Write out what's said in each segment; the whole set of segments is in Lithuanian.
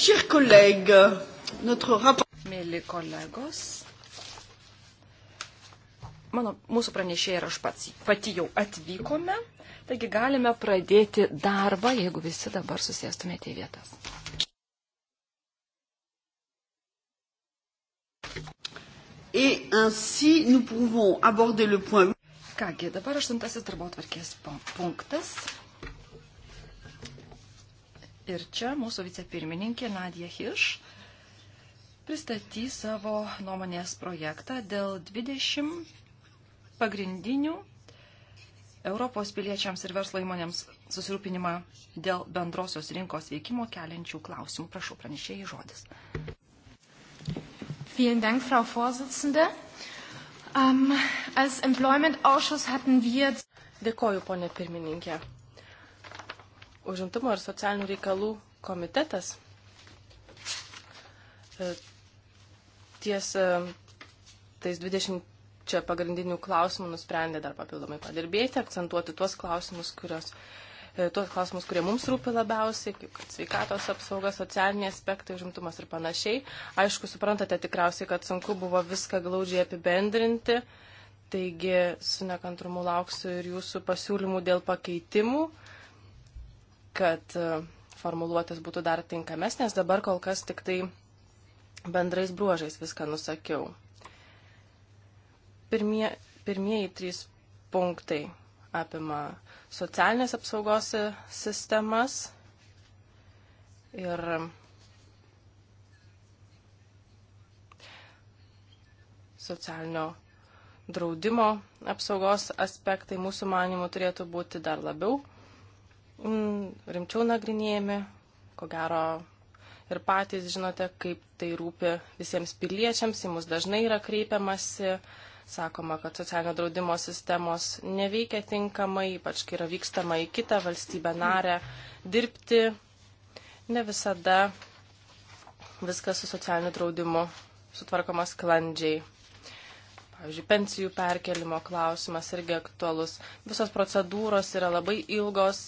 Chers collègues, notre rapport. Mėly kolegos, mano, mūsų pranešėjai ir aš pats, pati jau atvykome, taigi galime pradėti darbą, jeigu visi dabar susėstumėte į vietas. Et ainsi, nous pouvons aborder le point. Kągi, dabar aštuntasis darbo tvarkės punktas Ir čia mūsų vicepirmininkė Nadija Hirš pristatys savo nuomonės projektą dėl 20 pagrindinių Europos piliečiams ir verslo įmonėms susirūpinimą dėl bendrosios rinkos veikimo keliančių klausimų. Prašau, pranešėjai žodis. Vielen Dank, Frau Vorsitzende. Um, als Employment-Ausschuss hatten wir... Dėkoju, ponė pirmininkė. Užimtumo ir socialinių reikalų komitetas e, ties e, tais 20 čia pagrindinių klausimų nusprendė dar papildomai padirbėti, akcentuoti tuos klausimus, kurios, e, tuos klausimus, kurie mums rūpi labiausiai, kaip kad sveikatos apsauga, socialiniai aspektai, užimtumas ir panašiai. Aišku, suprantate tikriausiai, kad sunku buvo viską glaudžiai apibendrinti, taigi su nekantrumu lauksiu ir jūsų pasiūlymų dėl pakeitimų kad e, formuluotės būtų dar tinkamesnės. Dabar kol kas tik tai bendrais bruožais viską nusakiau. Pirmie, pirmieji trys punktai apima socialinės apsaugos e, sistemas ir socialinio draudimo apsaugos aspektai mūsų manimų turėtų būti dar labiau Mm, rimčiau nagrinėjami, ko gero ir patys žinote, kaip tai rūpi visiems piliečiams, į mus dažnai yra kreipiamasi, sakoma, kad socialinio draudimo sistemos neveikia tinkamai, ypač kai yra vykstama į kitą valstybę narę dirbti, ne visada viskas su socialiniu draudimu sutvarkoma sklandžiai. Pavyzdžiui, pensijų perkelimo klausimas irgi aktualus. Visos procedūros yra labai ilgos,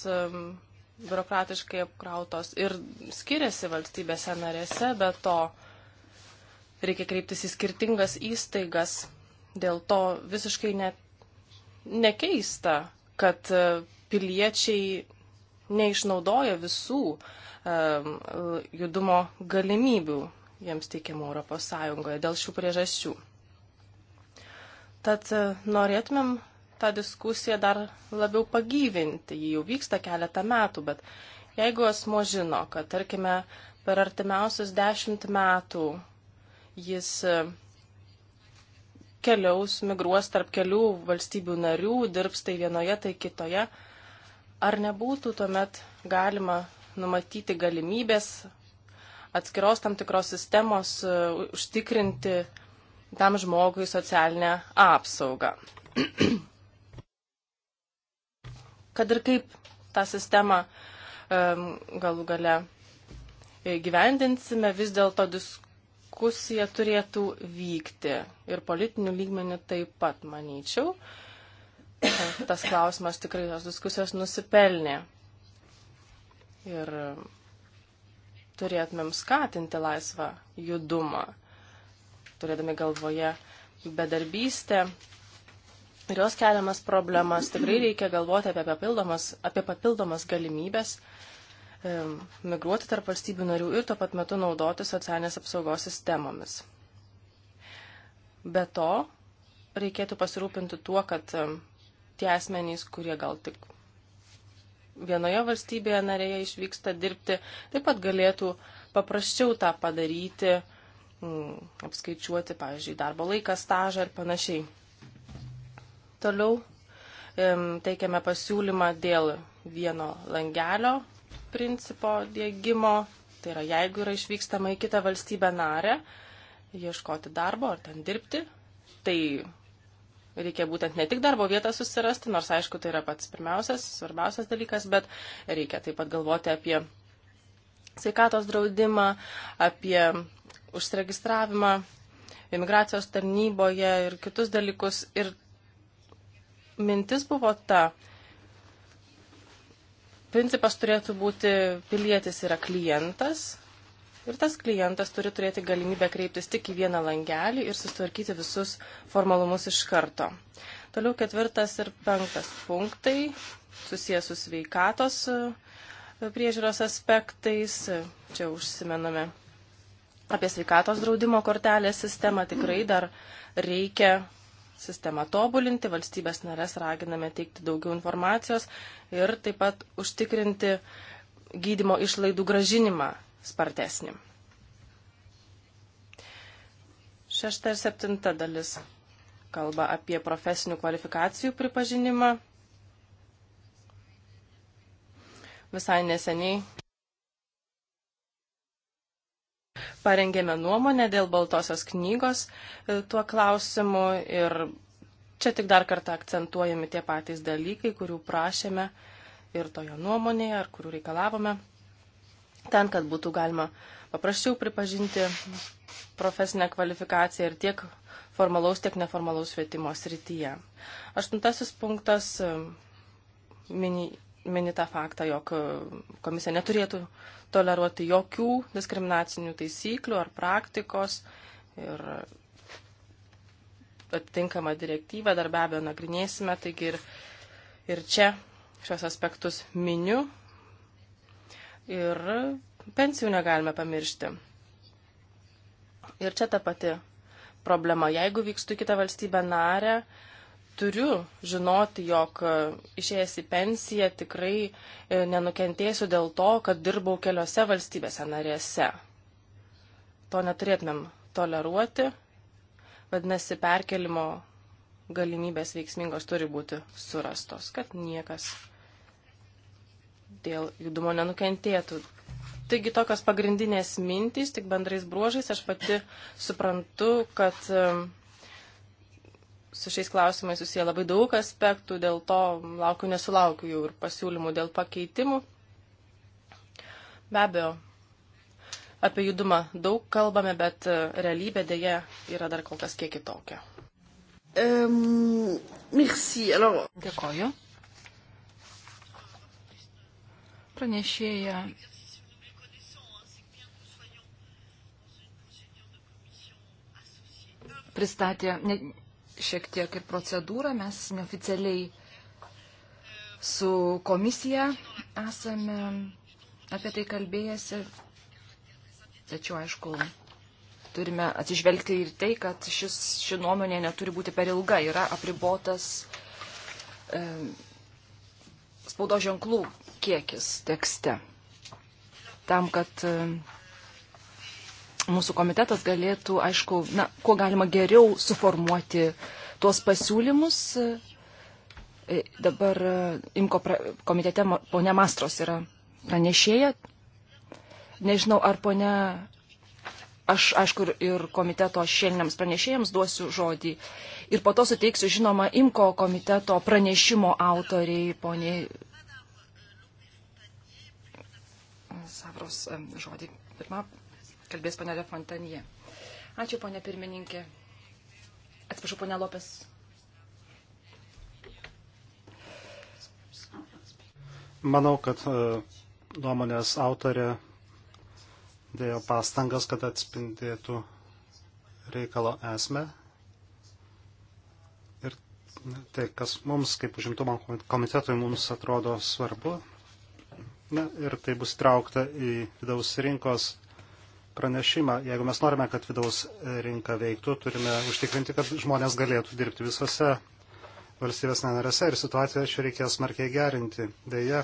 biurokratiškai apkrautos ir skiriasi valstybėse narėse, bet to reikia kreiptis į skirtingas įstaigas. Dėl to visiškai net nekeista, kad e, piliečiai neišnaudoja visų um, judumo galimybių jiems teikiamų Europos Sąjungoje dėl šių priežasčių. Tad e, norėtumėm tą diskusiją dar labiau pagyvinti. Ji jau vyksta keletą metų, bet jeigu asmo žino, kad, tarkime, per artimiausius dešimt metų jis e, keliaus, migruos tarp kelių valstybių narių, dirbs tai vienoje, tai kitoje, ar nebūtų tuomet galima numatyti galimybės atskiros tam tikros sistemos e, užtikrinti uh, tam žmogui socialinę apsaugą. Kad ir kaip tą sistemą galų gale gyvendinsime, vis dėlto diskusija turėtų vykti ir politinių lygmenių taip pat, manyčiau. Tas klausimas tikrai tos diskusijos nusipelnė. Ir turėtumėm skatinti laisvą judumą turėdami galvoje bedarbystę ir jos keliamas problemas, tikrai reikia galvoti apie papildomas, apie papildomas galimybės e, migruoti tarp valstybių narių ir tuo pat metu naudoti socialinės apsaugos sistemomis. Be to, reikėtų pasirūpinti tuo, kad e, tie asmenys, kurie gal tik vienoje valstybėje narėje išvyksta dirbti, taip pat galėtų paprasčiau tą padaryti, Mm, apskaičiuoti, pavyzdžiui, darbo laiką, stažą ir panašiai. Toliau teikiame pasiūlymą dėl vieno langelio principo dėgymo, tai yra jeigu yra išvykstama į kitą valstybę narę, ieškoti darbo ar ten dirbti, tai reikia būtent ne tik darbo vietą susirasti, nors aišku, tai yra pats pirmiausias, svarbiausias dalykas, bet reikia taip pat galvoti apie sveikatos draudimą, apie užsiregistravimą imigracijos tarnyboje ir kitus dalykus. Ir mintis buvo ta, principas turėtų būti pilietis yra klientas. Ir tas klientas turi turėti galimybę kreiptis tik į vieną langelį ir sustvarkyti visus formalumus iš karto. Toliau ketvirtas ir penktas punktai susijęs su sveikatos priežiūros aspektais. Čia užsimename apie sveikatos draudimo kortelės sistemą tikrai dar reikia sistemą tobulinti, valstybės narės raginame teikti daugiau informacijos ir taip pat užtikrinti gydimo išlaidų gražinimą spartesnį. Šešta ir septinta dalis kalba apie profesinių kvalifikacijų pripažinimą. Visai neseniai Parengėme nuomonę dėl Baltosios knygos e, tuo klausimu ir čia tik dar kartą akcentuojami tie patys dalykai, kurių prašėme ir tojo nuomonėje, ar kurių reikalavome, ten, kad būtų galima paprasčiau pripažinti profesinę kvalifikaciją ir tiek formalaus, tiek neformalaus švietimo srityje. Aštuntasis punktas e, mini minitą faktą, jog e, komisija neturėtų toleruoti jokių diskriminacinių taisyklių ar praktikos ir atitinkamą direktyvą dar be abejo nagrinėsime, taigi ir, ir čia šios aspektus miniu ir pensijų negalime pamiršti. Ir čia ta pati problema, jeigu vykstu į kitą valstybę narę, turiu žinoti, jog e, išėjęs į pensiją tikrai e, nenukentėsiu dėl to, kad dirbau keliose valstybėse narėse. To neturėtumėm toleruoti. Vadinasi, perkelimo galimybės veiksmingos turi būti surastos, kad niekas dėl judumo nenukentėtų. Taigi tokios pagrindinės mintys, tik bendrais bruožais aš pati suprantu, kad e, su šiais klausimais susiję labai daug aspektų, dėl to laukiu nesulaukiu jau ir pasiūlymų dėl pakeitimų. Be abejo, apie judumą daug kalbame, bet e, realybė dėje yra dar kol kas kiek kitokia. Um, merci, alors... Dėkoju. Pranešėja pristatė, ne, šiek tiek ir procedūrą. Mes neoficialiai su komisija esame apie tai kalbėjęsi. Tačiau, aišku, turime atsižvelgti ir tai, kad šis, ši nuomonė neturi būti per ilga. Yra apribotas e, spaudo ženklų kiekis tekste. Tam, kad e, mūsų komitetas galėtų, aišku, na, kuo galima geriau suformuoti tuos pasiūlymus. E, dabar e, Imko komitete ponia Mastros yra pranešėja. Nežinau, ar ponia. Aš, aišku, ir komiteto šėliniams pranešėjams duosiu žodį. Ir po to suteiksiu, žinoma, Imko komiteto pranešimo autoriai, poniai Savros e, žodį. Pirmą kalbės ponė De Fontanie. Ačiū, ponė pirmininkė. Atsiprašau, ponė Lopes. Manau, kad e, nuomonės autorė dėjo pastangas, kad atspindėtų reikalo esmę. Ir tai, kas mums, kaip užimtumo komitetui, mums atrodo svarbu. Na, ir tai bus traukta į vidaus rinkos pranešimą. Jeigu mes norime, kad vidaus rinka veiktų, turime užtikrinti, kad žmonės galėtų dirbti visose valstybės narėse ir situaciją čia reikės smarkiai gerinti. Deja,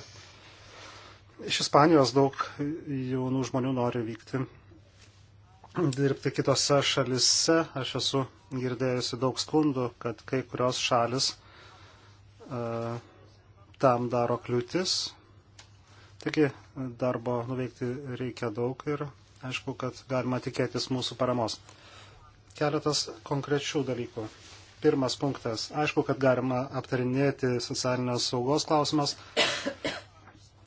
iš Ispanijos daug jaunų žmonių nori vykti dirbti kitose šalise. Aš esu girdėjusi daug skundų, kad kai kurios šalis uh, tam daro kliūtis. Taigi darbo nuveikti reikia daug ir aišku, kad galima tikėtis mūsų paramos. Keletas konkrečių dalykų. Pirmas punktas. Aišku, kad galima aptarinėti socialinės saugos klausimas.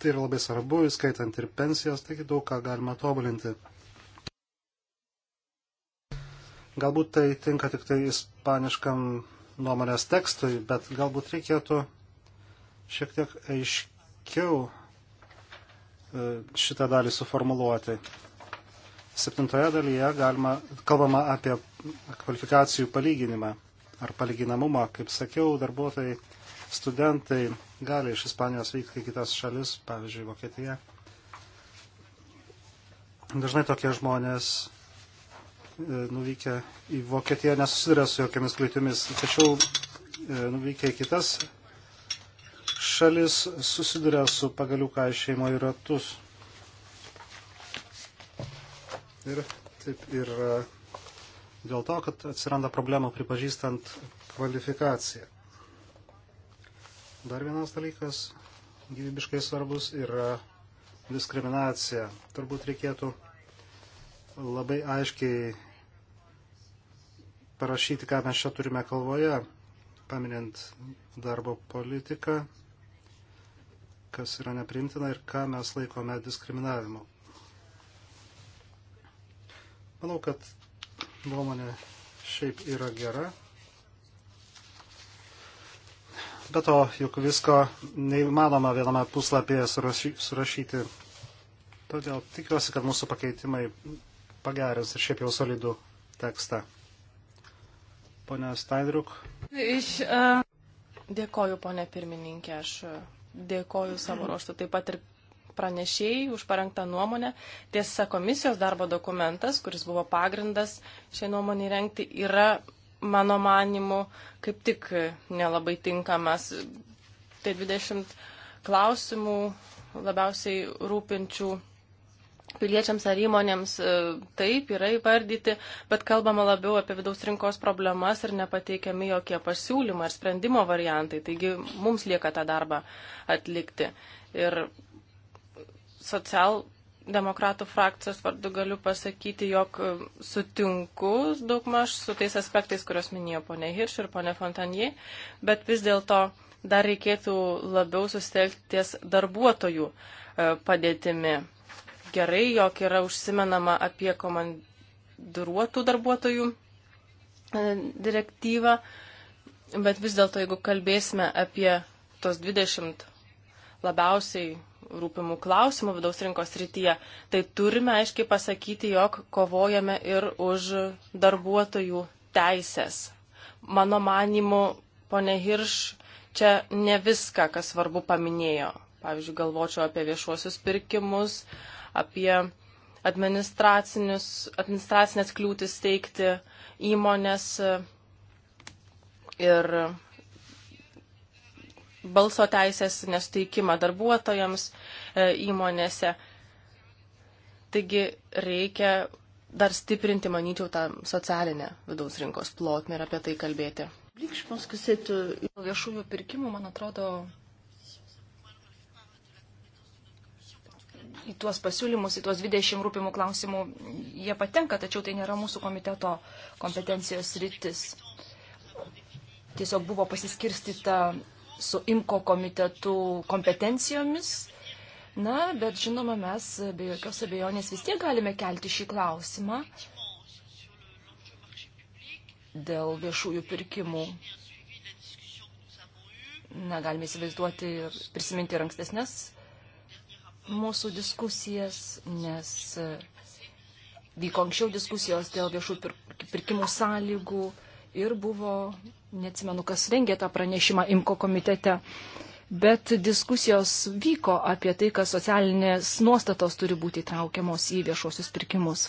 Tai yra labai svarbu, įskaitant ir pensijas, taigi daug ką galima tobulinti. Galbūt tai tinka tik tai ispaniškam nuomonės tekstui, bet galbūt reikėtų šiek tiek aiškiau e, šitą dalį suformuluoti. Septintoje dalyje galima, kalbama apie kvalifikacijų palyginimą ar palyginamumą. Kaip sakiau, darbuotojai, studentai gali iš Ispanijos vykti į kitas šalis, pavyzdžiui, Vokietiją. Dažnai tokie žmonės e, nuvykę į Vokietiją nesusiduria su jokiamis kliūtimis, tačiau e, nuvykę į kitas šalis susiduria su pagaliuką išeimo į ratus. Ir taip yra e, dėl to, kad atsiranda problemų pripažįstant kvalifikaciją. Dar vienas dalykas gyvybiškai svarbus yra diskriminacija. Turbūt reikėtų labai aiškiai parašyti, ką mes čia turime kalvoje, paminint darbo politiką, kas yra neprimtina ir ką mes laikome diskriminavimu. Manau, kad nuomonė šiaip yra gera. Be to, juk visko neįmanoma viename puslapyje surašyti. Todėl tikiuosi, kad mūsų pakeitimai pagerins ir šiaip jau solidų tekstą. Pone Staidriuk. Iš, uh... Dėkoju, ponė pirmininkė, aš dėkoju savo ruoštų taip pat ir pranešėjai už parengtą nuomonę. Tiesa, komisijos darbo dokumentas, kuris buvo pagrindas šiai nuomonį renkti, yra, mano manimu, kaip tik nelabai tinkamas. Tai 20 klausimų labiausiai rūpinčių piliečiams ar įmonėms e, taip yra įvardyti, bet kalbama labiau apie vidaus rinkos problemas ir nepateikiami jokie pasiūlymai ar sprendimo variantai. Taigi mums lieka tą darbą atlikti. Ir socialdemokratų frakcijos vardu galiu pasakyti, jog e, sutinku daugmaž su tais aspektais, kuriuos minėjo ponė Hirš ir ponė Fontanje, bet vis dėlto dar reikėtų labiau susitelkti ties darbuotojų e, padėtimi. Gerai, jog yra užsimenama apie komandiruotų darbuotojų e, direktyvą, bet vis dėlto, jeigu kalbėsime apie tos 20 labiausiai rūpimų klausimų vidaus rinkos rytyje, tai turime aiškiai pasakyti, jog kovojame ir už darbuotojų teisės. Mano manimu, ponė Hirš čia ne viską, kas svarbu paminėjo. Pavyzdžiui, galvočiau apie viešuosius pirkimus, apie administracinės kliūtis teikti įmonės ir balso teisės nesteikimą darbuotojams e, įmonėse. Taigi reikia dar stiprinti, manyčiau, tą socialinę vidaus rinkos plotmę ir apie tai kalbėti. Euh, viešųjų pirkimų, man atrodo, į tuos pasiūlymus, į tuos 20 rūpimų klausimų jie patenka, tačiau tai nėra mūsų komiteto kompetencijos rytis. Tiesiog buvo pasiskirstyta su IMKO komitetų kompetencijomis. Na, bet žinoma, mes be jokios abejonės vis tiek galime kelti šį klausimą dėl viešųjų pirkimų. Na, galime įsivaizduoti ir prisiminti ir ankstesnės mūsų diskusijas, nes e, vyko anksčiau diskusijos dėl viešų pirkimų sąlygų ir buvo neatsimenu, kas rengė tą pranešimą IMKO komitete, bet diskusijos vyko apie tai, kad socialinės nuostatos turi būti įtraukiamos į viešuosius pirkimus.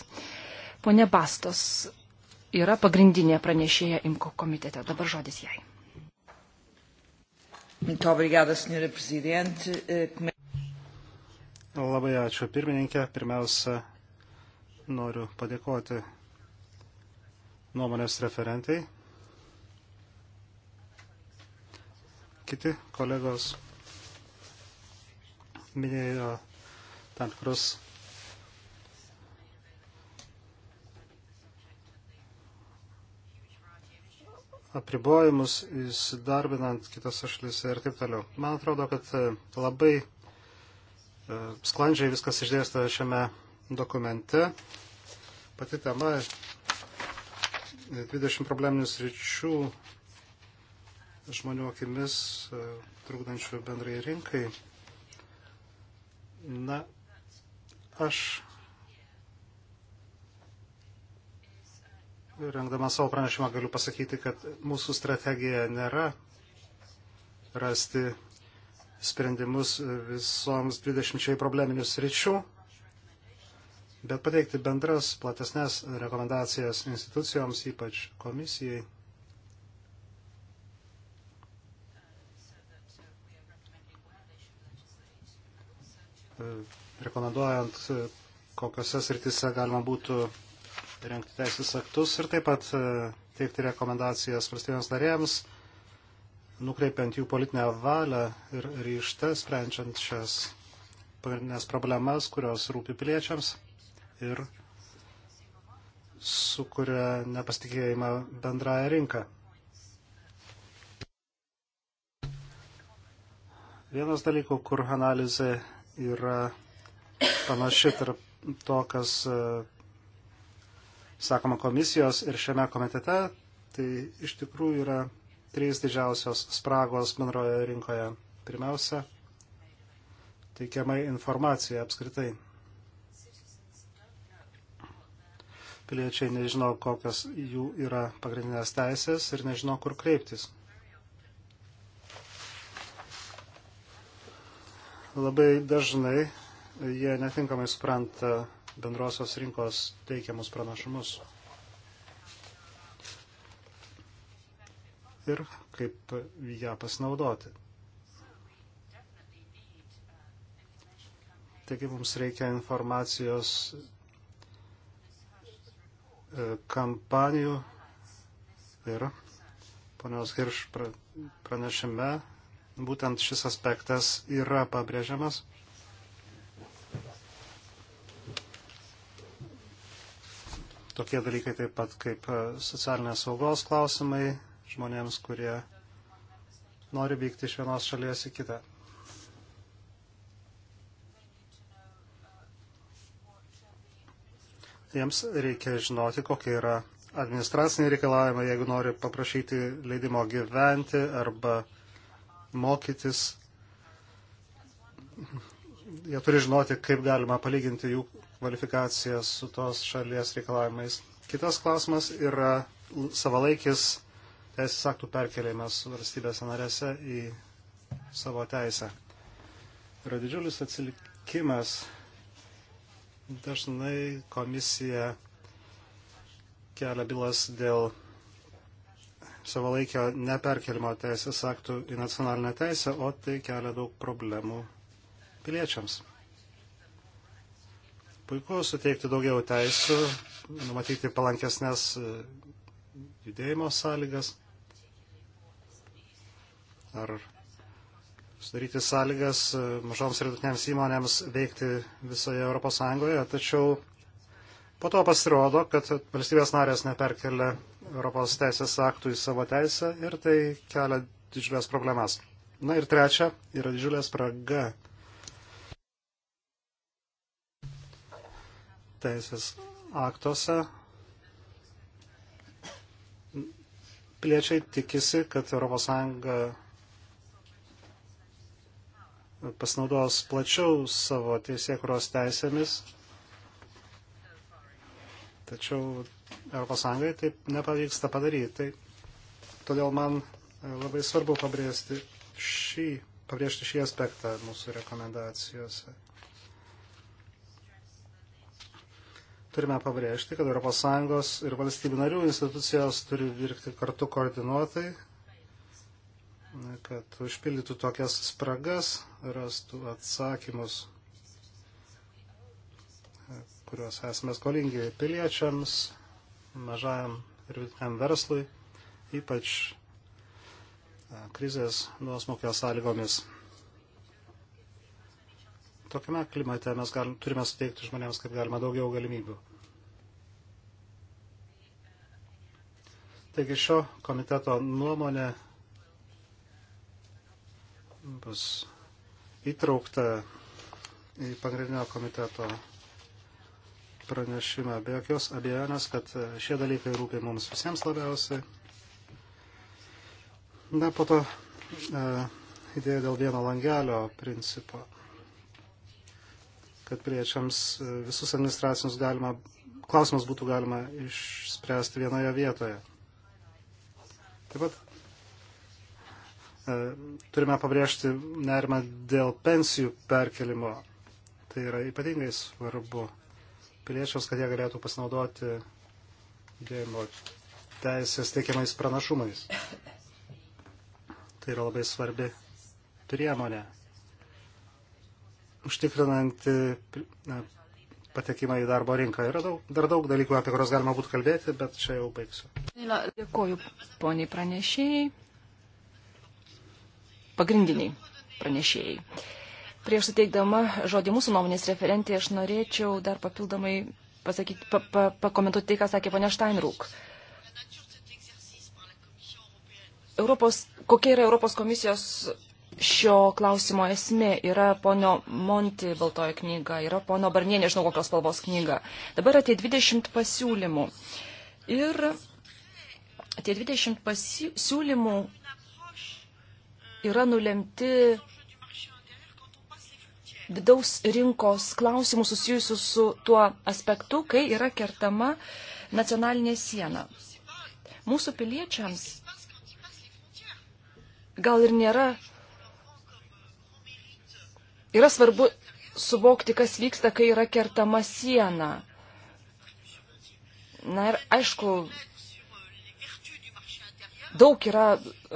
Pone Bastos yra pagrindinė pranešėja IMKO komitete. Dabar žodis jai. Labai ačiū pirmininkė. Pirmiausia, noriu padėkoti nuomonės referentai Kiti kolegos minėjo tam tikrus apribojimus įsidarbinant kitose šalyse ir taip toliau. Man atrodo, kad e, labai e, sklandžiai viskas išdėsta šiame dokumente. Pati tema 20 e, probleminių sričių žmonių akimis e, trukdančių bendrai rinkai. Na, aš rengdama savo pranešimą galiu pasakyti, kad mūsų strategija nėra rasti sprendimus visoms 20 probleminių sričių, bet pateikti bendras platesnės rekomendacijas institucijoms, ypač komisijai. rekomenduojant, kokiuose srityse galima būtų rengti teisės aktus ir taip pat e, teikti rekomendacijas valstybėms narėms, nukreipiant jų politinę valią ir ryštą, sprendžiant šias pagrindinės problemas, kurios rūpi piliečiams ir sukuria nepasitikėjimą bendrąją rinką. Vienas dalykų, kur analizė yra panaši tarp to, kas e, sakoma komisijos ir šiame komitete, tai iš tikrųjų yra trys didžiausios spragos bendroje rinkoje. Pirmiausia, teikiama informacija apskritai. Piliečiai nežino, kokios jų yra pagrindinės teisės ir nežino, kur kreiptis. Labai dažnai jie netinkamai supranta bendrosios rinkos teikiamus pranašumus. Ir kaip ją pasinaudoti. Taigi mums reikia informacijos e, kampanijų ir ponios Hirš pranešime būtent šis aspektas yra pabrėžiamas. Tokie dalykai taip pat kaip e, socialinės saugos klausimai žmonėms, kurie nori vykti iš vienos šalies į kitą. Jiems reikia žinoti, kokie yra administraciniai reikalavimai, jeigu nori paprašyti leidimo gyventi arba mokytis, jie turi žinoti, kaip galima palyginti jų kvalifikaciją su tos šalies reikalavimais. Kitas klausimas yra savalaikis teisės aktų perkelimas valstybės narėse į savo teisę. Yra didžiulis atsilikimas. Dažnai komisija kelia bylas dėl savalaikio neperkelimo teisės aktų į nacionalinę teisę, o tai kelia daug problemų piliečiams. Puiku suteikti daugiau teisų, numatyti palankesnės e, judėjimo sąlygas ar sudaryti sąlygas e, mažoms ir vidutinėms įmonėms veikti visoje ES, tačiau po to pasirodo, kad valstybės narės neperkelia Europos teisės aktų į savo teisę ir tai kelia didžiulės problemas. Na ir trečia, yra didžiulė spraga teisės aktuose. Piliečiai tikisi, kad ES pasinaudos plačiau savo teisėkuros teisėmis, tačiau ES taip nepavyksta padaryti. Tai todėl man e, labai svarbu pabrėžti šį, pabrėžti šį aspektą mūsų rekomendacijose. Turime pabrėžti, kad ES ir valstybių narių institucijos turi virkti kartu koordinuotai, kad užpildytų tokias spragas, rastų atsakymus kuriuos esame skolingi piliečiams, mažajam ir vidutiniam verslui, ypač e, krizės nuosmokio sąlygomis. Tokiame klimate mes galim, turime suteikti žmonėms kaip galima daugiau galimybių. Taigi šio komiteto nuomonė bus įtraukta į pagrindinio komiteto pranešimą. Be jokios abejonės, kad šie dalykai rūpia mums visiems labiausiai. Na, po to e, idėja dėl vieno langelio principo, kad priečiams e, visus administracinius galima, klausimus būtų galima išspręsti vienoje vietoje. Taip pat e, turime pabrėžti nerimą dėl pensijų perkelimo. Tai yra ypatingai svarbu piliečiams, kad jie galėtų pasinaudoti judėjimo teisės teikiamais pranašumais. Tai yra labai svarbi priemonė, užtikrinanti patekimą į darbo rinką. Yra daug, dar daug dalykų, apie kuriuos galima būtų kalbėti, bet čia jau baigsiu. Dėkoju poniai pranešėjai, pagrindiniai pranešėjai. Prieš suteikdama žodį mūsų nuomonės referentė, aš norėčiau dar papildomai pasakyti, pa, pa, pakomentuoti tai, ką sakė ponia Steinrūk. Europos, kokia yra Europos komisijos šio klausimo esmė yra pono Monti baltoji knyga, yra pono Barnie, nežinau kokios spalvos knyga. Dabar atėjo 20 pasiūlymų. Ir tie 20 pasiūlymų yra nulemti vidaus rinkos klausimų susijusių su tuo aspektu, kai yra kertama nacionalinė siena. Mūsų piliečiams gal ir nėra. Yra svarbu suvokti, kas vyksta, kai yra kertama siena. Na ir aišku, daug yra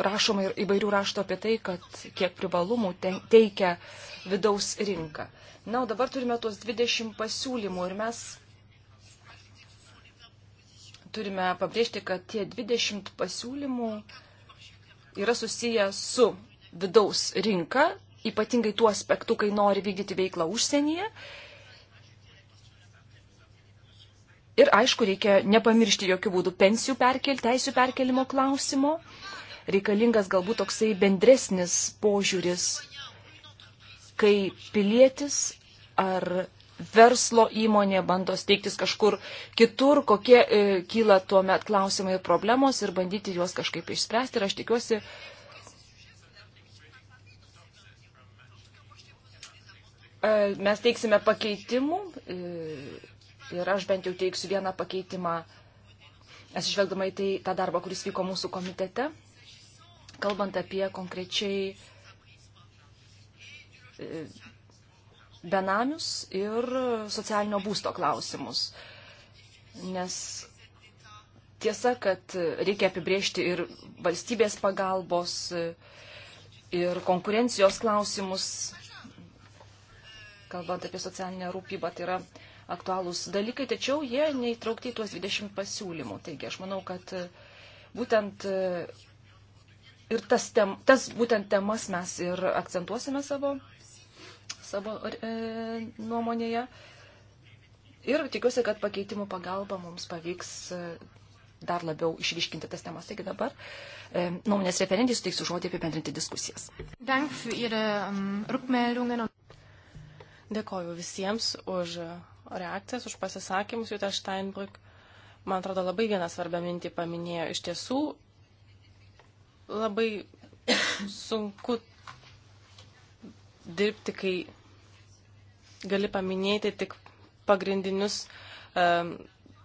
rašoma ir įvairių rašto apie tai, kad kiek privalumų teikia vidaus rinką. Na, o dabar turime tuos 20 pasiūlymų ir mes turime pabrėžti, kad tie 20 pasiūlymų yra susiję su vidaus rinka, ypatingai tuo aspektu, kai nori vykdyti veiklą užsienyje. Ir aišku, reikia nepamiršti jokių būdų pensijų perkel, teisų perkelimo klausimo. Reikalingas galbūt toksai bendresnis požiūris kai pilietis ar verslo įmonė bando steigtis kažkur kitur, kokie e, kyla tuo met klausimai ir problemos ir bandyti juos kažkaip išspręsti. Ir aš tikiuosi, e, mes teiksime pakeitimų e, ir aš bent jau teiksiu vieną pakeitimą, atsižvelgdama į tai tą darbą, kuris vyko mūsų komitete, kalbant apie konkrečiai e, benamius ir socialinio būsto klausimus. Nes tiesa, kad reikia apibriežti ir valstybės pagalbos, ir konkurencijos klausimus, kalbant apie socialinę rūpybą, tai yra aktualūs dalykai, tačiau jie neįtraukti į tuos 20 pasiūlymų. Taigi aš manau, kad būtent ir tas, tem, tas būtent temas mes ir akcentuosime savo savo e, nuomonėje. Ir tikiuosi, kad pakeitimų pagalba mums pavyks e, dar labiau išryškinti tas temas. Taigi dabar e, nuomonės referentį suteiksiu žodį apibendrinti diskusijas. Dėkoju visiems už reakcijas, už pasisakymus. Jutta Steinbrück, man atrodo, labai vieną svarbę mintį paminėjo. Iš tiesų, labai sunku dirbti, kai gali paminėti tik pagrindinius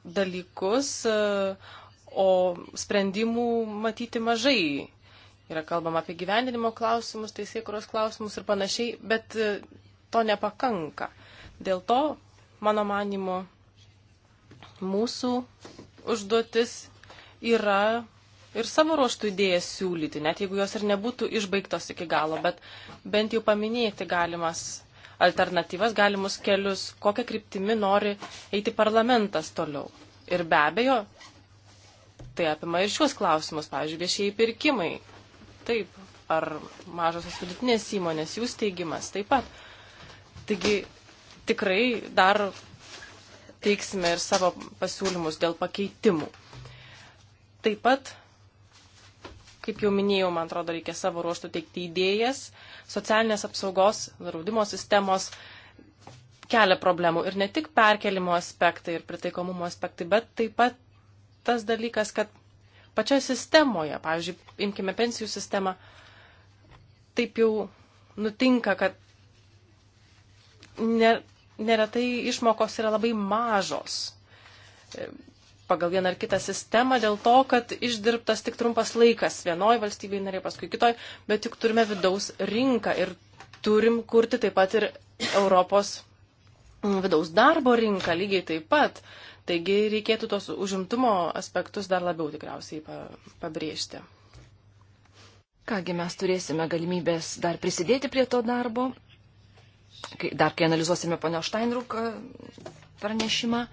dalykus, e, o sprendimų matyti mažai. Yra kalbama apie gyvendinimo klausimus, teisėkuros klausimus ir panašiai, bet e, to nepakanka. Dėl to, mano manimo, mūsų užduotis yra ir savo ruoštų idėjas siūlyti, net jeigu jos ir nebūtų išbaigtos iki galo, bet bent jau paminėti galimas alternatyvas, galimus kelius, kokią kryptimi nori eiti parlamentas toliau. Ir be abejo, tai apima ir šios klausimus, pavyzdžiui, viešieji pirkimai. Taip, ar mažosios vidutinės įmonės, jų steigimas taip pat. Taigi tikrai dar teiksime ir savo pasiūlymus dėl pakeitimų. Taip pat kaip jau minėjau, man atrodo, reikia savo ruoštų teikti idėjas. Socialinės apsaugos, draudimo sistemos kelia problemų ir ne tik perkelimo aspektai ir pritaikomumo aspektai, bet taip pat tas dalykas, kad pačioje sistemoje, pavyzdžiui, imkime pensijų sistemą, taip jau nutinka, kad neretai išmokos yra labai mažos pagal vieną ar kitą sistemą dėl to, kad išdirbtas tik trumpas laikas vienoj valstybei nariai, paskui kitoj, bet juk turime vidaus rinką ir turim kurti taip pat ir Europos mm, vidaus darbo rinką lygiai taip pat. Taigi reikėtų tos užimtumo aspektus dar labiau tikriausiai pabrėžti. Kągi mes turėsime galimybės dar prisidėti prie to darbo, dar kai analizuosime ponio Štainruk e, pranešimą.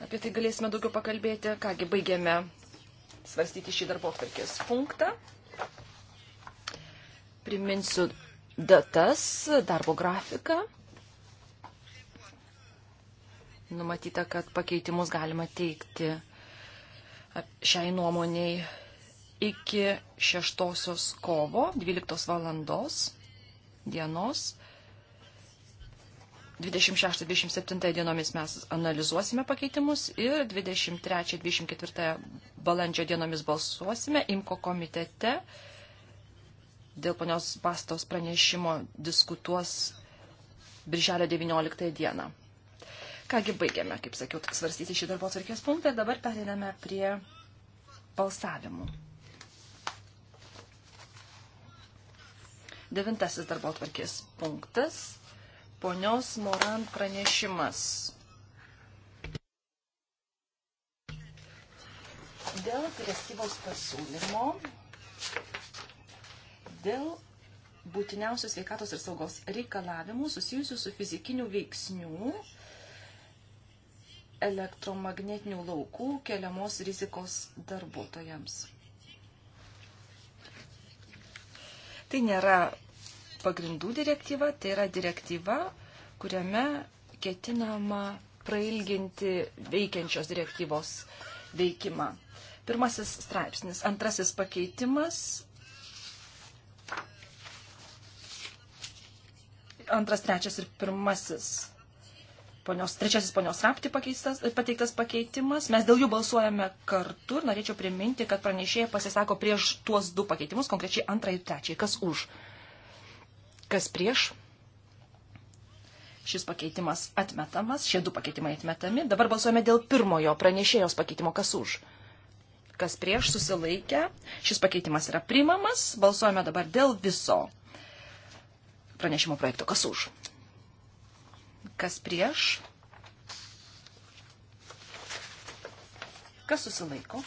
Apie tai galėsime daugiau pakalbėti. Kągi, baigėme svarstyti šį darbo atvarkės punktą. Priminsiu datas, darbo grafiką. Numatyta, kad pakeitimus galima teikti šiai nuomoniai iki 6 kovo 12 valandos dienos. 26-27 dienomis mes analizuosime pakeitimus ir 23-24 balandžio dienomis balsuosime IMKO komitete. Dėl ponios pastos pranešimo diskutuos birželio 19 dieną. Kągi baigiame, kaip sakiau, svarstyti šį darbo atvarkės punktą ir dabar perėdame prie balsavimų. Devintasis darbo atvarkės punktas Ponios Moran pranešimas. Dėl direktyvos pasiūlymo, dėl būtiniausių sveikatos ir saugos reikalavimų susijusių su fizikinių veiksnių elektromagnetinių laukų keliamos rizikos darbuotojams. Tai nėra pagrindų direktyva, tai yra direktyva, kuriame ketinama prailginti veikiančios direktyvos veikimą. Pirmasis straipsnis, antrasis pakeitimas, antras, trečias ir pirmasis. Ponios, trečiasis ponios rapti pateiktas pakeitimas. Mes dėl jų balsuojame kartu ir norėčiau priminti, kad pranešėjai pasisako prieš tuos du pakeitimus, konkrečiai antrą ir trečią. Kas už? Kas prieš? Šis pakeitimas atmetamas, šie du pakeitimai atmetami. Dabar balsuojame dėl pirmojo pranešėjos pakeitimo, kas už. Kas prieš susilaikę, šis pakeitimas yra primamas, balsuojame dabar dėl viso pranešimo projekto, kas už. Kas prieš? Kas susilaiko?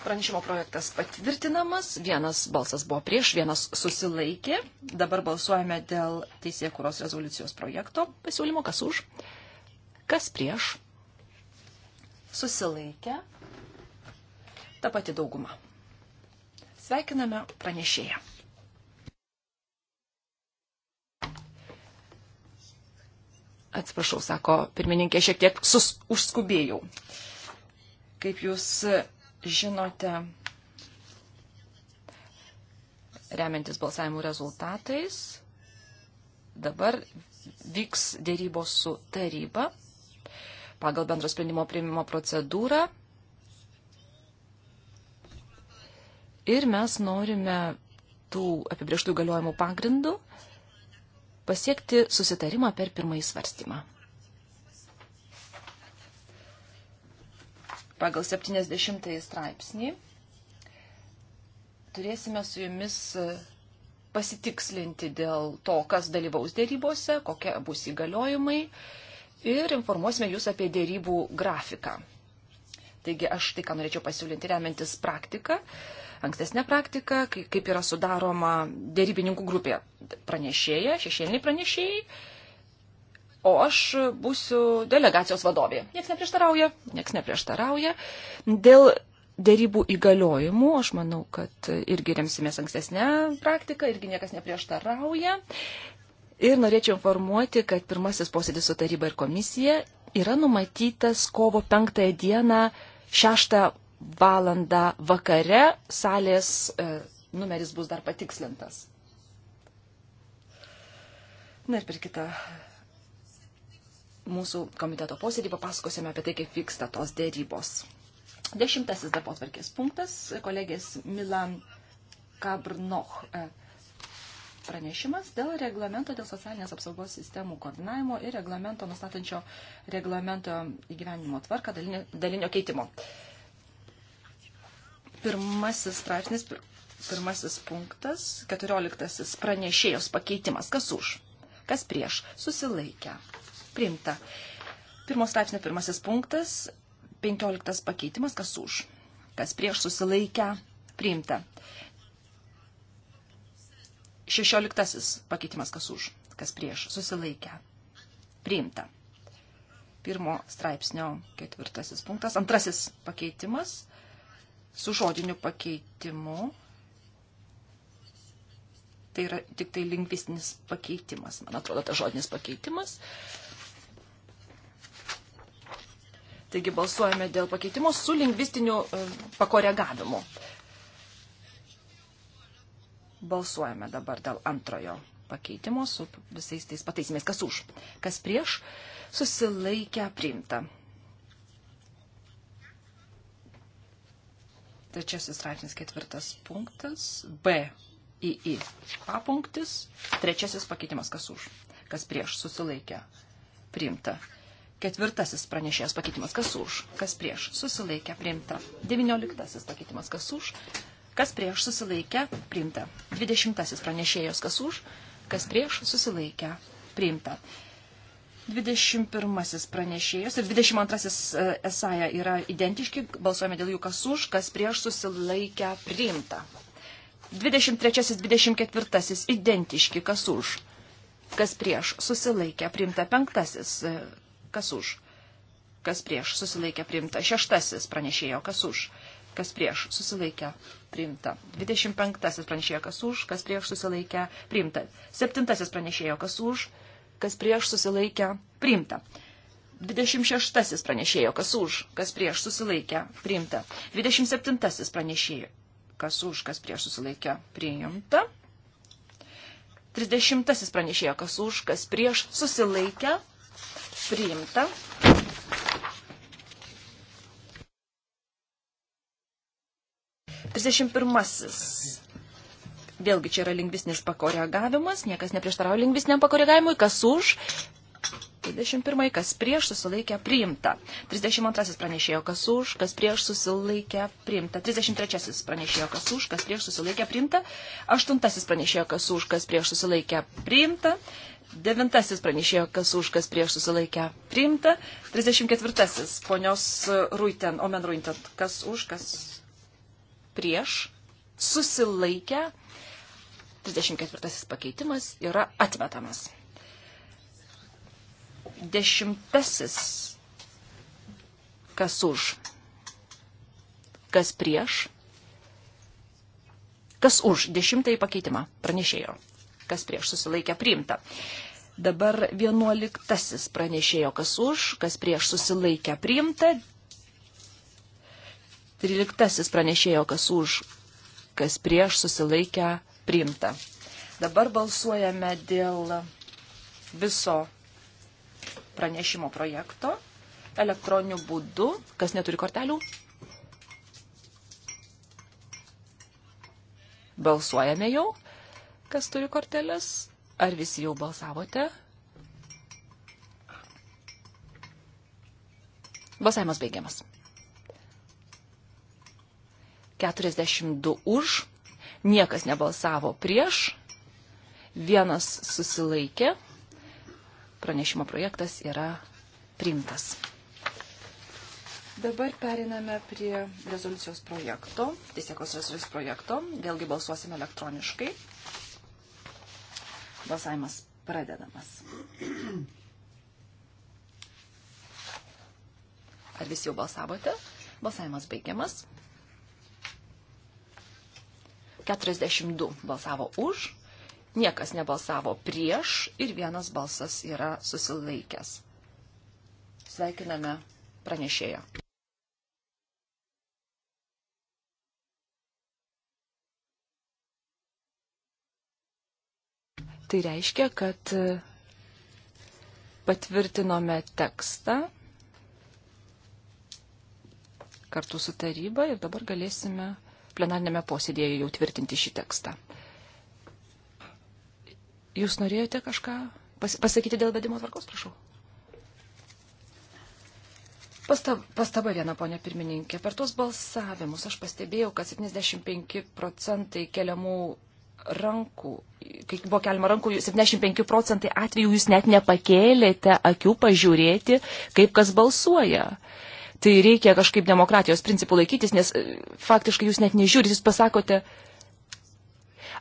Pranešimo projektas patvirtinamas, vienas balsas buvo prieš, vienas susilaikė. Dabar balsuojame dėl teisėkuros rezoliucijos projekto pasiūlymo, kas už, kas prieš, susilaikė, ta pati dauguma. Sveikiname pranešėją. Atsiprašau, sako pirmininkė, šiek tiek sus, užskubėjau. Kaip jūs žinote, remiantis balsavimų rezultatais, dabar vyks dėrybos su taryba pagal bendro sprendimo priimimo procedūrą. Ir mes norime tų apibrieštų galiojimų pagrindų pasiekti susitarimą per pirmąjį svarstymą. pagal 70 straipsnį. Turėsime su jumis e, pasitikslinti dėl to, kas dalyvaus dėrybose, kokie bus įgaliojimai ir informuosime jūs apie dėrybų grafiką. Taigi aš tai, ką norėčiau pasiūlyti, remiantis praktiką, ankstesnė praktika, kaip yra sudaroma dėrybininkų grupė pranešėja, šešėliniai pranešėjai, o aš būsiu delegacijos vadovė. Niekas neprieštarauja, niekas neprieštarauja. Dėl dėrybų įgaliojimų, aš manau, kad irgi remsimės ankstesnę praktiką, irgi niekas neprieštarauja. Ir norėčiau informuoti, kad pirmasis posėdis su taryba ir komisija yra numatytas kovo penktąją dieną šeštą valandą vakare, salės e, numeris bus dar patikslintas. Na ir per kitą mūsų komiteto posėdį papasakosime apie tai, kaip vyksta tos dėrybos. Dešimtasis darbo atvarkės punktas, kolegės Milan Kabrnoch e, pranešimas dėl reglamento dėl socialinės apsaugos sistemų koordinavimo ir reglamento nustatančio reglamento įgyvenimo tvarką dalinio, dalinio keitimo. Pirmasis straipsnis, pirmasis punktas, keturioliktasis pranešėjos pakeitimas. Kas už? Kas prieš? Susilaikę. Priimta. Pirmos straipsnio pirmasis punktas, penkioliktas pakeitimas, kas už, kas prieš susilaikę, priimta. Šešioliktasis pakeitimas, kas už, kas prieš susilaikę, priimta. Pirmo straipsnio ketvirtasis punktas, antrasis pakeitimas, su žodiniu pakeitimu. Tai yra tik tai lingvistinis pakeitimas, man atrodo, tas žodinis pakeitimas. Uh, Taigi balsuojame dėl pakeitimo su lingvistiniu e, pakoregavimu. Balsuojame dabar dėl antrojo pakeitimo su visais tais pataisimais. Kas už, kas prieš, susilaikę priimta. Trečiasis straipsnis ketvirtas punktas. B. I. I. Papunktis. Trečiasis pakeitimas. Kas už, kas prieš, susilaikę priimta. Ketvirtasis pranešėjas pakeitimas, kas už, kas prieš, susilaikė, priimta. Devynioliktasis pakeitimas, kas už, kas prieš, susilaikė, priimta. Dvidešimtasis pranešėjos, kas už, kas prieš, susilaikė, priimta. 21 pranešėjos ir 22 e, esaja yra identiški, balsuojame dėl jų kas už, kas prieš susilaikę priimta. 23, 24 identiški, kas už, kas prieš susilaikę priimta. 5 kas už, kas prieš susilaikė priimta. Šeštasis pranešėjo, kas už, kas prieš susilaikė priimta. Dvidešimt penktasis pranešėjo, kas už, kas prieš susilaikė priimta. Septintasis pranešėjo, kas už, kas prieš susilaikė priimta. 26 pranešėjo, kas už, kas prieš susilaikę, priimta. 27 pranešėjo, kas už, kas prieš susilaikę, priimta. 30 pranešėjo, kas už, kas prieš susilaikę, priimta. Trisdešimt pirmasis. Vėlgi čia yra lingvistinis pakoregavimas, niekas neprieštarauja lingvistiniam pakoregavimui, kas už. 31. Kas prieš susilaikė priimta. 32. Pranešėjo kas už, kas prieš susilaikė priimta. 33. Pranešėjo kas už, kas prieš susilaikė priimta. 8. Pranešėjo kas už, kas prieš susilaikė priimta. Devintasis pranešėjo, kas už, kas prieš susilaikę priimta. 34-asis ponios Ruiten, Omen Ruiten, kas už, kas prieš susilaikę. 34-asis pakeitimas yra atmetamas. Dešimtasis, kas už, kas prieš, kas už dešimtąjį pakeitimą pranešėjo kas prieš susilaikė priimta. Dabar vienuoliktasis pranešėjo, kas už, kas prieš susilaikę priimta. Tryliktasis pranešėjo, kas už, kas prieš susilaikę priimta. Dabar balsuojame dėl viso pranešimo projekto elektroniniu būdu, kas neturi kortelių. Balsuojame jau kas turi korteles? Ar visi jau balsavote? Balsavimas baigiamas. 42 už, niekas nebalsavo prieš, vienas susilaikė, pranešimo projektas yra priimtas. Dabar periname prie rezoliucijos projekto, teisėkos rezoliucijos projekto, vėlgi balsuosime elektroniškai. Balsavimas pradedamas. Ar visi jau balsavote? Balsavimas baigiamas. 42 balsavo už, niekas nebalsavo prieš ir vienas balsas yra susilaikęs. Sveikiname pranešėją. Tai reiškia, kad e, patvirtinome tekstą kartu su taryba ir dabar galėsime plenarnėme posėdėje jau tvirtinti šį tekstą. Jūs norėjote kažką pas, pasakyti dėl vedimo tvarkos, prašau? Pastab, pastaba viena, ponė pirmininkė. Per tuos balsavimus aš pastebėjau, kad 75 procentai keliamų rankų, kai buvo keliama rankų, 75 procentai atvejų jūs net nepakėlėte akių pažiūrėti, kaip kas balsuoja. Tai reikia kažkaip demokratijos principų laikytis, nes e, faktiškai jūs net nežiūrite, jūs pasakote,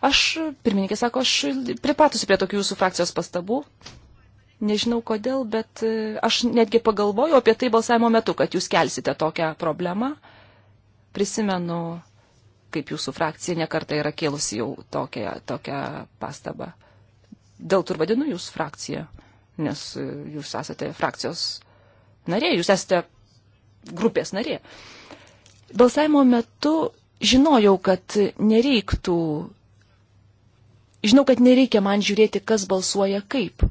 aš, pirmininkė sako, aš pripatusi prie tokių jūsų frakcijos pastabų. Nežinau kodėl, bet e, aš netgi pagalvojau apie tai balsavimo metu, kad jūs kelsite tokią problemą. Prisimenu kaip jūsų frakcija nekarta yra kėlusi jau tokią, tokią pastabą. Dėl tur vadinu jūs frakciją, nes e, jūs esate frakcijos narė, jūs esate grupės narė. Balsavimo metu žinojau, kad nereiktų, žinau, kad nereikia man žiūrėti, kas balsuoja kaip,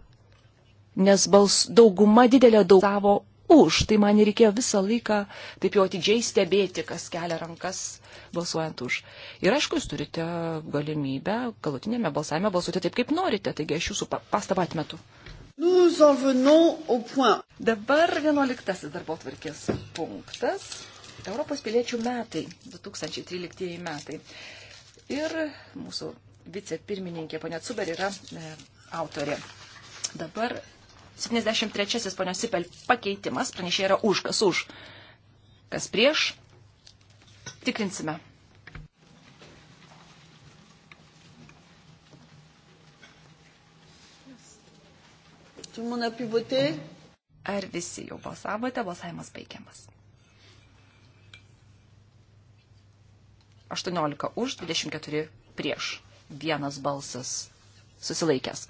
nes bals, dauguma didelė daugavo už. Tai man reikėjo visą laiką taip jau atidžiai stebėti, kas kelia rankas balsuojant už. Ir aišku, jūs turite galimybę galutinėme balsavime balsuoti taip, kaip norite. Taigi aš jūsų pastabą atmetu. Dabar vienuoliktasis darbo tvarkės punktas. Europos piliečių metai, 2013 metai. Ir mūsų vicepirmininkė, ponia Cuber, yra e, autorė. Dabar 73 ponios Sipel pakeitimas, pranešė yra už, kas už, kas prieš. Tikrinsime. Ar visi jau balsavote, balsavimas baigiamas. 18 už, 24 prieš. Vienas balsas susilaikęs.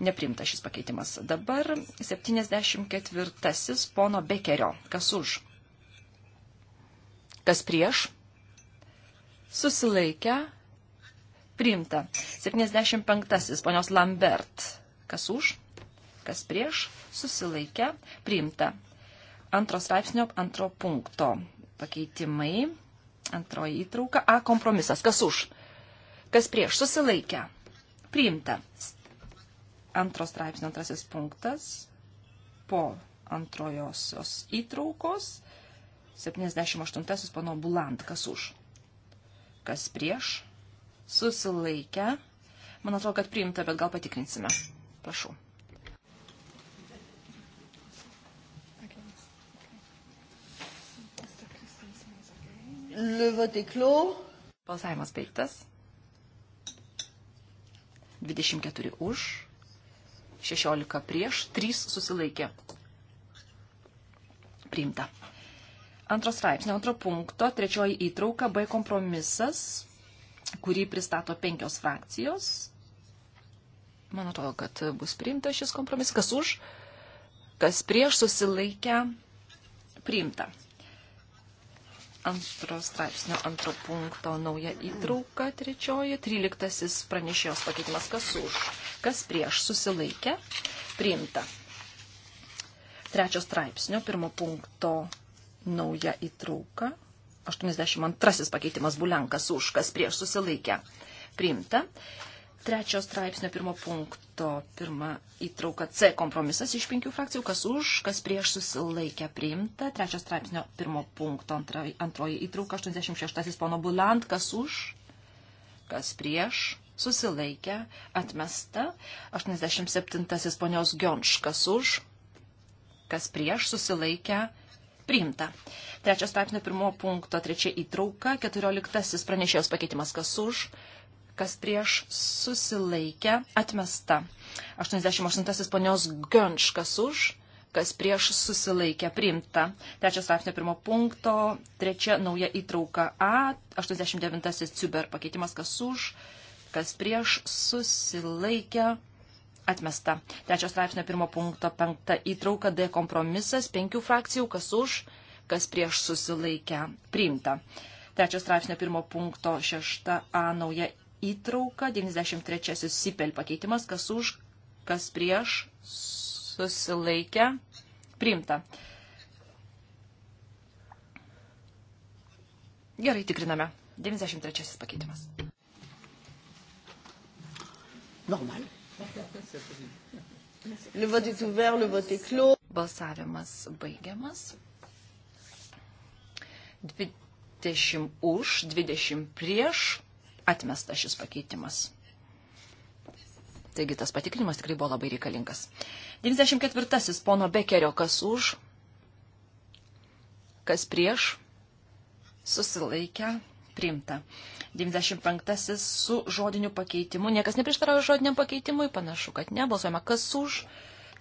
Neprimta šis pakeitimas. Dabar 74. pono Bekerio. Kas už? Kas prieš? Susilaikę. Primta. 75. ponios Lambert. Kas už? Kas prieš? Susilaikę. Primta. Antros straipsnio antro punkto pakeitimai. Antroji įtrauka. A kompromisas. Kas už? Kas prieš? Susilaikę. Priimta antros straipsnio antrasis punktas po antrojosios įtraukos 78 pano Bulant, kas už, kas prieš, susilaikę. Man atrodo, kad priimta, bet gal patikrinsime. Prašau. Le vote est clos. Balsavimas baigtas. 24 už, 16 prieš, 3 susilaikė. Priimta. Antros straipsnio, antro punkto, trečioji įtrauka, B kompromisas, kurį pristato penkios frakcijos. Man atrodo, kad bus priimta šis kompromisas. Kas už, kas prieš susilaikę, priimta. Antro straipsnio, antro punkto, nauja įtrauka, trečioji, tryliktasis pranešėjos pakeitimas. Kas už? kas prieš susilaikė priimta. Trečios straipsnio, pirmo punkto nauja įtrauka. 82 pakeitimas Bulenkas už, kas prieš susilaikė priimta. Trečios straipsnio pirmo punkto pirma įtrauka C kompromisas iš penkių frakcijų, kas už, kas prieš susilaikę priimta. Trečios straipsnio pirmo punkto antroji, antroji įtrauka 86 pono Bulant, kas už, kas prieš susilaikę, atmesta. 87 ponios Gionš, kas už, kas prieš, susilaikę, priimta. Trečias straipsnio pirmo punkto, trečia įtrauka, keturioliktasis pranešėjos pakeitimas, kas už, kas prieš, susilaikę, atmesta. 88 ponios Gionš, kas už, kas prieš susilaikė priimta. Trečias straipsnio pirmo punkto, trečia nauja įtrauka A, 89-asis ciber pakeitimas, kas už, kas prieš susilaikę atmesta. Trečios straipsnio pirmo punkto penkta įtrauka D kompromisas penkių frakcijų, kas už, kas prieš susilaikę priimta. Trečios straipsnio pirmo punkto šešta A nauja įtrauka, 93 sipel pakeitimas, kas už, kas prieš susilaikę priimta. Gerai, tikriname. 93 pakeitimas normal. Le vote est ouvert, le vote est clos. Balsavimas baigiamas. 20 už, 20 prieš atmestas šis pakeitimas. Taigi tas patikrinimas tikrai buvo labai reikalingas. 94. Pono Bekerio kas už, kas prieš, susilaikę, priimta. 95 su žodiniu pakeitimu. Niekas neprieštarauja žodiniam pakeitimui, panašu, kad nebalsuojama. Kas už,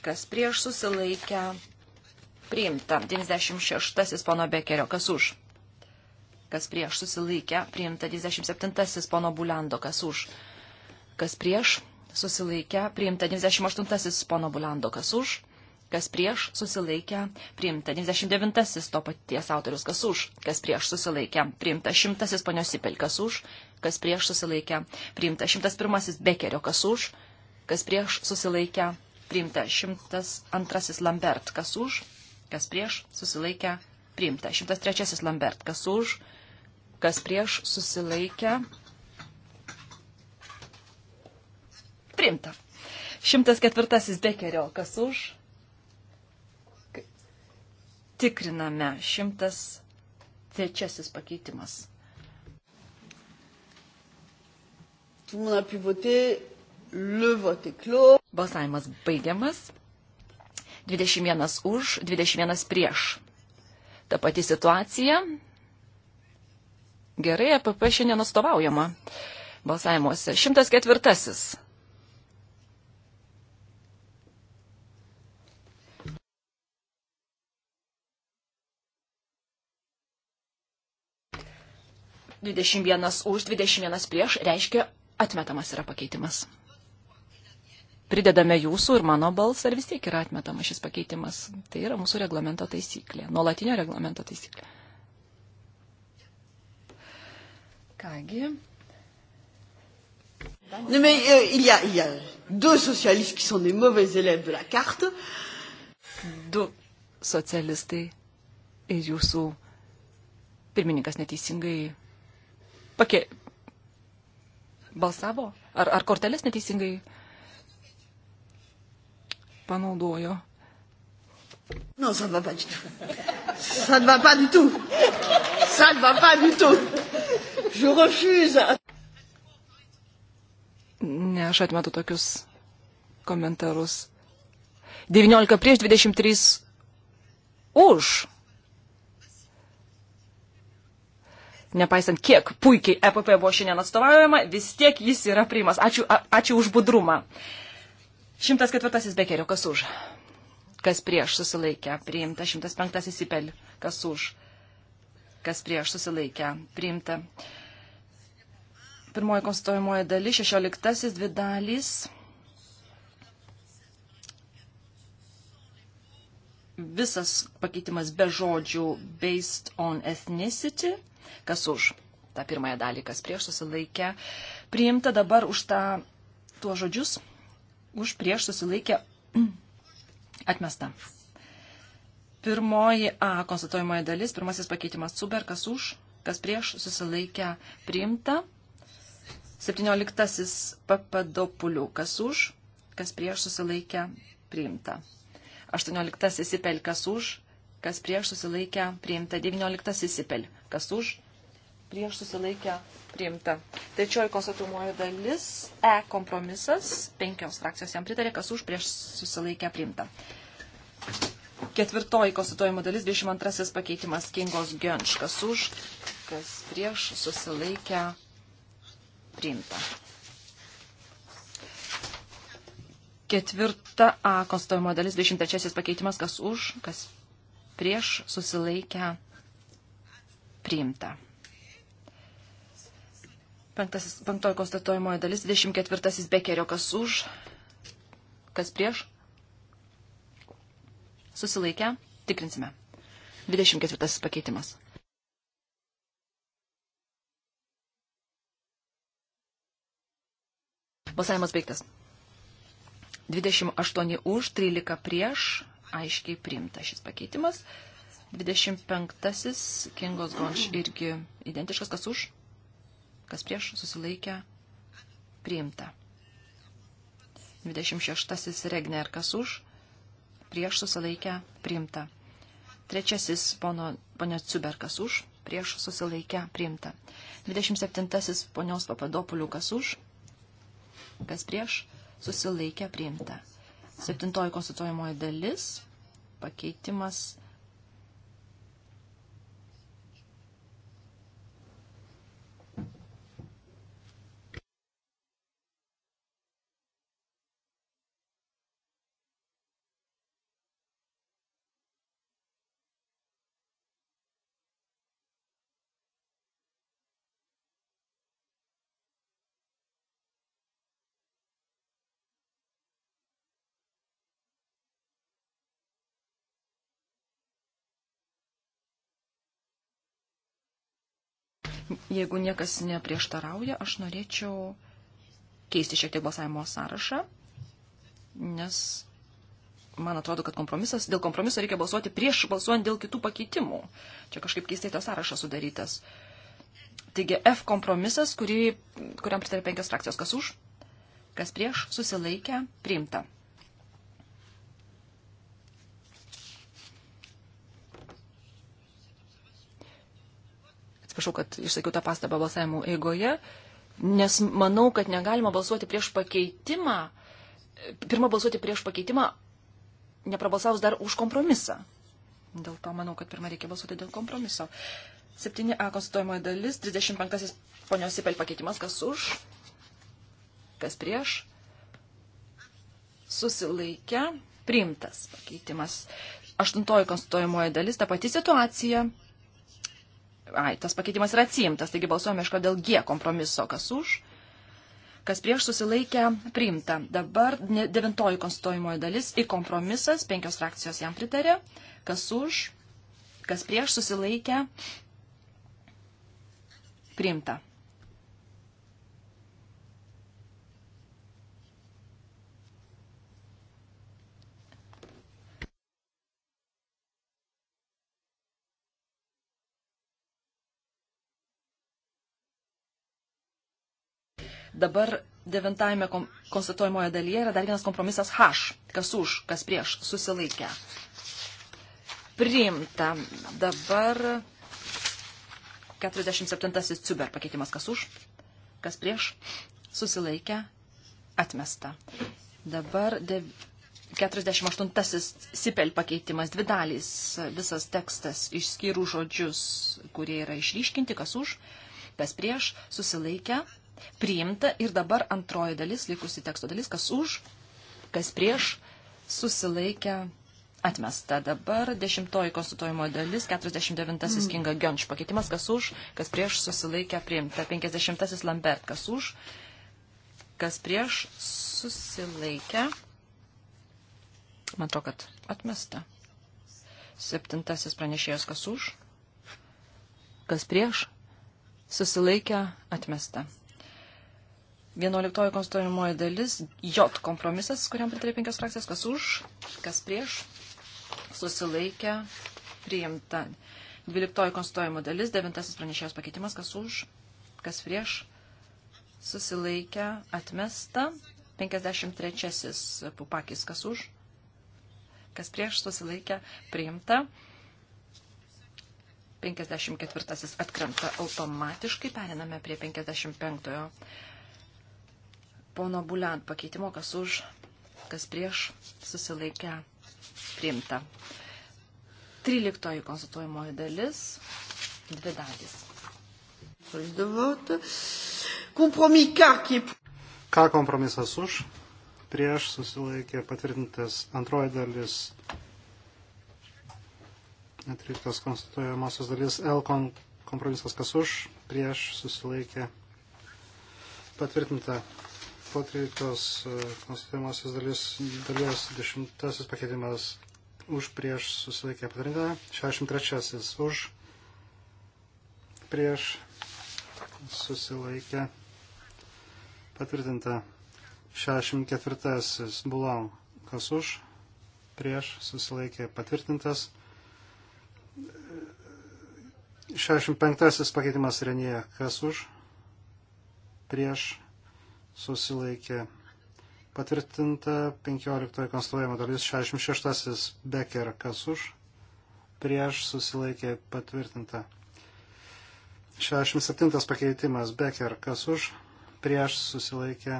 kas prieš susilaikę priimta. 96 pono Bekerio. Kas už, kas prieš susilaikę priimta. 97 pono Buliando. Kas už, kas prieš susilaikę priimta. 98 pono Buliando. Kas už kas prieš susilaikę priimta. 99-asis to paties autorius, kas už, kas prieš susilaikę priimta. 100-asis ponios Sipel, kas už, kas prieš susilaikę priimta. 101-asis Bekerio, kas už, kas prieš susilaikę priimta. 102-asis Lambert, kas už, kas prieš susilaikę priimta. 103-asis Lambert, kas už, kas prieš susilaikę priimta. 104-asis Bekerio, kas už, tikriname. 103 pakeitimas. Balsavimas baigiamas. 21 už, 21 prieš. Ta pati situacija. Gerai, APP e šiandien atstovaujama balsavimuose. 104. 21 už, 21 prieš, reiškia atmetamas yra pakeitimas. Pridedame jūsų ir mano balsą ir vis tiek yra atmetamas šis pakeitimas. Tai yra mūsų reglamento taisyklė, nuolatinio reglamento taisyklė. Kągi. Non, mais euh, il, y a, il y a deux socialistes qui sont des mauvais élèves de la carte. Du socialistai ir jūsų pirmininkas neteisingai Pakė... Balsavo? Ar, ar kortelės neteisingai panaudojo? Non, ça ne va pas du tout. Ça ne va pas du tout. Ça ne va pas du tout. Je refuse. Ne, aš atmetu tokius komentarus. 19 prieš 23 už. nepaisant kiek puikiai EPP buvo šiandien atstovaujama, vis tiek jis yra priimas. Ačiū, a, ačiū už budrumą. 104 Bekerio, kas už? Kas prieš susilaikę? Priimta. 105 Sipel, kas už? Kas prieš susilaikę? Priimta. Pirmoji konstatuojamoji dalis, 16 dvi dalys. visas pakeitimas be žodžių based on ethnicity Kas už tą pirmąją dalį, kas prieš susilaikę. Priimta dabar už tą, tuos žodžius, už prieš susilaikę atmesta. Pirmoji A konstatuojamoji dalis, pirmasis pakeitimas super, kas už, kas prieš susilaikę priimta. 17 papadopulių, kas už, kas prieš susilaikę priimta. 18 įsipel, kas už, kas prieš susilaikę priimta. 19 įsipel, kas už, prieš susilaikę priimta. Trečioji konstatuojamoji dalis, E kompromisas, penkios frakcijos jam pritarė, kas už, prieš susilaikę priimta. Ketvirtoji konstatuojama dalis, 22 pakeitimas Kingos Gönč, kas už, kas prieš susilaikę priimta. Ketvirta A konstatuojama dalis, 23 pakeitimas, kas už, kas prieš susilaikę priimta priimta. Penktasis, penktoji konstatuojamoji dalis, 24 bekerio, kas už, kas prieš. Susilaikę, tikrinsime. 24 pakeitimas. Balsavimas baigtas. 28 už, 13 prieš, aiškiai priimta šis pakeitimas. 25. Kingos Gonš irgi identiškas, kas už, kas prieš, susilaikę, priimta. 26. Regner, kas už, prieš, susilaikę, priimta. Trečiasis pono, ponio Ciuberkas už, prieš susilaikę priimta. 27. ponios Papadopulių kas už, kas prieš susilaikę priimta. 7. konstituojamoji dalis, pakeitimas Jeigu niekas neprieštarauja, aš norėčiau keisti šiek tiek balsavimo sąrašą, nes man atrodo, kad kompromisas, dėl kompromiso reikia balsuoti prieš balsuojant dėl kitų pakeitimų. Čia kažkaip keistai tas sąrašas sudarytas. Taigi F kompromisas, kurį, kuriam pritarė penkios frakcijos, kas už, kas prieš, susilaikę, priimta. atsiprašau, kad išsakiau tą pastabą balsavimo eigoje, nes manau, kad negalima balsuoti prieš pakeitimą, pirmą balsuoti prieš pakeitimą, neprabalsavus dar už kompromisą. Dėl to manau, kad pirmą reikia balsuoti dėl kompromiso. 7a konstituojamoji dalis, 35 ponios Sipel pakeitimas, kas už, kas prieš, susilaikę, priimtas pakeitimas. 8 konstituojamoji dalis, ta pati situacija, Ai, tas pakeitimas yra atsiimtas, taigi balsuojame iš kodėl G kompromiso, kas už, kas prieš susilaikę priimta. Dabar devintoji konstituojamoji dalis į kompromisas, penkios frakcijos jam pritarė, kas už, kas prieš susilaikę priimta. Dabar devintajame konstatuojamoje dalyje yra dar vienas kompromisas H. Kas už, kas prieš, susilaikę. Priimta. Dabar 47 ciber pakeitimas. Kas už, kas prieš, susilaikę, atmesta. Dabar 48 sipel pakeitimas, dvi dalys, visas tekstas išskyrų žodžius, kurie yra išryškinti, kas už, kas prieš, susilaikę, priimta ir dabar antroji dalis, likusi teksto dalis, kas už, kas prieš, susilaikę atmesta. Dabar dešimtoji konstituojimo dalis, 49-asis mm. Kinga Gionč pakeitimas, kas už, kas prieš susilaikę priimta. 50-asis Lambert, kas už, kas prieš susilaikę. Man atrodo, kad atmesta. Septintasis pranešėjas, kas už, kas prieš susilaikę atmesta. 11 konstituojamoji dalis, J kompromisas, kuriam pritarė penkios frakcijos, kas už, kas prieš, susilaikė, priimta. 12 konstituojimo dalis, 9 pranešėjos pakeitimas, kas už, kas prieš, susilaikė, atmesta. 53 pupakis, kas už, kas prieš, susilaikė, priimta. 54 atkrenta automatiškai, periname prie 55 pono Buliant pakeitimo, kas už, kas prieš susilaikę priimta. 13 konsultuojamoji dalis, dvi dalys. Ką kompromisas už? Prieš susilaikė patvirtintas antroji dalis. 13 konstituojamosios dalis L kompromisas kas už, prieš susilaikė patvirtinta po 13 e, konstatuojamosios dalies, dalies 10 pakeitimas už prieš susilaikė patarinę, 63 už prieš susilaikė patvirtinta 64 bulau kas už prieš susilaikė patvirtintas 65 pakeitimas renėje kas už prieš susilaikė patvirtinta 15 konstruojama dalis 66 Becker kas už, prieš susilaikė patvirtinta 67 pakeitimas Becker kas už, prieš susilaikė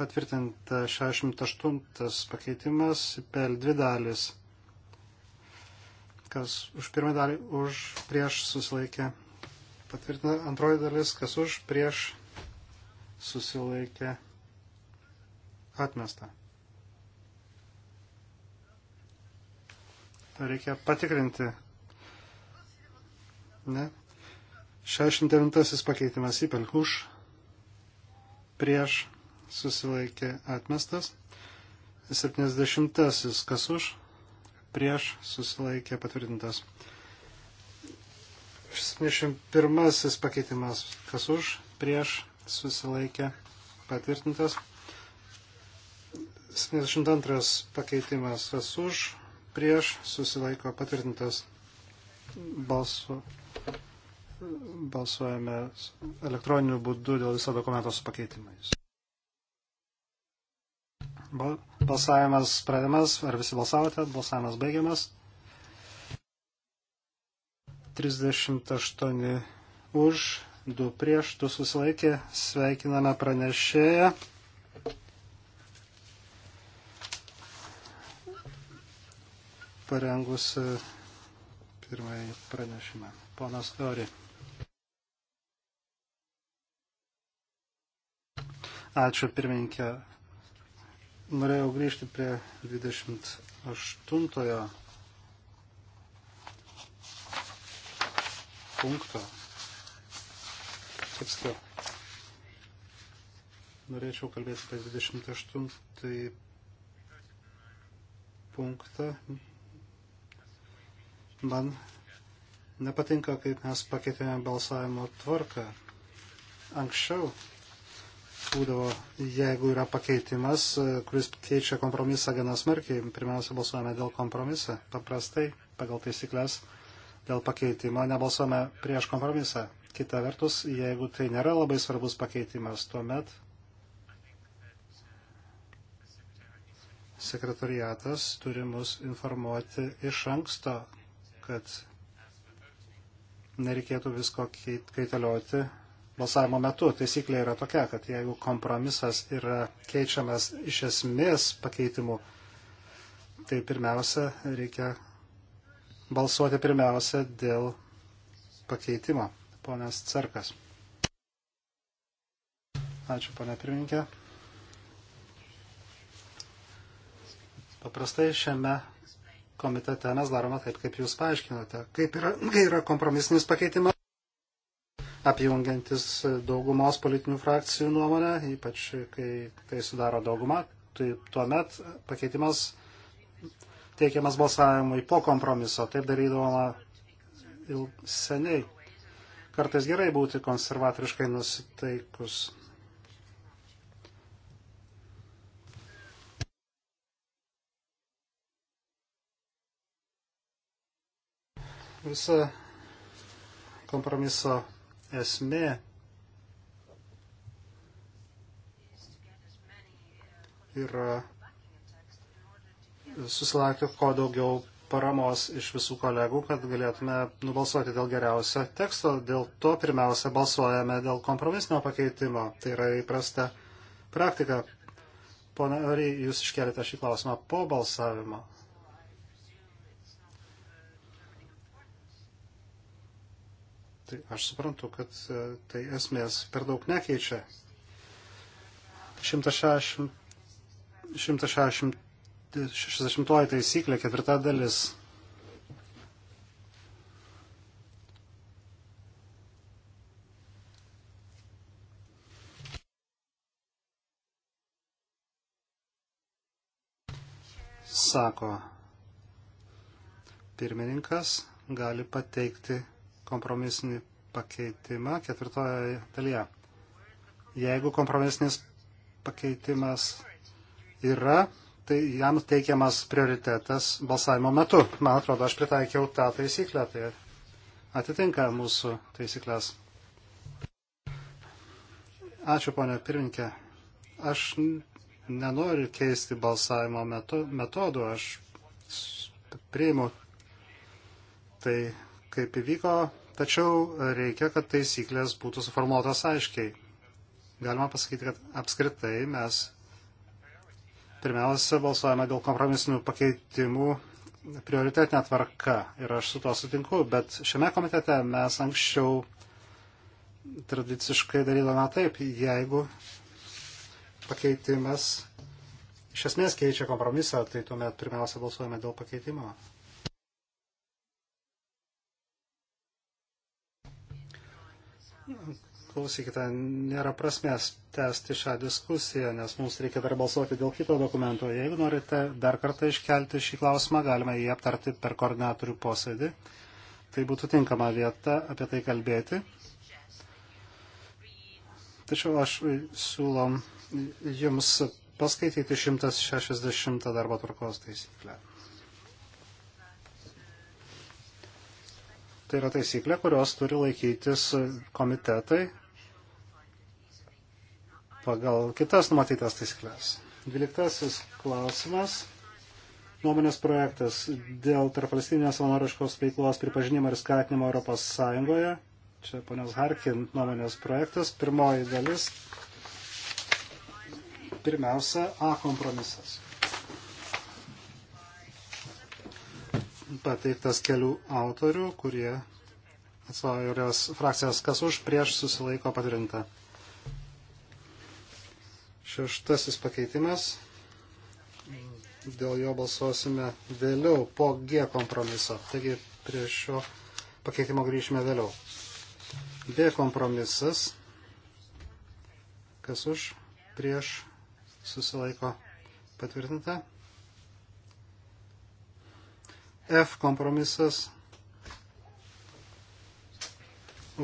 patvirtinta 68 pakeitimas per dvi dalis kas už pirmą dalį už prieš susilaikė patvirtinta antroji dalis kas už prieš susilaikė atmesta. Reikia patikrinti. Ne. 69 pakeitimas įpel už, prieš susilaikė atmestas. 70 kas už, prieš susilaikė patvirtintas. 71 pakeitimas kas už, prieš susilaikė patvirtintas. 72 pakeitimas kas už, prieš susilaiko patvirtintas. Balsu, balsuojame elektroniniu būdu dėl viso dokumento su pakeitimais. Balsavimas pradedamas, ar visi balsavote, balsavimas baigiamas. 38 už, 2 prieš, 2 susilaikė. Sveikiname pranešėją. Parengus e, pirmąjį pranešimą. Ponas Ori. Ačiū pirmininkė. Norėjau grįžti prie 28 punkto kaip sakiau, norėčiau kalbėti apie 28 tai punktą. Man nepatinka, kaip mes pakeitėme balsavimo tvarką. Anksčiau būdavo, jeigu yra pakeitimas, kuris keičia kompromisą gana smarkiai, pirmiausia balsuojame dėl kompromisą. Paprastai, pagal taisyklės, dėl pakeitimo nebalsuojame prieš kompromisą. Kita vertus, jeigu tai nėra labai svarbus pakeitimas, tuomet sekretariatas turi mus informuoti iš anksto, kad nereikėtų visko kaitalioti balsavimo metu. Taisyklė yra tokia, kad jeigu kompromisas yra keičiamas iš esmės pakeitimu, tai pirmiausia reikia balsuoti pirmiausia dėl pakeitimo ponas Cerkas. Ačiū, ponia pirminkė. Paprastai šiame komitete mes darome taip, kaip jūs paaiškinote. Kaip yra, kai yra kompromisinis pakeitimas, apjungiantis daugumos politinių frakcijų nuomonę, ypač kai tai sudaro dauguma, tai tuomet pakeitimas teikiamas balsavimui po kompromiso. Taip darydavoma seniai. Kartais gerai būti konservatoriškai nusiteikus. Visa kompromiso esmė yra susilaukti kuo daugiau paramos iš visų kolegų, kad galėtume nubalsuoti dėl geriausio teksto. Dėl to pirmiausia balsuojame dėl kompromisinio pakeitimo. Tai yra įprasta praktika. Pone Ari, jūs iškelite šį klausimą po balsavimo. Tai aš suprantu, kad e, tai esmės per daug nekeičia. 160, 160 60 taisyklė, ketvirta dalis. Sako, pirmininkas gali pateikti kompromisinį pakeitimą ketvirtoje dalyje. Jeigu kompromisinis pakeitimas yra tai jam teikiamas prioritetas balsavimo metu. Man atrodo, aš pritaikiau tą taisyklę, tai atitinka mūsų taisyklės. Ačiū, ponė pirminkė. Aš nenoriu keisti balsavimo metu, metodų, aš priimu tai, kaip įvyko, tačiau reikia, kad taisyklės būtų suformuotos aiškiai. Galima pasakyti, kad apskritai mes Pirmiausia, balsuojame dėl kompromisinių pakeitimų prioritetinė tvarka ir aš su tuo sutinku, bet šiame komitete mes anksčiau tradiciškai darydame taip, jeigu pakeitimas iš esmės keičia kompromisą, tai tuomet pirmiausia balsuojame dėl pakeitimo klausykite, nėra prasmės tęsti šią diskusiją, nes mums reikia dar balsuoti dėl kito dokumento. Jeigu norite dar kartą iškelti šį klausimą, galime jį aptarti per koordinatorių posėdį. Tai būtų tinkama vieta apie tai kalbėti. Tačiau aš siūlom jums paskaityti 160 darbo tvarkos taisyklę. Tai yra taisyklė, kurios turi laikytis komitetai pagal kitas numatytas taisyklės. Dvyliktasis klausimas. Nuomonės projektas dėl tarpalestinės savanoriškos veiklos pripažinimo ir skatinimo Europos Sąjungoje. Čia ponios Harkin nuomonės projektas. Pirmoji dalis. Pirmiausia, A kompromisas. Pateiktas kelių autorių, kurie atsvajorios frakcijas kas už prieš susilaiko patvirtinta. Šeštasis pakeitimas. Dėl jo balsuosime vėliau po G kompromiso. Taigi prie šio pakeitimo grįšime vėliau. D kompromisas. Kas už? Prieš susilaiko patvirtinta. F kompromisas.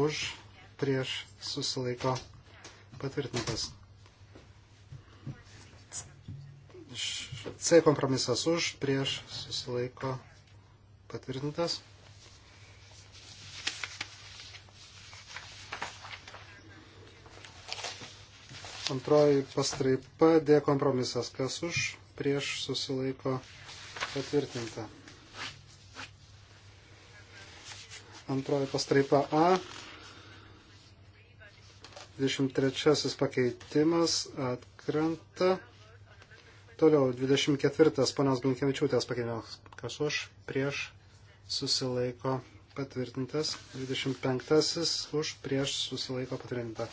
Už prieš susilaiko patvirtintas. C kompromisas už, prieš susilaiko patvirtintas. Antroji pastraipa D kompromisas, kas už, prieš susilaiko patvirtinta. Antroji pastraipa A 23 pakeitimas atkrenta. Toliau 24. Ponios Blinkevičiūtės pakeitimas. Kas už, prieš, susilaiko patvirtintas. 25. Už, prieš, susilaiko patvirtinta.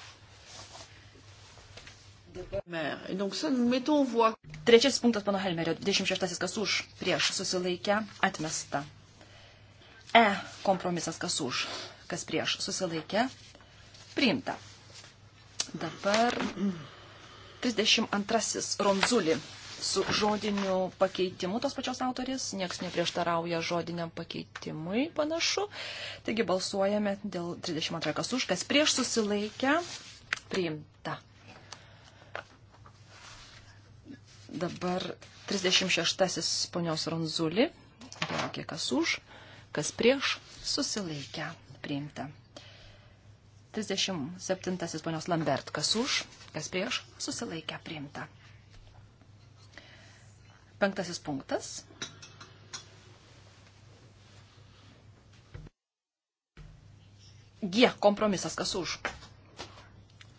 Trečiasis punktas pano Helmerio, 26. kas už, prieš susilaikę, atmesta. E kompromisas kas už, kas prieš susilaikę, priimta. Dabar 32. Ronzulį su žodiniu pakeitimu tos pačios autorės. Niekas neprieštarauja žodiniam pakeitimui panašu. Taigi balsuojame dėl 32 kas už, kas prieš susilaikę priimta. Dabar 36 ponios Ranzuli. Vėlgi kas už, kas prieš susilaikę priimta. 37 ponios Lambert, kas už, kas prieš, susilaikę priimta. Penktasis punktas. G kompromisas, kas už.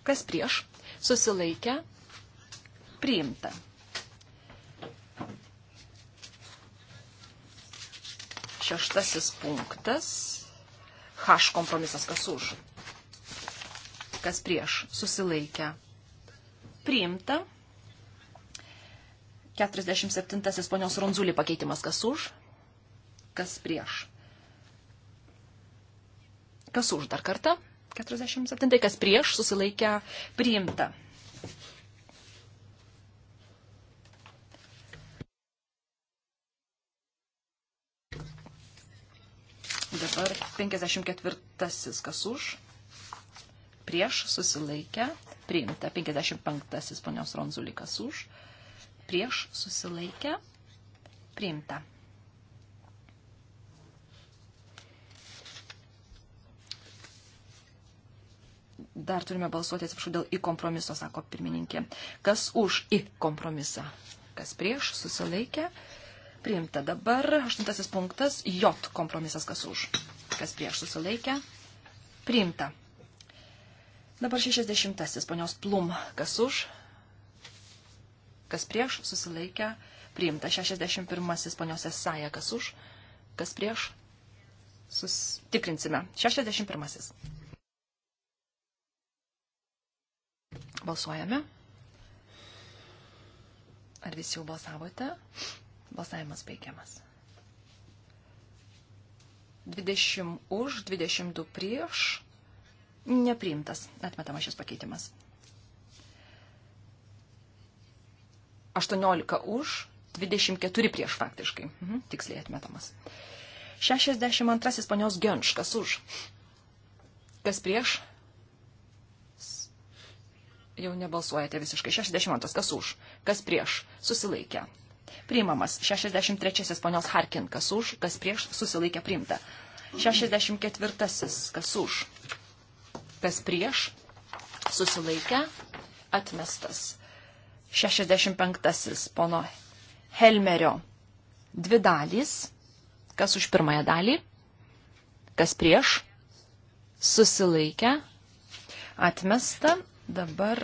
Kas prieš? Susilaikę. Priimta. Šeštasis punktas. H kompromisas, kas už. Kas prieš? Susilaikę. Priimta. 47 ponios Ronzulį pakeitimas. Kas už? Kas prieš? Kas už dar kartą? 47. Kas prieš susilaikę priimta. Dabar 54. Kas už? Prieš susilaikę priimta. 55. Ponios Ronzulikas už prieš susilaikę priimta. Dar turime balsuoti, atsiprašau, dėl į kompromiso, sako pirmininkė. Kas už į kompromisą? Kas prieš susilaikę? Priimta. Dabar aštuntasis punktas - J kompromisas, kas už. Kas prieš susilaikę? Priimta. Dabar šešdešimtasis, ponios Plum, kas už, kas prieš, susilaikę, priimta. 61 ponios Esaja, kas už, kas prieš, sustikrinsime. 61. Balsuojame. Ar visi jau balsavote? Balsavimas baigiamas. 20 už, 22 prieš. Nepriimtas. Atmetamas šis pakeitimas. 18 už, 24 prieš faktiškai. Mhm, tiksliai atmetamas. 62 ponios Genč, kas už? Kas prieš? Jau nebalsuojate visiškai. 62, kas už? Kas prieš? Susilaikė. Priimamas. 63 ponios Harkin, kas už? Kas prieš? Susilaikė priimta. 64 kas už? Kas prieš? Susilaikė. Atmestas. 65 pono Helmerio. Dvi dalys. Kas už pirmąją dalį? Kas prieš? Susilaikę. Atmesta. Dabar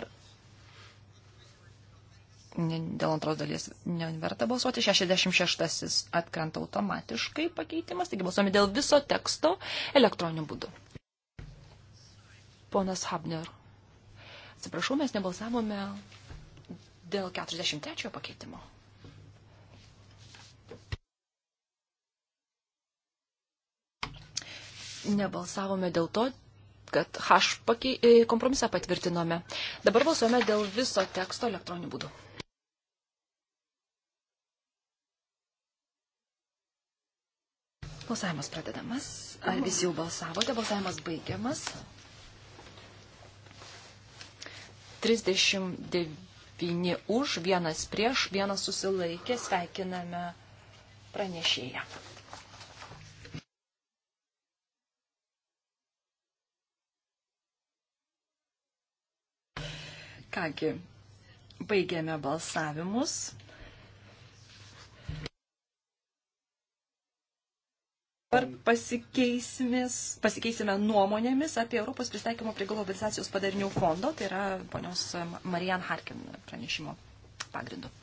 dėl antros dalies neverta balsuoti. 66 atkrenta automatiškai pakeitimas. Taigi balsuojame dėl viso teksto elektroniniu būdu. Ponas Habner. Atsiprašau, mes nebalsavome dėl 43 pakeitimo. Nebalsavome dėl to, kad H pakei, e, kompromisą patvirtinome. Dabar balsuojame dėl viso teksto elektroniniu būdu. Balsavimas pradedamas. Ar visi jau balsavote? Balsavimas baigiamas. 39 septyni už, vienas prieš, vienas susilaikė, sveikiname pranešėją. Kągi, baigėme balsavimus. Dabar pasikeisime nuomonėmis apie Europos pristaikymo prie globalizacijos padarinių fondo, tai yra ponios Marian Harkin pranešimo pagrindu.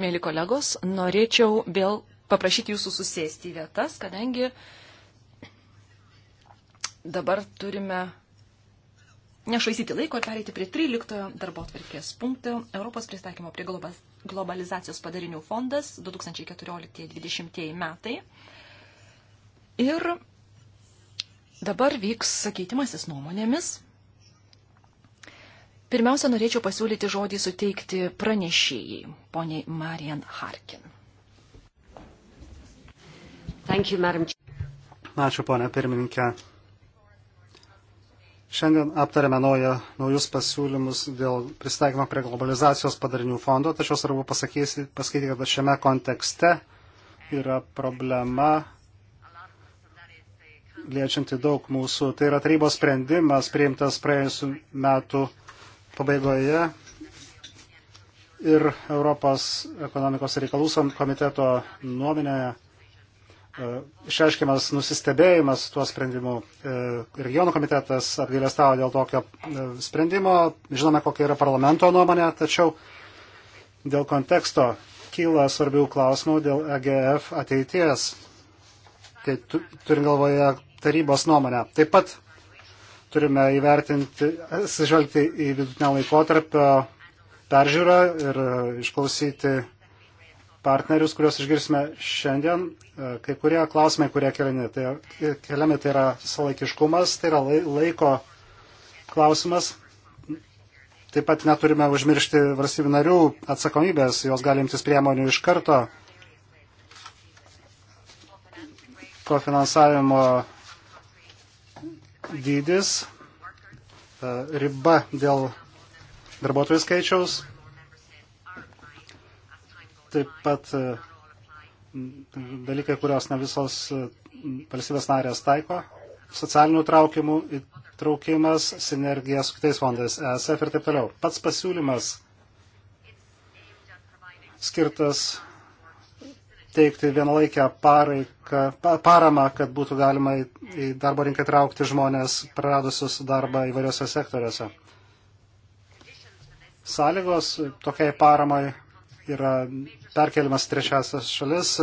Mėly kolegos, norėčiau vėl paprašyti jūsų susėsti į vietas, kadangi dabar turime nešvaisyti laiko ir pereiti prie 13 darbo atvarkės punktų Europos pristatymo prie globalizacijos padarinių fondas 2014-2020 metai. Ir dabar vyks keitimasis nuomonėmis Pirmiausia, norėčiau pasiūlyti žodį suteikti pranešėjai, poniai Marian Harkin. Thank you, madam. Ačiū, ponia pirmininkė. Šiandien aptarėme naują, naujus pasiūlymus dėl pristaikymo prie globalizacijos padarinių fondo, tačiau svarbu pasakyti, kad šiame kontekste yra problema liečianti daug mūsų. Tai yra tarybos sprendimas priimtas praėjusiu metu pabaigoje ir Europos ekonomikos reikalų komiteto nuomenėje išreiškiamas nusistebėjimas tuo sprendimu. E, regionų komitetas apgailestavo dėl tokio e, sprendimo. Žinome, kokia yra parlamento nuomonė, tačiau dėl konteksto kyla svarbių klausimų dėl EGF ateities, kai turint galvoje tarybos nuomonę. Taip pat turime įvertinti, atsižvelgti į vidutinę laikotarpio peržiūrą ir e, išklausyti partnerius, kuriuos išgirsime šiandien. E, kai kurie klausimai, kurie keliami, tai, keliami, tai yra salaikiškumas, tai yra laiko klausimas. Taip pat neturime užmiršti valstybių narių atsakomybės, jos galimtis priemonių iš karto kofinansavimo dydis, e, riba dėl darbuotojų skaičiaus, taip pat e, dalykai, kurios ne visos e, valstybės narės taiko, socialinių traukimų įtraukimas, sinergija su kitais fondais, ESF ir taip toliau. Pats pasiūlymas skirtas teikti vienalaikę paraiką, paramą, kad būtų galima į darbo rinką traukti žmonės praradusius darbą įvairiose sektoriuose. Sąlygos tokiai paramai yra perkelimas trečiasias šalis,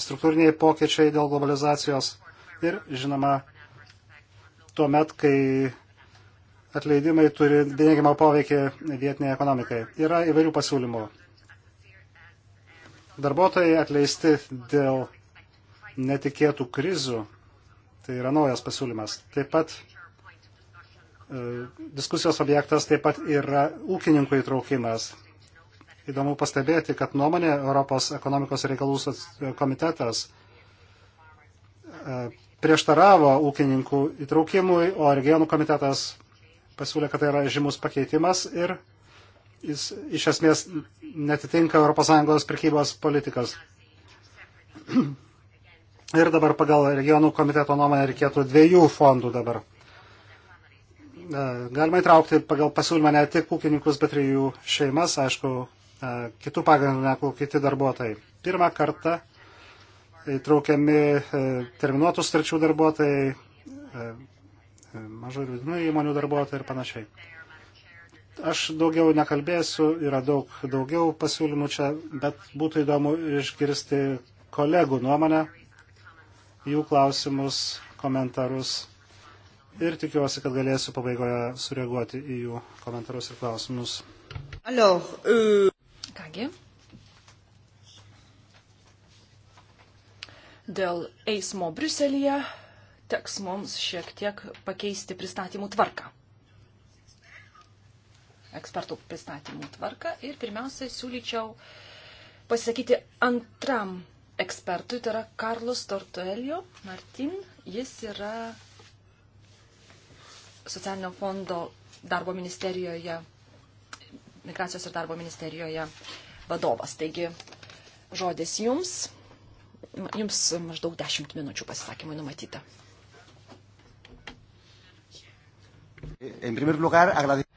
struktūriniai pokyčiai dėl globalizacijos ir, žinoma, tuo met, kai atleidimai turi neigiamą poveikį vietiniai ekonomikai. Yra įvairių pasiūlymų. Darbuotojai atleisti dėl netikėtų krizių. Tai yra naujas pasiūlymas. Taip pat e, diskusijos objektas taip pat yra ūkininkų įtraukimas. Įdomu pastebėti, kad nuomonė Europos ekonomikos reikalų komitetas e, prieštaravo ūkininkų įtraukimui, o regionų komitetas pasiūlė, kad tai yra žymus pakeitimas ir jis iš esmės netitinka ES prekybos politikos. Ir dabar pagal regionų komiteto nuomonę reikėtų dviejų fondų dabar. E, galima įtraukti pagal pasiūlymą ne tik ūkininkus, bet ir jų šeimas, aišku, e, kitų pagrindų negu kiti darbuotojai. Pirmą kartą įtraukiami e, terminuotų starčių darbuotojai, mažų ir vidutinių įmonių darbuotojai ir panašiai. Aš daugiau nekalbėsiu, yra daug daugiau pasiūlymų čia, bet būtų įdomu išgirsti kolegų nuomonę, jų klausimus, komentarus ir tikiuosi, kad galėsiu pabaigoje sureaguoti į jų komentarus ir klausimus. Alio, uh... Kągi. Dėl eismo Briuselėje teks mums šiek tiek pakeisti pristatymų tvarką ekspertų pristatymų tvarką ir pirmiausia siūlyčiau pasakyti antram ekspertui, tai yra Karlos Tortuelio Martin. Jis yra socialinio fondo darbo ministerijoje, migracijos ir darbo ministerijoje vadovas. Taigi, žodis jums. Jums maždaug 10 minučių pasisakymui numatyta. En primer lugar, agradezco.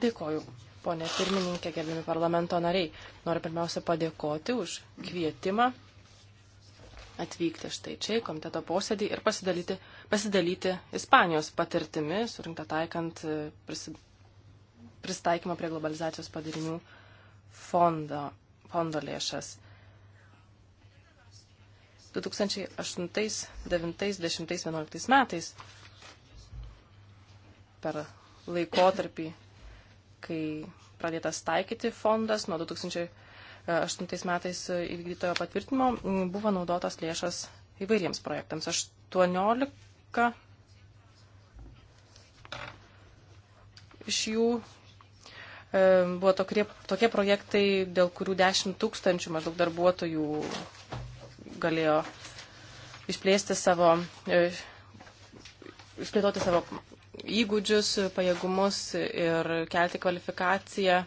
Dėkoju, ponė pirmininkė, gerbiami parlamento nariai. Noriu pirmiausia padėkoti už kvietimą atvykti štai čia į komiteto posėdį ir pasidalyti, pasidalyti Ispanijos patirtimi, surinkta taikant e, prisi, pristaikymą prie globalizacijos padarinių fondo, fondo lėšas. 2008, 2009, 2010, 2011 metais per laikotarpį kai pradėtas taikyti fondas nuo 2008 metais įvykdytojo patvirtinimo, buvo naudotos lėšas įvairiems projektams. 18 iš jų e, buvo tokie, tokie projektai, dėl kurių 10 tūkstančių maždaug darbuotojų galėjo išplėsti savo, e, išplėtoti savo įgūdžius, pajėgumus ir kelti kvalifikaciją.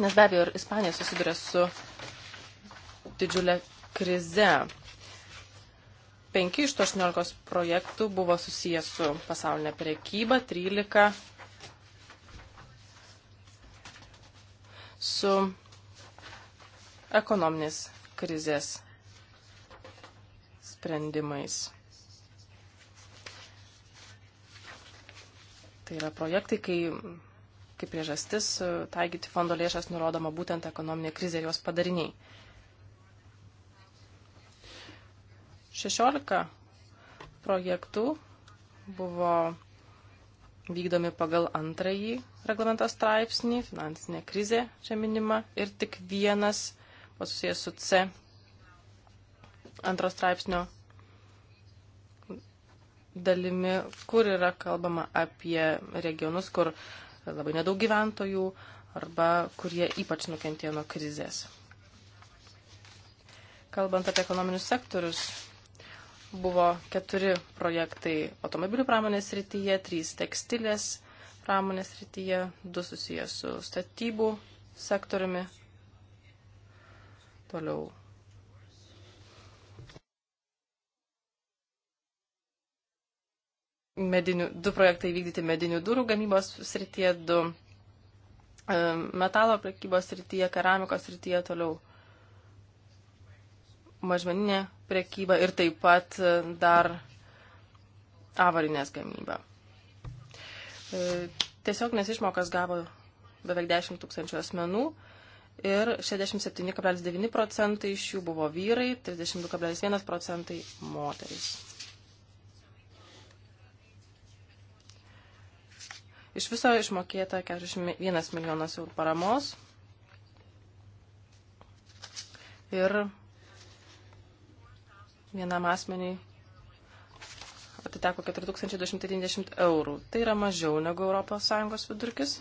Nes be abejo, ir Ispanija susiduria su didžiulė krize. 5 iš 18 projektų buvo susijęs su pasaulinė priekyba, 13 su ekonominės krizės sprendimais. Tai yra projektai, kai kaip priežastis e, taikyti fondo lėšas nurodoma būtent ekonominė krizė ir jos padariniai. 16 projektų buvo vykdomi pagal antrąjį reglamento straipsnį, finansinė krizė čia minima, ir tik vienas, pasusijęs su C, antro straipsnio dalimi, kur yra kalbama apie regionus, kur labai nedaug gyventojų arba kurie ypač nukentėjo nuo krizės. Kalbant apie ekonominius sektorius, buvo keturi projektai automobilių pramonės rytyje, trys tekstilės pramonės rytyje, du susijęs su statybų sektoriumi, toliau medinių, du projektai vykdyti medinių durų gamybos srityje, du e, metalo prekybos srityje, keramikos srityje toliau mažmeninė prekyba ir taip pat e, dar avarinės gamyba. E, tiesiog nes išmokas gavo beveik 10 tūkstančių asmenų ir 67,9 procentai iš jų buvo vyrai, 32,1 procentai moteris. Iš viso išmokėta 41 milijonas eurų paramos. Ir vienam asmeniui atiteko 4290 eurų. Tai yra mažiau negu ES vidurkis,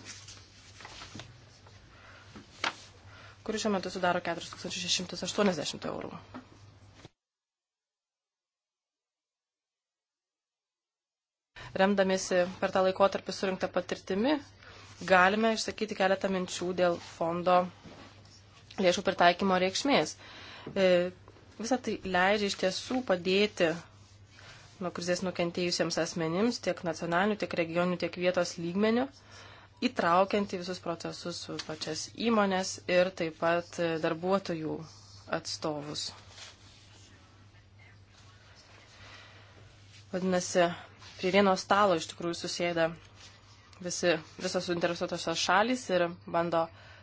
kuris šiuo metu sudaro 4680 eurų. remdamiesi per tą laikotarpį surinktą patirtimi, galime išsakyti keletą minčių dėl fondo lėšų pritaikymo reikšmės. E, Visą tai leidžia iš tiesų padėti nuo krizės nukentėjusiems asmenims tiek nacionaliniu, tiek regioniniu, tiek vietos lygmeniu, įtraukiant į visus procesus pačias įmonės ir taip pat darbuotojų atstovus. Vadinasi, prie vieno stalo iš tikrųjų susėda visi, visos suinteresuotosios šalis ir bando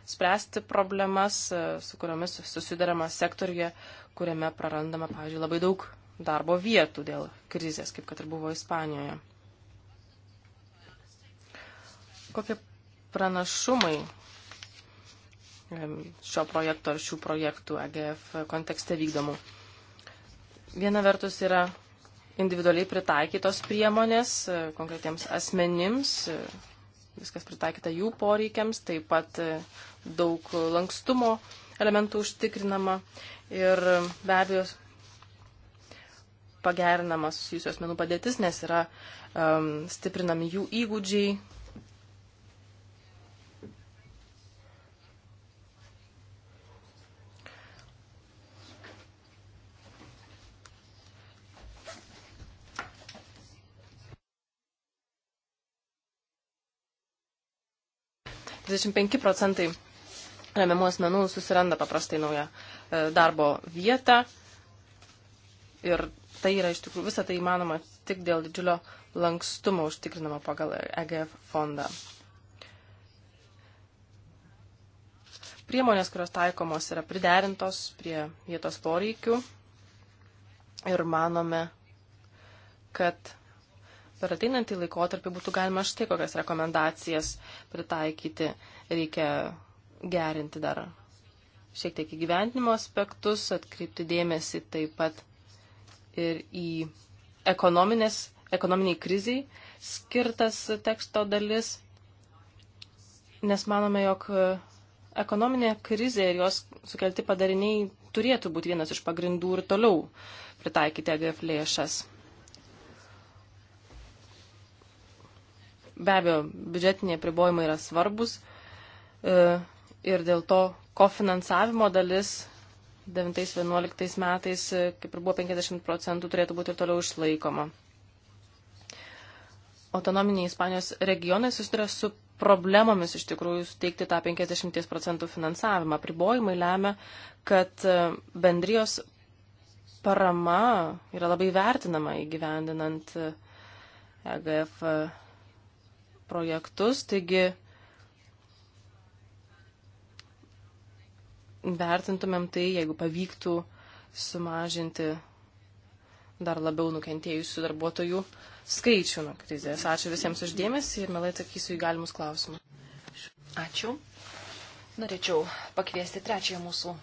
spręsti problemas, e, su kuriomis susidarama sektorija, kuriame prarandama, pavyzdžiui, labai daug darbo vietų dėl krizės, kaip kad ir buvo Ispanijoje. Kokie pranašumai e, šio projekto ar šių projektų AGF e kontekste vykdomų? Viena vertus yra individualiai pritaikytos priemonės e, konkretiems asmenims, e, viskas pritaikyta jų poreikiams, taip pat e, daug lankstumo elementų užtikrinama ir be abejo pagerinama susijusios menų padėtis, nes yra um, stiprinami jų įgūdžiai, 25 procentai remiamų asmenų susiranda paprastai naują e, darbo vietą. Ir tai yra iš tikrųjų visą tai įmanoma tik dėl didžiulio lankstumo užtikrinama pagal EGF fondą. Priemonės, kurios taikomos, yra priderintos prie vietos poreikių ir manome, kad per ateinantį laikotarpį būtų galima štai kokias rekomendacijas pritaikyti. Reikia gerinti dar šiek tiek įgyvendinimo aspektus, atkreipti dėmesį taip pat ir į ekonominiai kriziai skirtas teksto dalis, nes manome, jog ekonominė krizė ir jos sukelti padariniai turėtų būti vienas iš pagrindų ir toliau pritaikyti AGF lėšas Be abejo, biudžetiniai pribojimai yra svarbus e, ir dėl to kofinansavimo dalis 9-11 metais, e, kaip ir buvo 50 procentų, turėtų būti ir toliau išlaikoma. Autonominiai Ispanijos regionai susiduria su problemomis iš tikrųjų suteikti tą 50 procentų finansavimą. Pribojimai lemia, kad e, bendrijos parama yra labai vertinama įgyvendinant EGF projektus, taigi vertintumėm tai, jeigu pavyktų sumažinti dar labiau nukentėjusių darbuotojų skaičių nuo krizės. Ačiū visiems uždėmesi ir melai atsakysiu į galimus klausimus. Ačiū. Norėčiau pakviesti trečiąją mūsų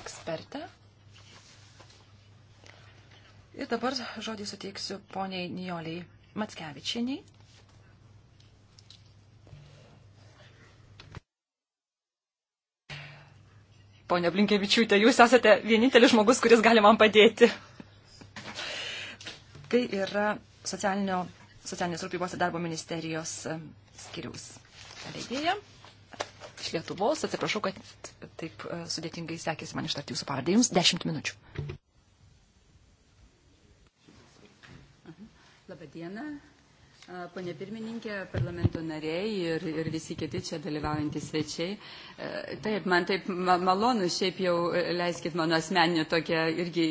ekspertę. Ir dabar žodį suteiksiu poniai Nijoliai Matskevičiniai. Pone Blinkevičiūtė, jūs esate vienintelis žmogus, kuris gali man padėti. Tai yra socialinės rūpybos ir darbo ministerijos e, skiriaus leidėja iš Lietuvos. Atsiprašau, kad taip e, sudėtingai sekėsi man ištarti jūsų pavardę. Jums 10 minučių. Labą dieną. Pane pirmininkė, parlamento nariai ir, ir visi kiti čia dalyvaujantys svečiai. E, taip, man taip malonu, šiaip jau leiskit mano asmeninį tokią irgi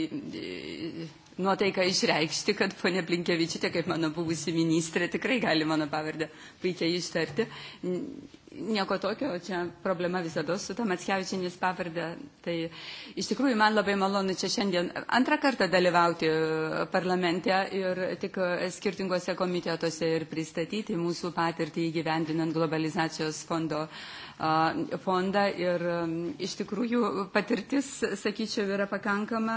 nuotaiką išreikšti, kad ponė Blinkevičiūtė, kaip mano buvusi ministrė, tikrai gali mano pavardę puikiai ištarti. Nieko tokio, čia problema visada su tam atskevičinis pavardė. Tai iš tikrųjų man labai malonu čia šiandien antrą kartą dalyvauti e, parlamente ir tik e, skirtingose komitetuose ir pristatyti mūsų patirtį įgyvendinant globalizacijos fondo uh, fondą ir um, iš tikrųjų patirtis, sakyčiau, yra pakankama,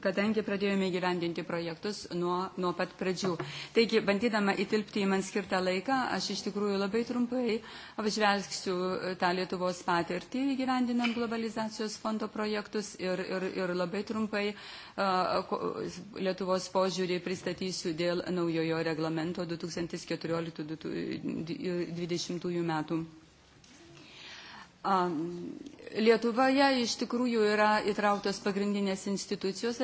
kadangi pradėjome gyvendinti projektus nuo, nuo pat pradžių. Taigi, bandydama įtilpti į man skirtą laiką, aš iš tikrųjų labai trumpai apžvelgsiu tą Lietuvos patirtį gyvendinant globalizacijos fondo projektus ir, ir, ir labai trumpai Lietuvos požiūrį pristatysiu dėl naujojo reglamento 2014-2020 metų Lietuvoje iš tikrųjų yra įtrauktos pagrindinės institucijos,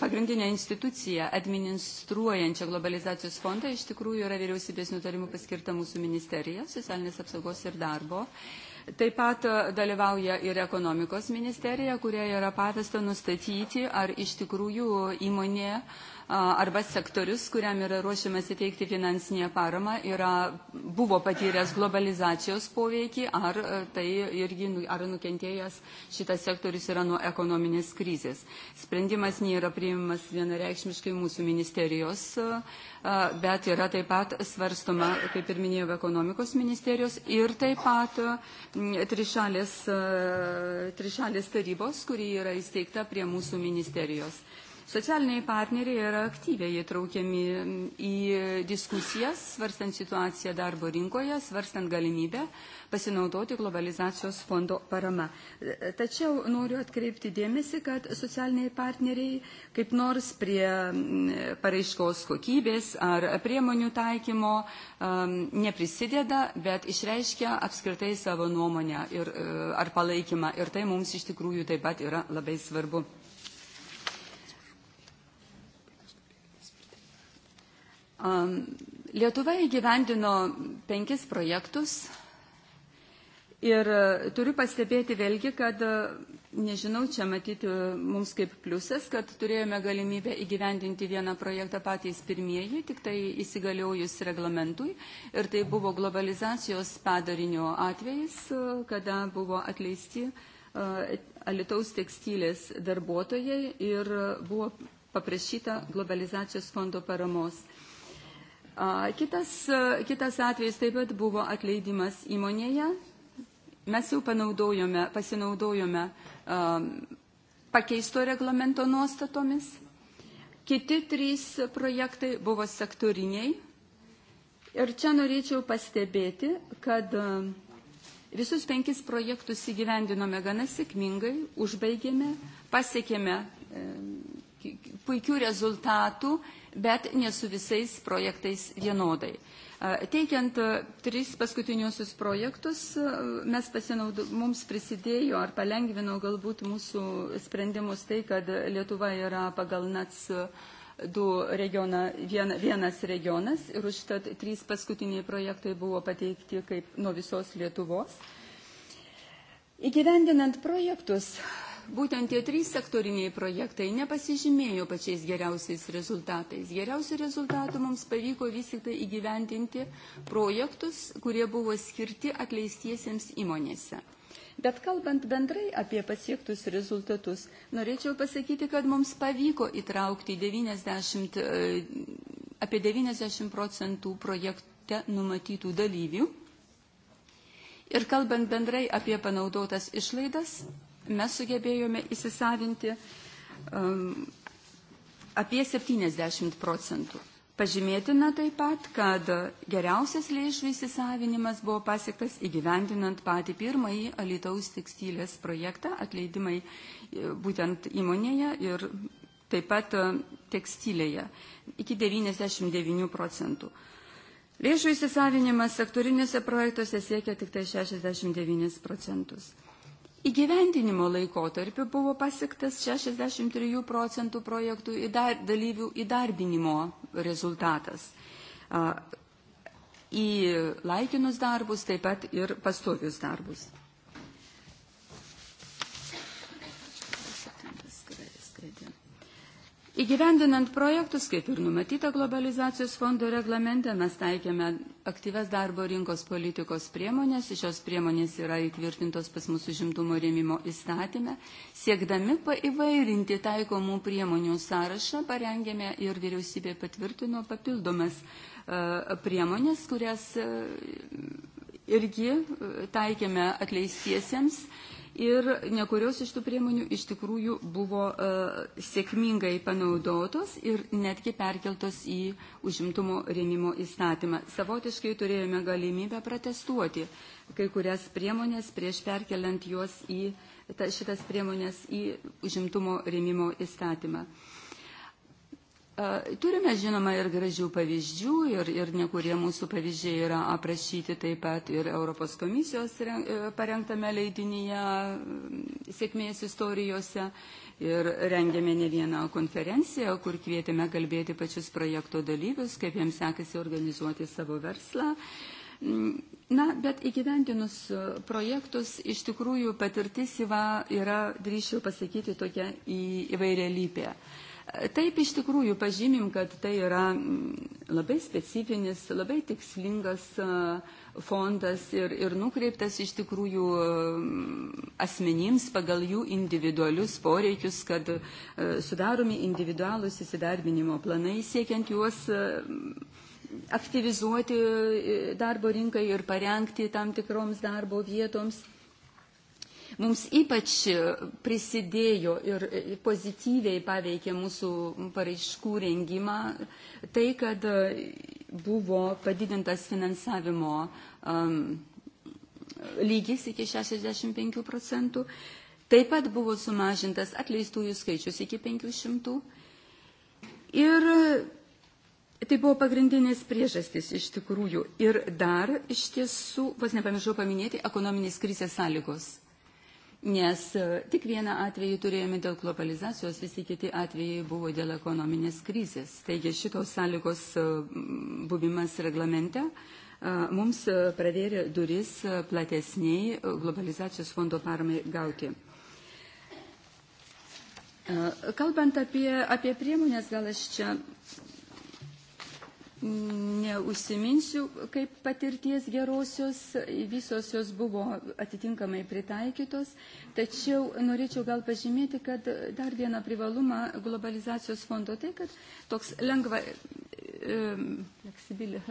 pagrindinė institucija administruojančia globalizacijos fondą, iš tikrųjų yra vyriausybės nutarimų paskirta mūsų ministerija, socialinės apsaugos ir darbo. Taip pat e, dalyvauja ir ekonomikos ministerija, kurie yra pavesta nustatyti, ar iš tikrųjų įmonė uh, arba sektorius, kuriam yra ruošiamas įteikti finansinę paramą, yra, buvo patyręs globalizacijos poveikį, ar e, tai irgi nu, ar nukentėjęs šitas sektorius yra nuo ekonominės krizės. Sprendimas nėra priimamas vienareikšmiškai mūsų ministerijos, e, bet yra taip pat svarstoma, kaip ir minėjau, ekonomikos ministerijos ir taip pat trišalės, e, trišalės tarybos, kuri yra įsteigta prie mūsų ministerijos. Socialiniai partneriai yra aktyviai įtraukiami į diskusijas, svarstant situaciją darbo rinkoje, svarstant galimybę pasinaudoti globalizacijos fondo parama. Tačiau noriu atkreipti dėmesį, kad socialiniai partneriai kaip nors prie paraiškos kokybės ar priemonių taikymo neprisideda, bet išreiškia apskritai savo nuomonę ir, e, ar palaikymą. Ir tai mums iš tikrųjų taip pat yra labai svarbu. Lietuva įgyvendino penkis projektus ir e, turiu pastebėti vėlgi, kad e, nežinau, čia matyti e, mums kaip pliusas, kad turėjome galimybę įgyvendinti vieną projektą patys pirmieji, tik tai įsigaliojus reglamentui. Ir tai buvo globalizacijos padarinio atvejais, kada buvo atleisti Alitaus tekstilės darbuotojai ir buvo paprašyta globalizacijos fondo paramos. Kitas, kitas atvejis taip pat buvo atleidimas įmonėje. Mes jau panaudojome, pasinaudojome um, pakeisto reglamento nuostatomis. Kiti trys projektai buvo sektoriniai. Ir čia norėčiau pastebėti, kad um, Visus penkis projektus įgyvendinome gana sėkmingai, užbaigėme, pasiekėme puikių rezultatų, bet ne su visais projektais vienodai. Teikiant tris paskutiniusius projektus, mes pasinaudu, mums prisidėjo ar palengvino galbūt mūsų sprendimus tai, kad Lietuva yra pagal NATS du regiona, vien, vienas regionas ir užtat trys paskutiniai projektai buvo pateikti kaip nuo visos Lietuvos. Įgyvendinant projektus, būtent tie trys sektoriniai projektai nepasižymėjo pačiais geriausiais rezultatais. Geriausių rezultatų mums pavyko vis tik tai įgyventinti projektus, kurie buvo skirti atleistiesiems įmonėse. Bet kalbant bendrai apie pasiektus rezultatus, norėčiau pasakyti, kad mums pavyko įtraukti 90, e, apie 90 procentų projekte numatytų dalyvių. Ir kalbant bendrai apie panaudotas išlaidas, mes sugebėjome įsisavinti um, apie 70 procentų. Pažymėtina taip pat, kad geriausias lėšų įsisavinimas buvo pasiektas įgyvendinant patį pirmąjį Alitaus tekstilės projektą, atleidimai e, būtent įmonėje ir taip pat e, tekstilėje iki 99 procentų. Lėšų įsisavinimas sektorinėse projektuose siekia tik tai 69 procentus. Įgyvendinimo laikotarpiu buvo pasiektas 63 procentų projektų įdar, dalyvių įdarbinimo rezultatas. Į laikinus darbus, taip pat ir pastovius darbus. Įgyvendinant projektus, kaip ir numatyta globalizacijos fondo reglamente, mes taikėme aktyves darbo rinkos politikos priemonės, šios priemonės yra įtvirtintos pas mūsų žimtumo rėmimo įstatymę. Siekdami paivairinti taikomų priemonių sąrašą, parengėme ir vyriausybė patvirtino papildomas e, priemonės, kurias e, irgi e, taikėme atleistiesiems ir nekurios iš tų priemonių iš tikrųjų buvo e, sėkmingai panaudotos ir netgi perkeltos į užimtumo rėmimo įstatymą. Savotiškai turėjome galimybę protestuoti kai kurias priemonės prieš perkeliant juos į ta, šitas priemonės į užimtumo rėmimo įstatymą. Uh, Turime, žinoma, ir gražių pavyzdžių, ir, ir nekurie mūsų pavyzdžiai yra aprašyti taip pat ir Europos komisijos e, parengtame leidinyje sėkmės istorijose. Ir rengėme ne vieną konferenciją, kur kvietėme kalbėti pačius projekto dalyvius, kaip jiems sekasi organizuoti savo verslą. Na, bet įgyvendinus projektus, iš tikrųjų patirtis yra, drįšiau pasakyti, tokia įvairialypė. lypė. Taip iš tikrųjų pažymim, kad tai yra labai specifinis, labai tikslingas fondas ir, ir nukreiptas iš tikrųjų asmenims pagal jų individualius poreikius, kad sudaromi individualūs įsidarbinimo planai siekiant juos aktyvizuoti e, darbo rinkai ir parengti tam tikroms darbo vietoms. Mums ypač e, prisidėjo e, ir pozityviai paveikė mūsų paraiškų rengimą tai, kad e, buvo padidintas finansavimo um, lygis iki 65 procentų. Taip pat buvo sumažintas atleistųjų skaičius iki 500. Ir tai buvo pagrindinės priežastys iš tikrųjų. Ir dar iš tiesų, vos nepamiršau paminėti, ekonominės krizės sąlygos nes e, tik vieną atvejį turėjome dėl globalizacijos, visi kiti atvejai buvo dėl ekonominės krizės. Taigi šitos sąlygos e, buvimas reglamente e, mums pravėrė duris platesniai globalizacijos fondo paramai gauti. Kalbant apie, apie priemonės, gal aš čia neužsiminsiu kaip patirties gerosios, visos jos buvo atitinkamai pritaikytos, tačiau norėčiau gal pažymėti, kad dar vieną privalumą globalizacijos fondo tai, kad toks lengva, fleksibilė,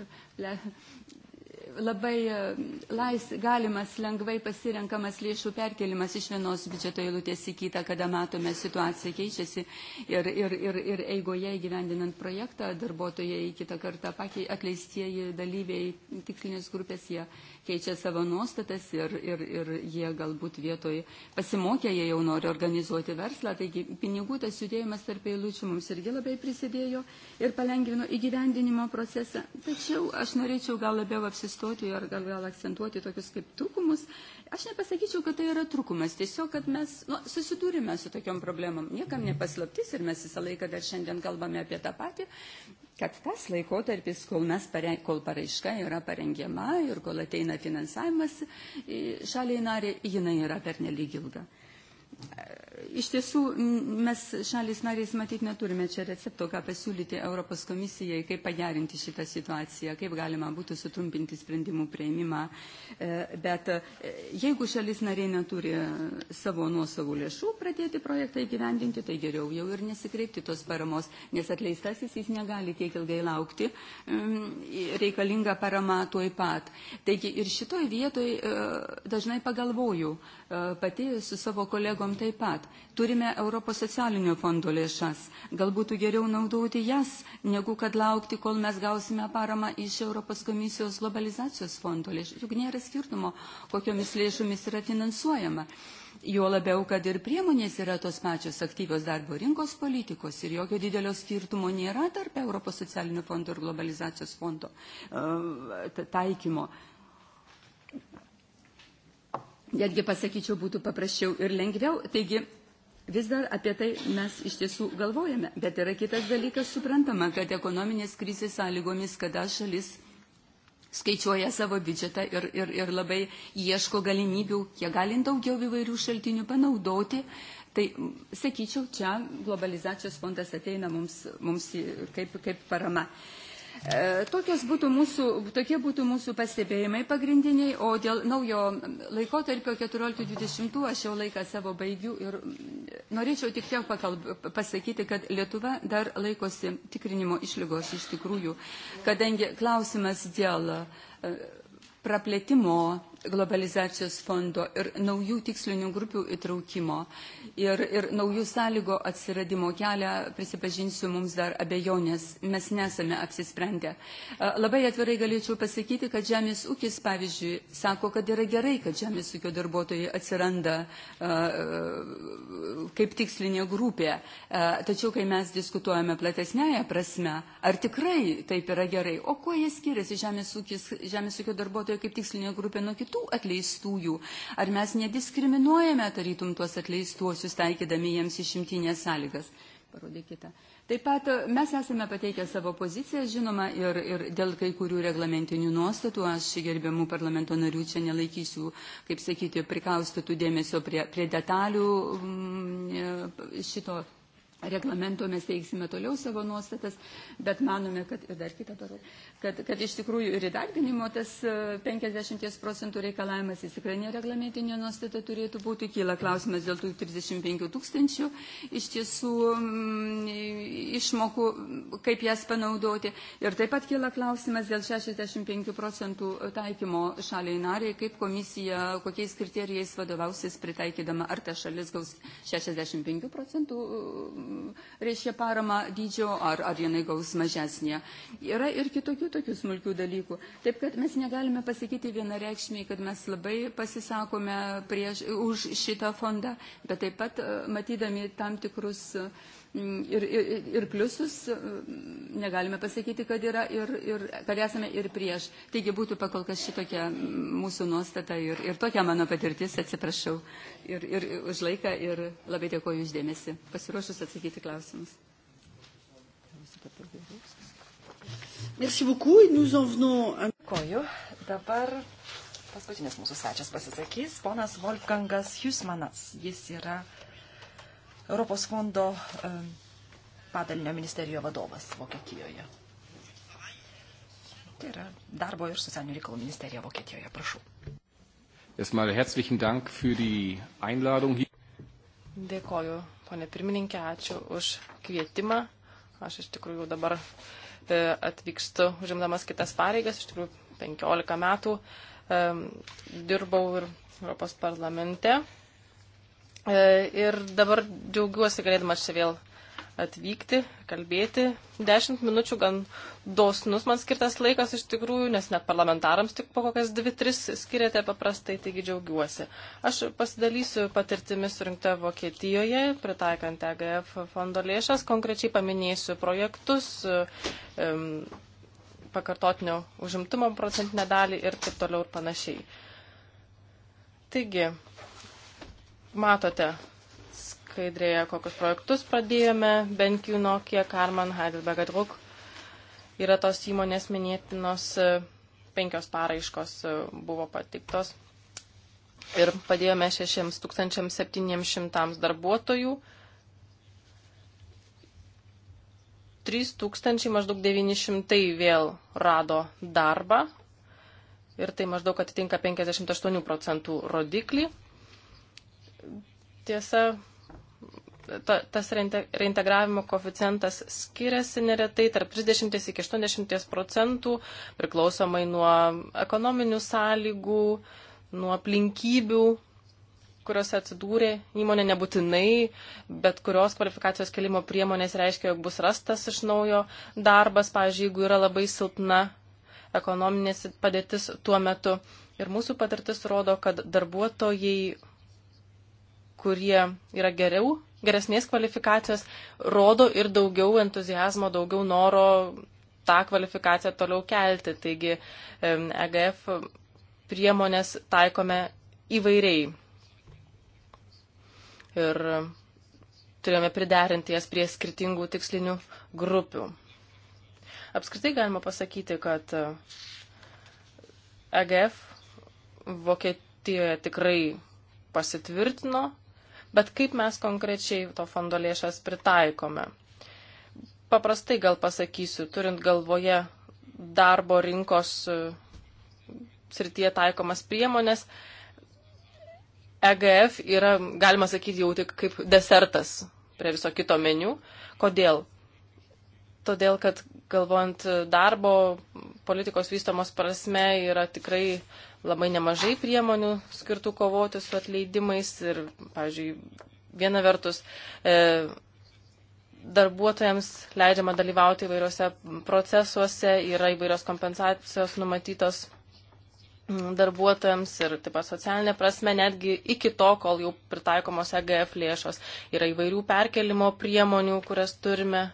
labai e, lais, galimas lengvai pasirenkamas lėšų perkelimas iš vienos biudžeto eilutės į kitą, kada matome situaciją keičiasi ir, ir, ir, ir eigoje įgyvendinant projektą darbuotojai kitą kartą pakei, atleistieji dalyviai tikslinės grupės jie keičia savo nuostatas ir, ir, ir jie galbūt vietoj pasimokė, jie jau nori organizuoti verslą, taigi pinigų tas judėjimas tarp eilučių mums irgi labai prisidėjo ir palengvino įgyvendinimo procesą. Tačiau aš norėčiau gal labiau apsistoti ir gal, gal akcentuoti tokius kaip trūkumus Aš nepasakyčiau, kad tai yra trūkumas, tiesiog, kad mes nu, susidūrime su tokiom problemom. Niekam nepaslaptis ir mes visą laiką dar šiandien kalbame apie tą patį, kad tas laikotarpis, kol, mes, pareng, kol paraiška yra parengiama ir kol ateina finansavimas šaliai narė, jinai yra per nelygilga. Iš tiesų, mes šalis narės matyt neturime čia recepto, ką pasiūlyti Europos komisijai, kaip pagerinti šitą situaciją, kaip galima būtų sutrumpinti sprendimų prieimimą. E, bet e, jeigu šalis narė neturi savo nuosavų lėšų pradėti projektą įgyvendinti, tai geriau jau ir nesikreipti tos paramos, nes atleistasis jis negali tiek ilgai laukti, mm, reikalinga parama tuoj pat. Taigi ir šitoj vietoj e, dažnai pagalvoju, pati su savo kolegom taip pat turime Europos socialinio fondo lėšas. Gal būtų geriau naudoti jas, negu kad laukti, kol mes gausime paramą iš Europos komisijos globalizacijos fondo lėšų. Juk nėra skirtumo, kokiomis lėšomis yra finansuojama. Jo labiau, kad ir priemonės yra tos pačios aktyvios darbo rinkos politikos ir jokio didelio skirtumo nėra tarp Europos socialinio fondo ir globalizacijos fondo uh, taikymo. Netgi pasakyčiau, būtų paprasčiau ir lengviau. Taigi, Vis dar apie tai mes iš tiesų galvojame, bet yra kitas dalykas, suprantama, kad ekonominės krizės sąlygomis, kada šalis skaičiuoja savo biudžetą ir, ir, ir labai ieško galimybių, kiek galint daugiau įvairių šaltinių panaudoti, tai sakyčiau, čia globalizacijos fondas ateina mums, mums kaip, kaip parama. Uh, E, tokios būtų mūsų, tokie būtų mūsų pastebėjimai pagrindiniai, o dėl naujo laikotarpio 14-20 aš jau laiką savo baigiu ir mm, norėčiau tik tiek pakalb, pasakyti, kad Lietuva dar laikosi tikrinimo išlygos iš tikrųjų, kadangi klausimas dėl e, praplėtimo globalizacijos fondo ir naujų tikslinių grupių įtraukimo ir, ir naujų sąlygo atsiradimo kelią, prisipažinsiu, mums dar abejonės, mes nesame apsisprendę. Labai atvirai galėčiau pasakyti, kad žemės ūkis, pavyzdžiui, sako, kad yra gerai, kad žemės ūkio darbuotojai atsiranda kaip tikslinė grupė. Tačiau, kai mes diskutuojame platesnėje prasme, ar tikrai taip yra gerai, o kuo jie skiriasi žemės, ūkis, žemės ūkio darbuotojai kaip tikslinė grupė nuo kitų, kitų atleistųjų? Ar mes nediskriminuojame tarytum tuos atleistuosius, taikydami jiems išimtinės sąlygas? Parodykite. Taip pat e, mes esame pateikę savo poziciją, žinoma, ir, ir dėl kai kurių reglamentinių nuostatų. Aš gerbiamų parlamento narių čia nelaikysiu, kaip sakyti, prikaustytų dėmesio prie, prie detalių e, šito reglamento mes teiksime toliau savo nuostatas, bet manome, kad ir dar kitą parodė kad, kad iš tikrųjų ir įdarbinimo tas 50 e, procentų reikalavimas, jis tikrai nereglamentinė nuostata turėtų būti, kyla klausimas dėl tų 35 tūkstančių iš tiesų mm, išmokų, kaip jas panaudoti. Ir taip pat kyla klausimas dėl 65 procentų taikymo šaliai nariai, kaip komisija, kokiais kriterijais vadovausis pritaikydama, ar ta šalis gaus 65 procentų mm, reiškia paramą dydžio, ar, ar jinai gaus mažesnė. Yra ir kitokių kitų tokių smulkių dalykų. Taip kad mes negalime pasakyti vienareikšmiai, kad mes labai pasisakome prieš, už šitą fondą, bet taip pat e, matydami tam tikrus mm, ir, ir, ir pliusus, e, negalime pasakyti, kad, yra, ir, ir, kad esame ir prieš. Taigi būtų pakol kas šitokia mūsų nuostata ir, ir tokia mano patirtis, atsiprašau, ir, ir už laiką ir labai dėkoju uždėmesi. Pasiruošus atsakyti klausimus. Thank you. Merci beaucoup et nous en venons. Koju, dabar paskutinis mūsų svečias pasisakys, ponas Wolfgangas Jusmanas. Jis yra Europos fondo padalinio ministerijo vadovas Vokietijoje. Tai yra darbo ir socialinių reikalų ministerija Vokietijoje. Prašau. Erstmal herzlichen Dank für die Einladung hier. Dėkoju, ponė pirmininkė, ačiū už kvietimą. Aš iš tikrųjų dabar atvykstu užimdamas kitas pareigas, iš tikrųjų 15 metų um, dirbau ir Europos parlamente. E, ir dabar džiaugiuosi galėdamas čia vėl atvykti, kalbėti. Dešimt minučių gan dosnus man skirtas laikas iš tikrųjų, nes net parlamentarams tik po kokias dvi, tris skiriate paprastai, taigi džiaugiuosi. Aš pasidalysiu patirtimis surinkta Vokietijoje, pritaikant EGF fondo lėšas, konkrečiai paminėsiu projektus, pakartotinio užimtumo procentinę dalį ir taip toliau ir panašiai. Taigi, matote skaidrėje, kokius projektus pradėjome, bent jau Nokia, Karman, Heidelberg, Druk. Yra tos įmonės minėtinos penkios paraiškos e, buvo patiktos ir padėjome 6700 darbuotojų. 3000 maždaug 900 vėl rado darbą ir tai maždaug atitinka 58 procentų rodiklį. Tiesa, ta, tas reintegravimo koficijantas skiriasi neretai tarp 30 iki 80 procentų priklausomai nuo ekonominių sąlygų, nuo aplinkybių, kuriuose atsidūrė įmonė nebūtinai, bet kurios kvalifikacijos kelimo priemonės reiškia, jog bus rastas iš naujo darbas, pavyzdžiui, jeigu yra labai silpna ekonominės padėtis tuo metu. Ir mūsų patirtis rodo, kad darbuotojai, kurie yra geriau geresnės kvalifikacijos, rodo ir daugiau entuzijazmo, daugiau noro tą kvalifikaciją toliau kelti. Taigi EGF e priemonės taikome įvairiai. Ir turėjome priderinti jas prie skirtingų tikslinių grupių. Apskritai galima pasakyti, kad EGF Vokietijoje tikrai pasitvirtino Bet kaip mes konkrečiai to fondo lėšas pritaikome? Paprastai gal pasakysiu, turint galvoje darbo rinkos e, srityje taikomas priemonės, EGF yra, galima sakyti, jau tik kaip desertas prie viso kito meniu. Kodėl? Todėl, kad galvojant darbo politikos vystomos prasme yra tikrai labai nemažai priemonių skirtų kovoti su atleidimais ir, pavyzdžiui, viena vertus e, darbuotojams leidžiama dalyvauti įvairiuose procesuose, yra įvairios kompensacijos numatytos mm, darbuotojams ir taip pat socialinė prasme, netgi iki to, kol jau pritaikomos EGF lėšos, yra įvairių perkelimo priemonių, kurias turime.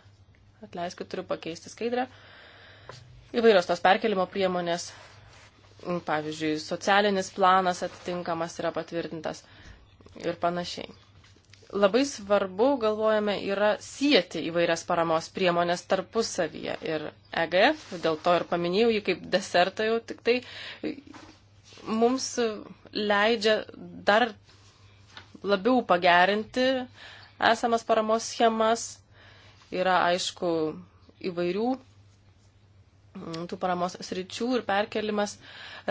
Atleiskit, turiu pakeisti skaidrę. Įvairios tos perkelimo priemonės Mm, pavyzdžiui, socialinis planas atitinkamas yra patvirtintas ir panašiai. Labai svarbu, galvojame, yra sieti įvairias paramos priemonės tarpusavyje ir EGF, dėl to ir paminėjau jį kaip desertą jau tik tai, mums leidžia dar labiau pagerinti esamas paramos schemas. Yra aišku įvairių Mm, tų paramos sričių ir perkelimas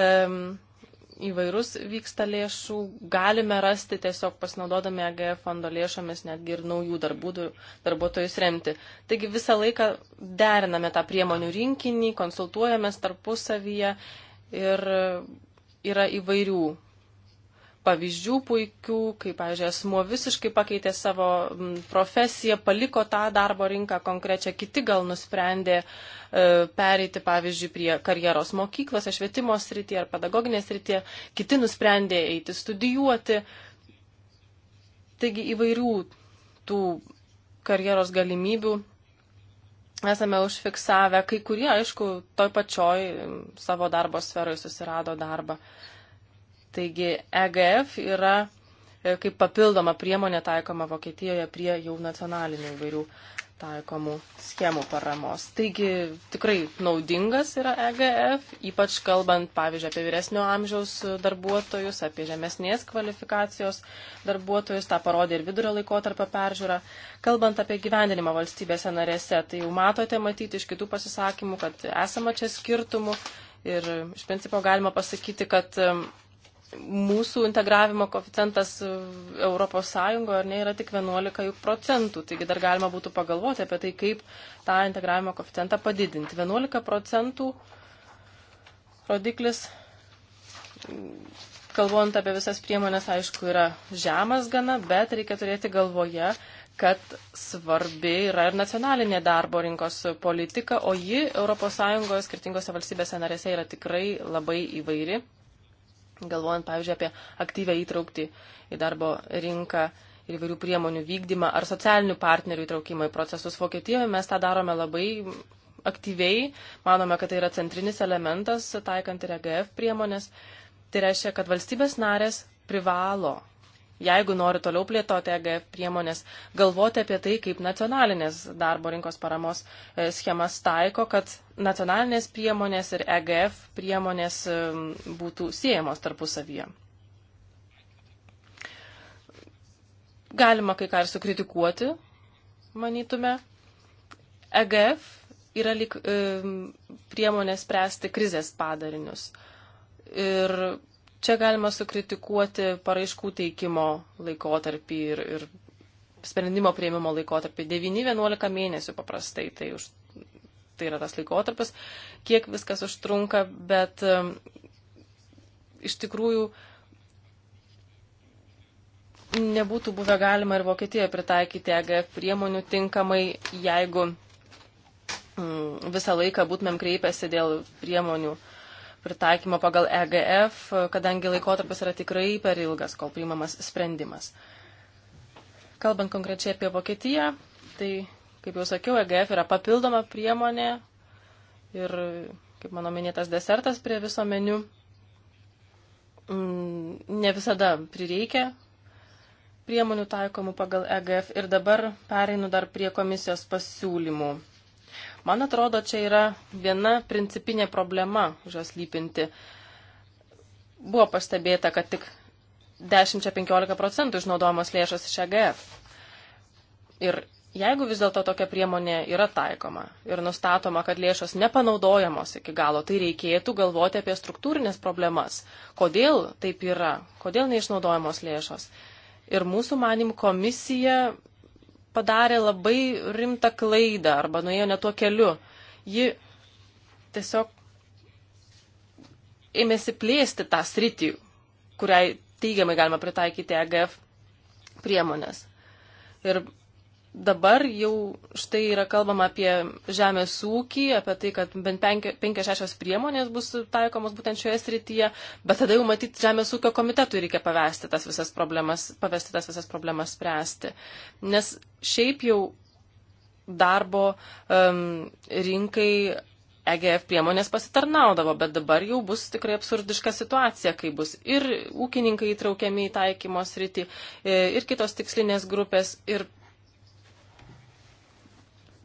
um, įvairus vyksta lėšų. Galime rasti tiesiog pasinaudodami AGF e fondo lėšomis netgi ir naujų darbų, darbuotojus remti. Taigi visą laiką deriname tą priemonių rinkinį, konsultuojamės tarpusavyje ir yra įvairių pavyzdžių puikių, kaip, pavyzdžiui, asmuo visiškai pakeitė savo profesiją, paliko tą darbo rinką konkrečią, kiti gal nusprendė e, pereiti, pavyzdžiui, prie karjeros mokyklos, švietimo srityje ar pedagoginės srityje, kiti nusprendė eiti studijuoti. Taigi įvairių tų karjeros galimybių esame užfiksavę, kai kurie, aišku, toj pačioj savo darbo sferoje susirado darbą. E, Taigi EGF yra e, kaip papildoma priemonė taikoma Vokietijoje prie jau nacionalinių įvairių taikomų schemų paramos. Taigi tikrai naudingas yra EGF, ypač kalbant, pavyzdžiui, apie vyresnio amžiaus darbuotojus, apie žemesnės kvalifikacijos darbuotojus, tą parodė ir vidurio laikotarpio peržiūra. Kalbant apie gyvendinimą valstybėse narėse, tai jau matote matyti iš kitų pasisakymų, kad esama čia skirtumų ir iš principo galima pasakyti, kad mūsų integravimo koficijantas Europos Sąjungoje ar ne yra tik 11 procentų. Taigi dar galima būtų pagalvoti apie tai, kaip tą integravimo koficijantą padidinti. 11 procentų rodiklis, kalbant apie visas priemonės, aišku, yra žemas gana, bet reikia turėti galvoje, kad svarbi yra ir nacionalinė darbo rinkos politika, o ji ES skirtingose valstybėse narėse yra tikrai labai įvairi galvojant, pavyzdžiui, apie aktyvę įtraukti į darbo rinką ir įvairių priemonių vykdymą ar socialinių partnerių įtraukimą į procesus Vokietijoje, mes tą darome labai aktyviai, manome, kad tai yra centrinis elementas taikant ir EGF priemonės. Tai reiškia, kad valstybės narės privalo jeigu nori toliau plėtoti EGF priemonės, galvoti apie tai, kaip nacionalinės darbo rinkos paramos e, schemas taiko, kad nacionalinės priemonės ir EGF priemonės e, būtų siejamos tarpusavyje. Galima kai ką ir sukritikuoti, manytume. EGF yra lik, e, priemonė spręsti krizės padarinius. Ir Čia galima sukritikuoti paraiškų teikimo laikotarpį ir, ir sprendimo prieimimo laikotarpį. 9-11 mėnesių paprastai tai, už, tai yra tas laikotarpis, kiek viskas užtrunka, bet um, iš tikrųjų nebūtų buvę galima ir Vokietijoje pritaikyti EGF priemonių tinkamai, jeigu mm, visą laiką būtumėm kreipęsi dėl priemonių uh, pritaikymo pagal EGF, kadangi laikotarpis yra tikrai per ilgas, kol priimamas sprendimas. Kalbant konkrečiai apie Vokietiją, tai, kaip jau sakiau, EGF yra papildoma priemonė ir, kaip mano minėtas, desertas prie viso meniu mm, ne visada prireikia priemonių taikomų pagal EGF ir dabar pereinu dar prie komisijos pasiūlymų Man atrodo, čia yra viena principinė problema už jos lypinti. Buvo pastebėta, kad tik 10-15 procentų išnaudojamos lėšos iš EGF. Ir jeigu vis dėlto tokia priemonė yra taikoma ir nustatoma, kad lėšos nepanaudojamos iki galo, tai reikėtų galvoti apie struktūrinės problemas. Kodėl taip yra? Kodėl neišnaudojamos lėšos? Ir mūsų manim komisija padarė labai rimtą klaidą arba nuėjo ne tuo keliu. Ji tiesiog ėmėsi plėsti tą sritį, kuriai teigiamai galima pritaikyti EGF priemonės. Ir dabar jau štai yra kalbama apie žemės ūkį, apie tai, kad bent 5-6 priemonės bus taikomos būtent šioje srityje, bet tada jau matyti žemės ūkio komitetui reikia pavesti tas visas problemas, pavesti tas visas problemas spręsti. Nes šiaip jau darbo um, rinkai EGF priemonės pasitarnaudavo, bet dabar jau bus tikrai absurdiška situacija, kai bus ir ūkininkai įtraukiami į taikymos rytį, e, ir kitos tikslinės grupės, ir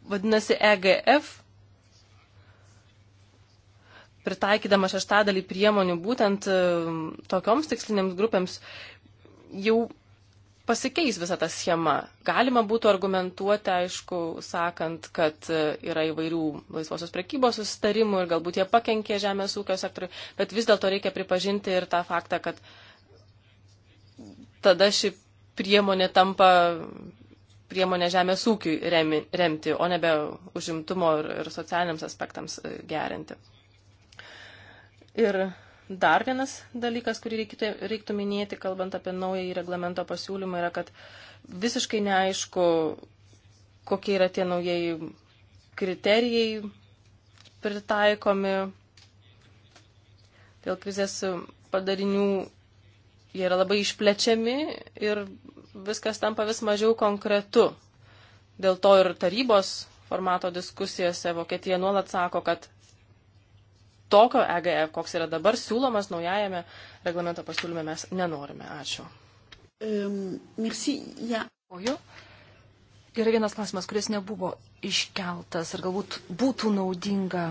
vadinasi EGF, pritaikydama šeštadalį priemonių būtent e, tokioms tikslinėms grupėms, jau pasikeis visa ta schema. Galima būtų argumentuoti, aišku, sakant, kad e, yra įvairių laisvosios prekybos sustarimų ir galbūt jie pakenkė žemės ūkio sektoriui, bet vis dėlto reikia pripažinti ir tą faktą, kad tada ši priemonė tampa priemonę žemės ūkiui remti, o nebe užimtumo ir, ir socialiniams aspektams e, gerinti. Ir dar vienas dalykas, kurį reikėtų, reiktų minėti, kalbant apie naująjį reglamento pasiūlymą, yra, kad visiškai neaišku, kokie yra tie naujieji kriterijai pritaikomi dėl krizės padarinių. Jie yra labai išplečiami ir viskas tampa vis mažiau konkretu. Dėl to ir tarybos formato diskusijose Vokietija nuolat sako, kad tokio EGF, e, koks yra dabar siūlomas naujajame reglamento pasiūlyme, mes nenorime. Ačiū. Um, merci, ja. Oju. Yra vienas klausimas, kuris nebuvo iškeltas ir galbūt būtų naudinga,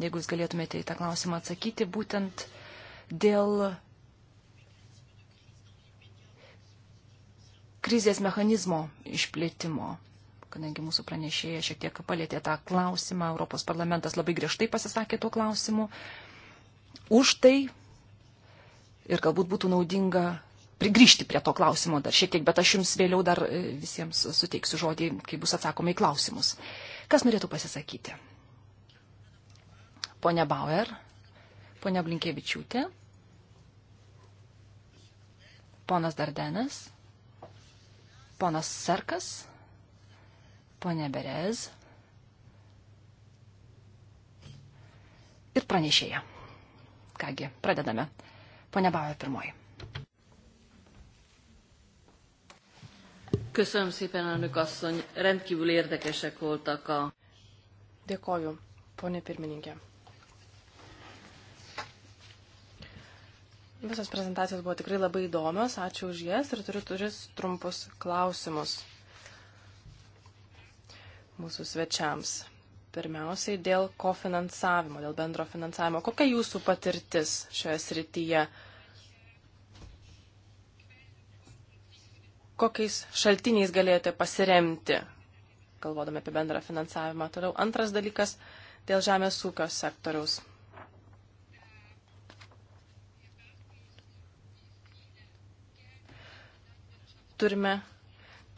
jeigu jūs galėtumėte į tą klausimą atsakyti, būtent dėl krizės mechanizmo išplėtimo, kadangi mūsų pranešėja šiek tiek palėtė tą klausimą, Europos parlamentas labai griežtai pasisakė tuo klausimu. Už tai ir galbūt būtų naudinga prigrįžti prie to klausimo dar šiek tiek, bet aš jums vėliau dar e, visiems suteiksiu žodį, kai bus atsakoma į klausimus. Kas norėtų pasisakyti? Pone Bauer, pone Blinkievičiūtė, ponas Dardenas. Ponas Sarkas, ponė Berez ir pranešėja. Kągi, pradedame. Pone Bauer pirmoji. Köszönöm szépen, elnök asszony. Rendkívül érdekesek voltak a... Dėkoju, ponė pirmininkė. Visos prezentacijos buvo tikrai labai įdomios, ačiū už jas ir turiu turis trumpus klausimus mūsų svečiams. Pirmiausiai dėl kofinansavimo, dėl bendro finansavimo. Kokia jūsų patirtis šioje srityje? kokiais šaltiniais galėjote pasiremti, galvodami apie bendrą finansavimą. Toliau antras dalykas dėl žemės ūkio sektoriaus. turime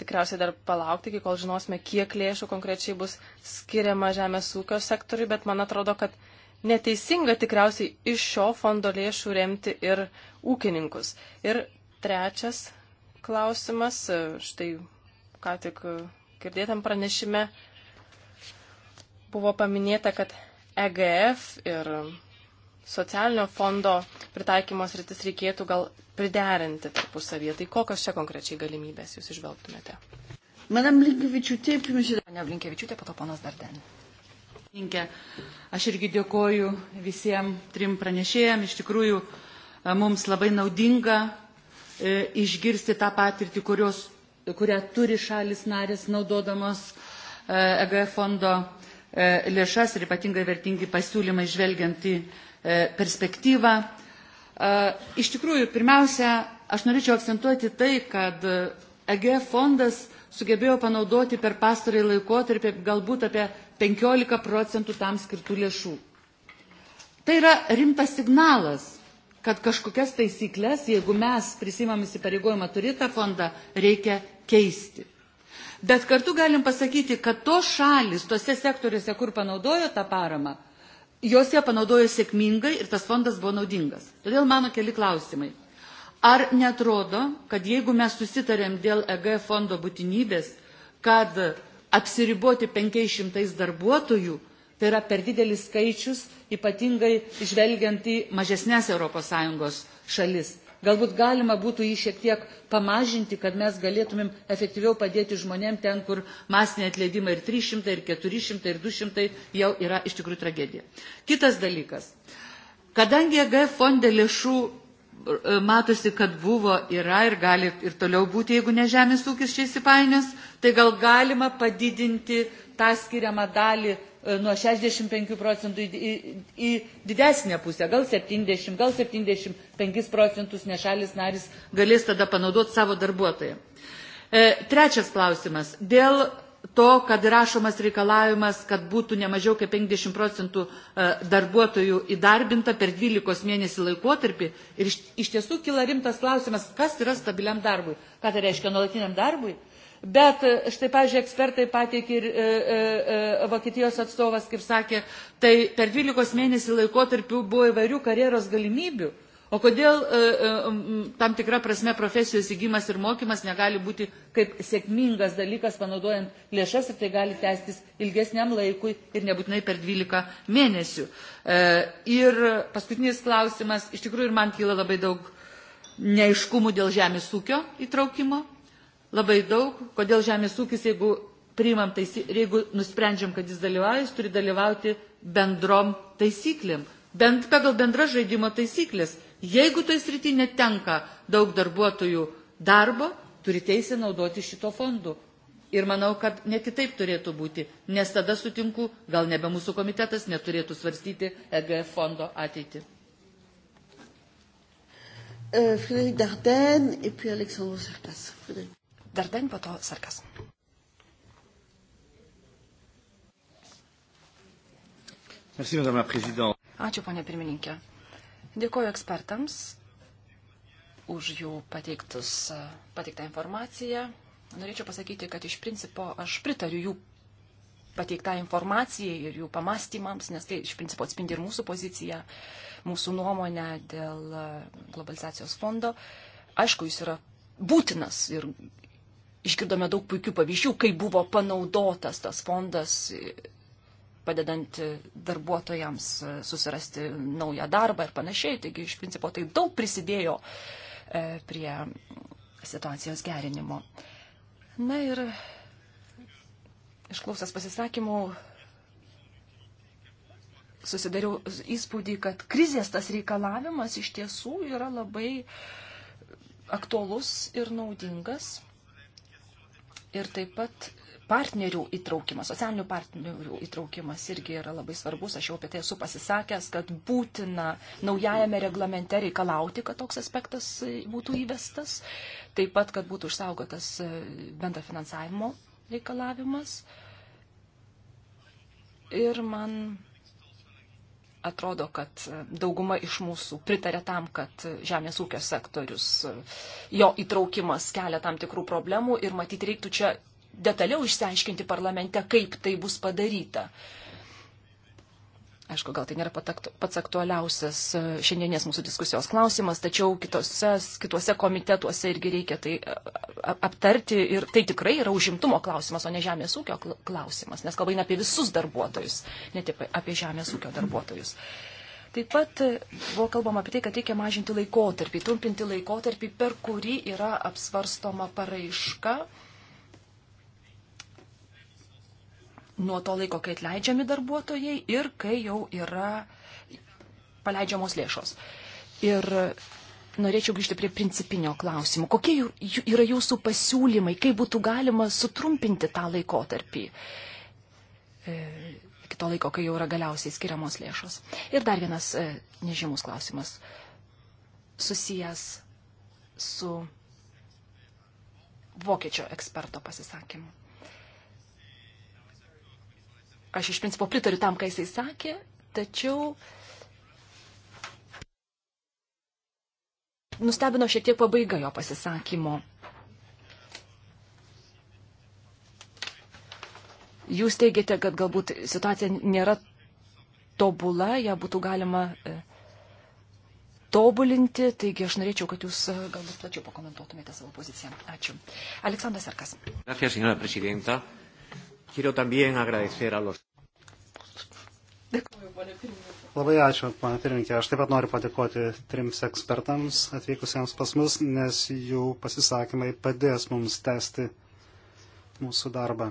tikriausiai dar palaukti, iki kol žinosime, kiek lėšų konkrečiai bus skiriama žemės ūkio sektoriui, bet man atrodo, kad neteisinga tikriausiai iš šio fondo lėšų remti ir ūkininkus. Ir trečias klausimas, štai ką tik girdėtam pranešime buvo paminėta, kad EGF ir socialinio fondo pritaikymos rytis reikėtų gal priderinti tarpusavyje. Tai kokios čia konkrečiai galimybės jūs išvelgtumėte? Madame Blinkevičiūtė, pirmiausia. Pane Blinkevičiūtė, po to ponas Darden. Aš irgi dėkoju visiems trim pranešėjams. Iš tikrųjų, mums labai naudinga e, išgirsti tą patirtį, kurios, kurią turi šalis narės naudodamos EGF e fondo e, lėšas ir ypatingai vertingi pasiūlymai žvelgiant į perspektyvą. Iš tikrųjų, pirmiausia, aš norėčiau akcentuoti tai, kad EGF fondas sugebėjo panaudoti per pastarąjį laikotarpį galbūt apie 15 procentų tam skirtų lėšų. Tai yra rimtas signalas, kad kažkokias taisyklės, jeigu mes prisimam įsipareigojimą turėti tą fondą, reikia keisti. Bet kartu galim pasakyti, kad tos šalis, tose sektoriuose, kur panaudojo tą paramą, jos ją panaudojo sėkmingai ir tas fondas buvo naudingas. Todėl mano keli klausimai. Ar netrodo, kad jeigu mes susitarėm dėl EGF fondo būtinybės, kad apsiriboti 500 darbuotojų, tai yra per didelis skaičius, ypatingai žvelgiant į mažesnės ES šalis. Galbūt galima būtų jį šiek tiek pamažinti, kad mes galėtumėm efektyviau padėti žmonėm ten, kur masinė atleidimai ir 300, ir 400, ir 200 jau yra iš tikrųjų tragedija. Kitas dalykas. Kadangi EGF fonde lėšų E, matosi, kad buvo, yra ir gali ir toliau būti, jeigu ne žemės ūkis čia įsipainios, tai gal galima padidinti tą skiriamą dalį e, nuo 65 procentų į, į, į didesnę pusę, gal 70, gal 75 procentus nešalis narys galės tada panaudoti savo darbuotojai. E, trečias klausimas. Dėl to, kad rašomas reikalavimas, kad būtų nemažiau kaip 50 procentų e, darbuotojų įdarbinta per 12 mėnesį laikotarpį. Ir iš tiesų kila rimtas klausimas, kas yra stabiliam darbui, ką tai reiškia nuolatiniam darbui. Bet e, štai, pažiūrėjau, ekspertai pateikė ir e, e, e, Vokietijos atstovas, kaip sakė, tai per 12 mėnesį laikotarpių buvo įvairių karjeros galimybių. O kodėl e, e, tam tikra prasme profesijos įgymas ir mokymas negali būti kaip sėkmingas dalykas, panaudojant lėšas ir tai gali tęstis ilgesniam laikui ir nebūtinai per 12 mėnesių. E, ir paskutinis klausimas, iš tikrųjų ir man kyla labai daug neiškumų dėl žemės ūkio įtraukimo. Labai daug, kodėl žemės ūkis, jeigu priimam taisyklę, jeigu nusprendžiam, kad jis dalyvauja, jis turi dalyvauti bendrom taisyklėm, bent pagal bendras žaidimo taisyklės Jeigu toj srity netenka daug darbuotojų darbo, turi teisę naudoti šito fondu. Ir manau, kad ne kitaip turėtų būti, nes tada sutinku, gal nebe mūsų komitetas neturėtų svarstyti EGF fondo ateitį. Uh, Frédéric Dardenne et puis Alexandre Sarkas. Dardenne, po to Sarkas. Merci, Madame la Présidente. Ačiū, ponė pirmininkė. Dėkoju ekspertams už jų pateiktus, pateiktą informaciją. Norėčiau pasakyti, kad iš principo aš pritariu jų pateiktą informaciją ir jų pamastymams, nes tai iš principo atspindi ir mūsų poziciją, mūsų nuomonę dėl e, globalizacijos fondo. Aišku, jis yra būtinas ir išgirdome daug puikių pavyzdžių, kai buvo panaudotas tas fondas padedant darbuotojams e, susirasti naują darbą ir panašiai. Taigi, iš principo, tai daug prisidėjo e, prie situacijos gerinimo. Na ir išklausęs pasisakymų susidariau įspūdį, kad krizės tas reikalavimas iš tiesų yra labai aktuolus ir naudingas. Ir taip pat partnerių įtraukimas, socialinių partnerių įtraukimas irgi yra labai svarbus. Aš jau apie tai esu pasisakęs, kad būtina naujajame reglamente reikalauti, kad toks aspektas būtų įvestas. Taip pat, kad būtų išsaugotas e, bendra finansavimo reikalavimas. Ir man atrodo, kad dauguma iš mūsų pritarė tam, kad žemės ūkio sektorius, jo įtraukimas kelia tam tikrų problemų ir matyti reiktų čia detaliau išsiaiškinti parlamente, kaip tai bus padaryta. Aišku, gal tai nėra pats aktualiausias e, šiandienės mūsų diskusijos klausimas, tačiau kitose, kituose komitetuose irgi reikia tai e, aptarti ir tai tikrai yra užimtumo klausimas, o ne žemės ūkio klausimas, nes kalba eina apie visus darbuotojus, ne tik apie žemės ūkio darbuotojus. Taip pat e, buvo kalbama apie tai, kad reikia mažinti laikotarpį, trumpinti laikotarpį, per kurį yra apsvarstoma paraiška nuo to laiko, kai atleidžiami darbuotojai ir kai jau yra paleidžiamos lėšos. Ir norėčiau grįžti prie principinio klausimo. Kokie yra jūsų pasiūlymai, kaip būtų galima sutrumpinti tą laikotarpį? E, kito laiko, kai jau yra galiausiai skiriamos lėšos. Ir dar vienas e, nežymus klausimas susijęs su vokiečio eksperto pasisakymu aš iš principo pritariu tam, ką jisai sakė, tačiau nustebino šiek tiek pabaiga jo pasisakymo. Jūs teigiate, kad galbūt situacija nėra tobula, ją būtų galima e, tobulinti, taigi aš norėčiau, kad jūs e, galbūt plačiau pakomentuotumėte savo poziciją. Ačiū. Aleksandras Serkas. Gracias, Quiero también agradecer a los. Labai ačiū, pana pirmininkė. Aš taip pat noriu padėkoti trims ekspertams atvykusiems pas mus, nes jų pasisakymai padės mums tęsti mūsų darbą.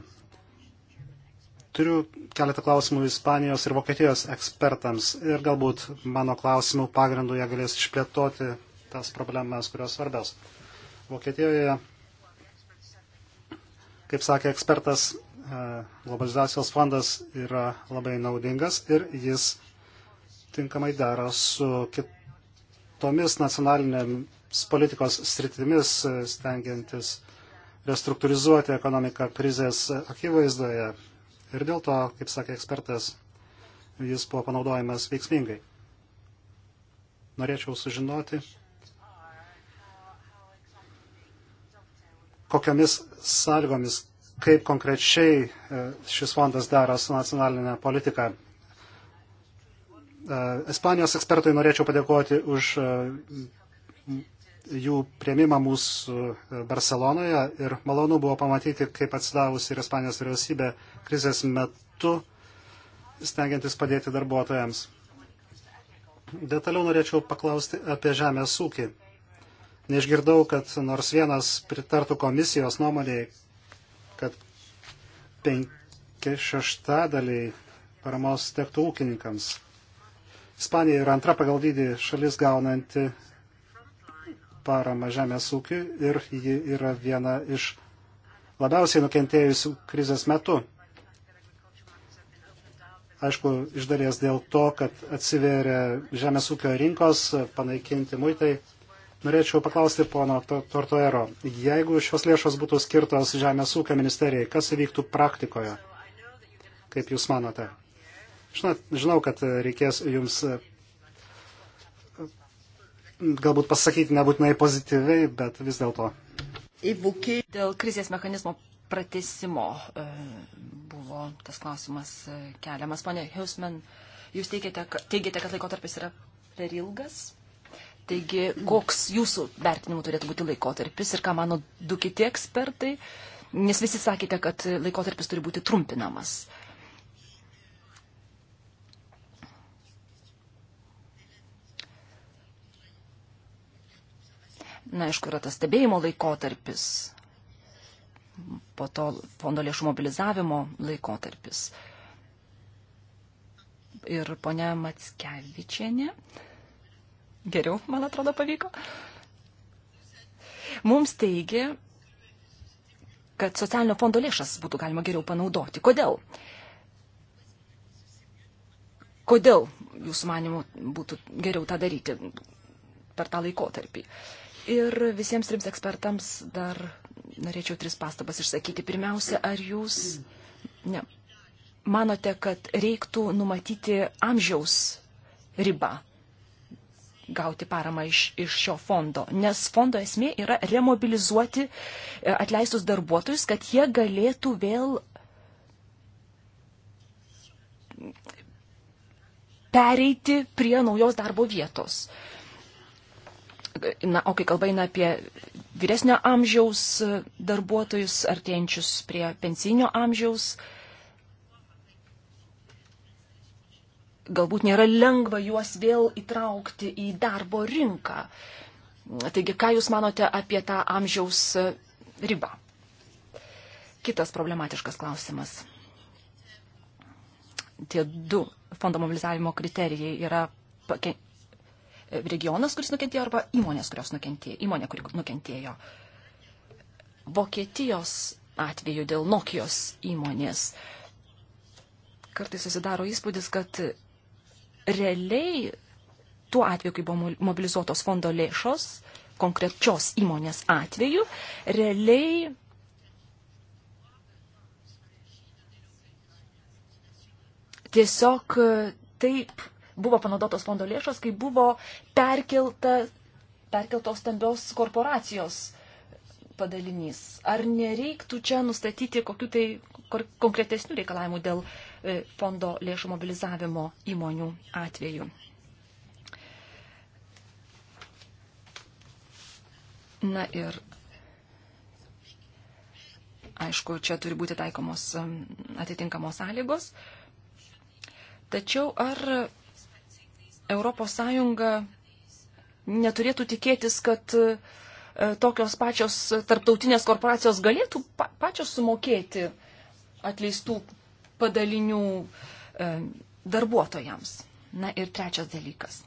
Turiu keletą klausimų Ispanijos ir Vokietijos ekspertams ir galbūt mano klausimų pagrindų jie galės išplėtoti tas problemas, kurios svarbios. Vokietijoje, kaip sakė ekspertas, E, globalizacijos fondas yra labai naudingas ir jis tinkamai dera su kitomis nacionalinėmis politikos sritimis, e, stengiantis restruktūrizuoti ekonomiką krizės akivaizdoje. Ir dėl to, kaip sakė ekspertas, jis buvo panaudojamas veiksmingai. Norėčiau sužinoti, kokiamis sąlygomis kaip konkrečiai e, šis fondas daro su nacionalinė politika. E, Ispanijos ekspertui norėčiau padėkoti už e, jų prieimimą mūsų Barcelonoje ir malonu buvo pamatyti, kaip atsidavusi ir Ispanijos vyriausybė krizės metu stengiantis padėti darbuotojams. Detaliau norėčiau paklausti apie žemės ūkį. Neišgirdau, kad nors vienas pritartų komisijos nuomonėje, penki šeštadaliai paramos tektų ūkininkams. Ispanija yra antra pagal dydį šalis gaunanti paramą žemės ūkiui ir ji yra viena iš labiausiai nukentėjusių krizės metu. Aišku, iš dalies dėl to, kad atsiveria žemės ūkio rinkos, panaikinti muitai Norėčiau paklausti pono Tortoero, jeigu šios lėšos būtų skirtos Žemės ūkio ministerijai, kas įvyktų praktikoje, kaip Jūs manote? Žinot, žinau, kad reikės Jums galbūt pasakyti nebūtinai pozityviai, bet vis dėlto. Dėl krizės mechanizmo pratesimo e, buvo tas klausimas e, keliamas. Pane Hiusman, Jūs teigiate, kad, teigiate, kad laikotarpis yra per ilgas? Taigi, koks jūsų vertinimų turėtų būti laikotarpis ir ką mano du kiti ekspertai, nes visi sakėte, kad laikotarpis turi būti trumpinamas. Na, aišku, yra tas stebėjimo laikotarpis, po to fondo lėšų mobilizavimo laikotarpis. Ir ponia Matskevičiane. Uh, geriau, man atrodo, pavyko. Mums teigia, kad socialinio fondo lėšas būtų galima geriau panaudoti. Kodėl? Kodėl jūsų manimų būtų geriau tą daryti per tą laikotarpį? Ir visiems trims ekspertams dar norėčiau tris pastabas išsakyti. Pirmiausia, ar jūs ne, manote, kad reiktų numatyti amžiaus ribą gauti paramą iš, iš šio fondo, nes fondo esmė yra remobilizuoti e, atleistus darbuotojus, kad jie galėtų vėl pereiti prie naujos darbo vietos. Na, o kai kalba eina apie vyresnio amžiaus darbuotojus, artėjančius prie pensinio amžiaus, uh, galbūt nėra lengva juos vėl įtraukti į darbo rinką. Taigi, ką Jūs manote apie tą amžiaus e, ribą? Kitas problematiškas klausimas. Tie du fondo mobilizavimo kriterijai yra regionas, kuris nukentėjo, arba įmonės, kurios nukentėjo, įmonė, kuri nukentėjo. Vokietijos atveju dėl Nokijos įmonės kartais susidaro įspūdis, kad realiai tuo atveju, kai buvo mobilizuotos fondo lėšos, konkrečios įmonės atveju, realiai tiesiog taip buvo panaudotos fondo lėšos, kai buvo perkelta, perkeltos stambios korporacijos padalinys. Ar nereiktų čia nustatyti kokiu tai konkretesnių reikalavimų dėl uh, E, fondo lėšų mobilizavimo įmonių atveju. Na ir aišku, čia turi būti taikomos atitinkamos sąlygos. Tačiau ar ES neturėtų tikėtis, kad e, tokios pačios tarptautinės korporacijos galėtų pačios sumokėti atleistų padalinių e, darbuotojams. Na ir trečias dalykas.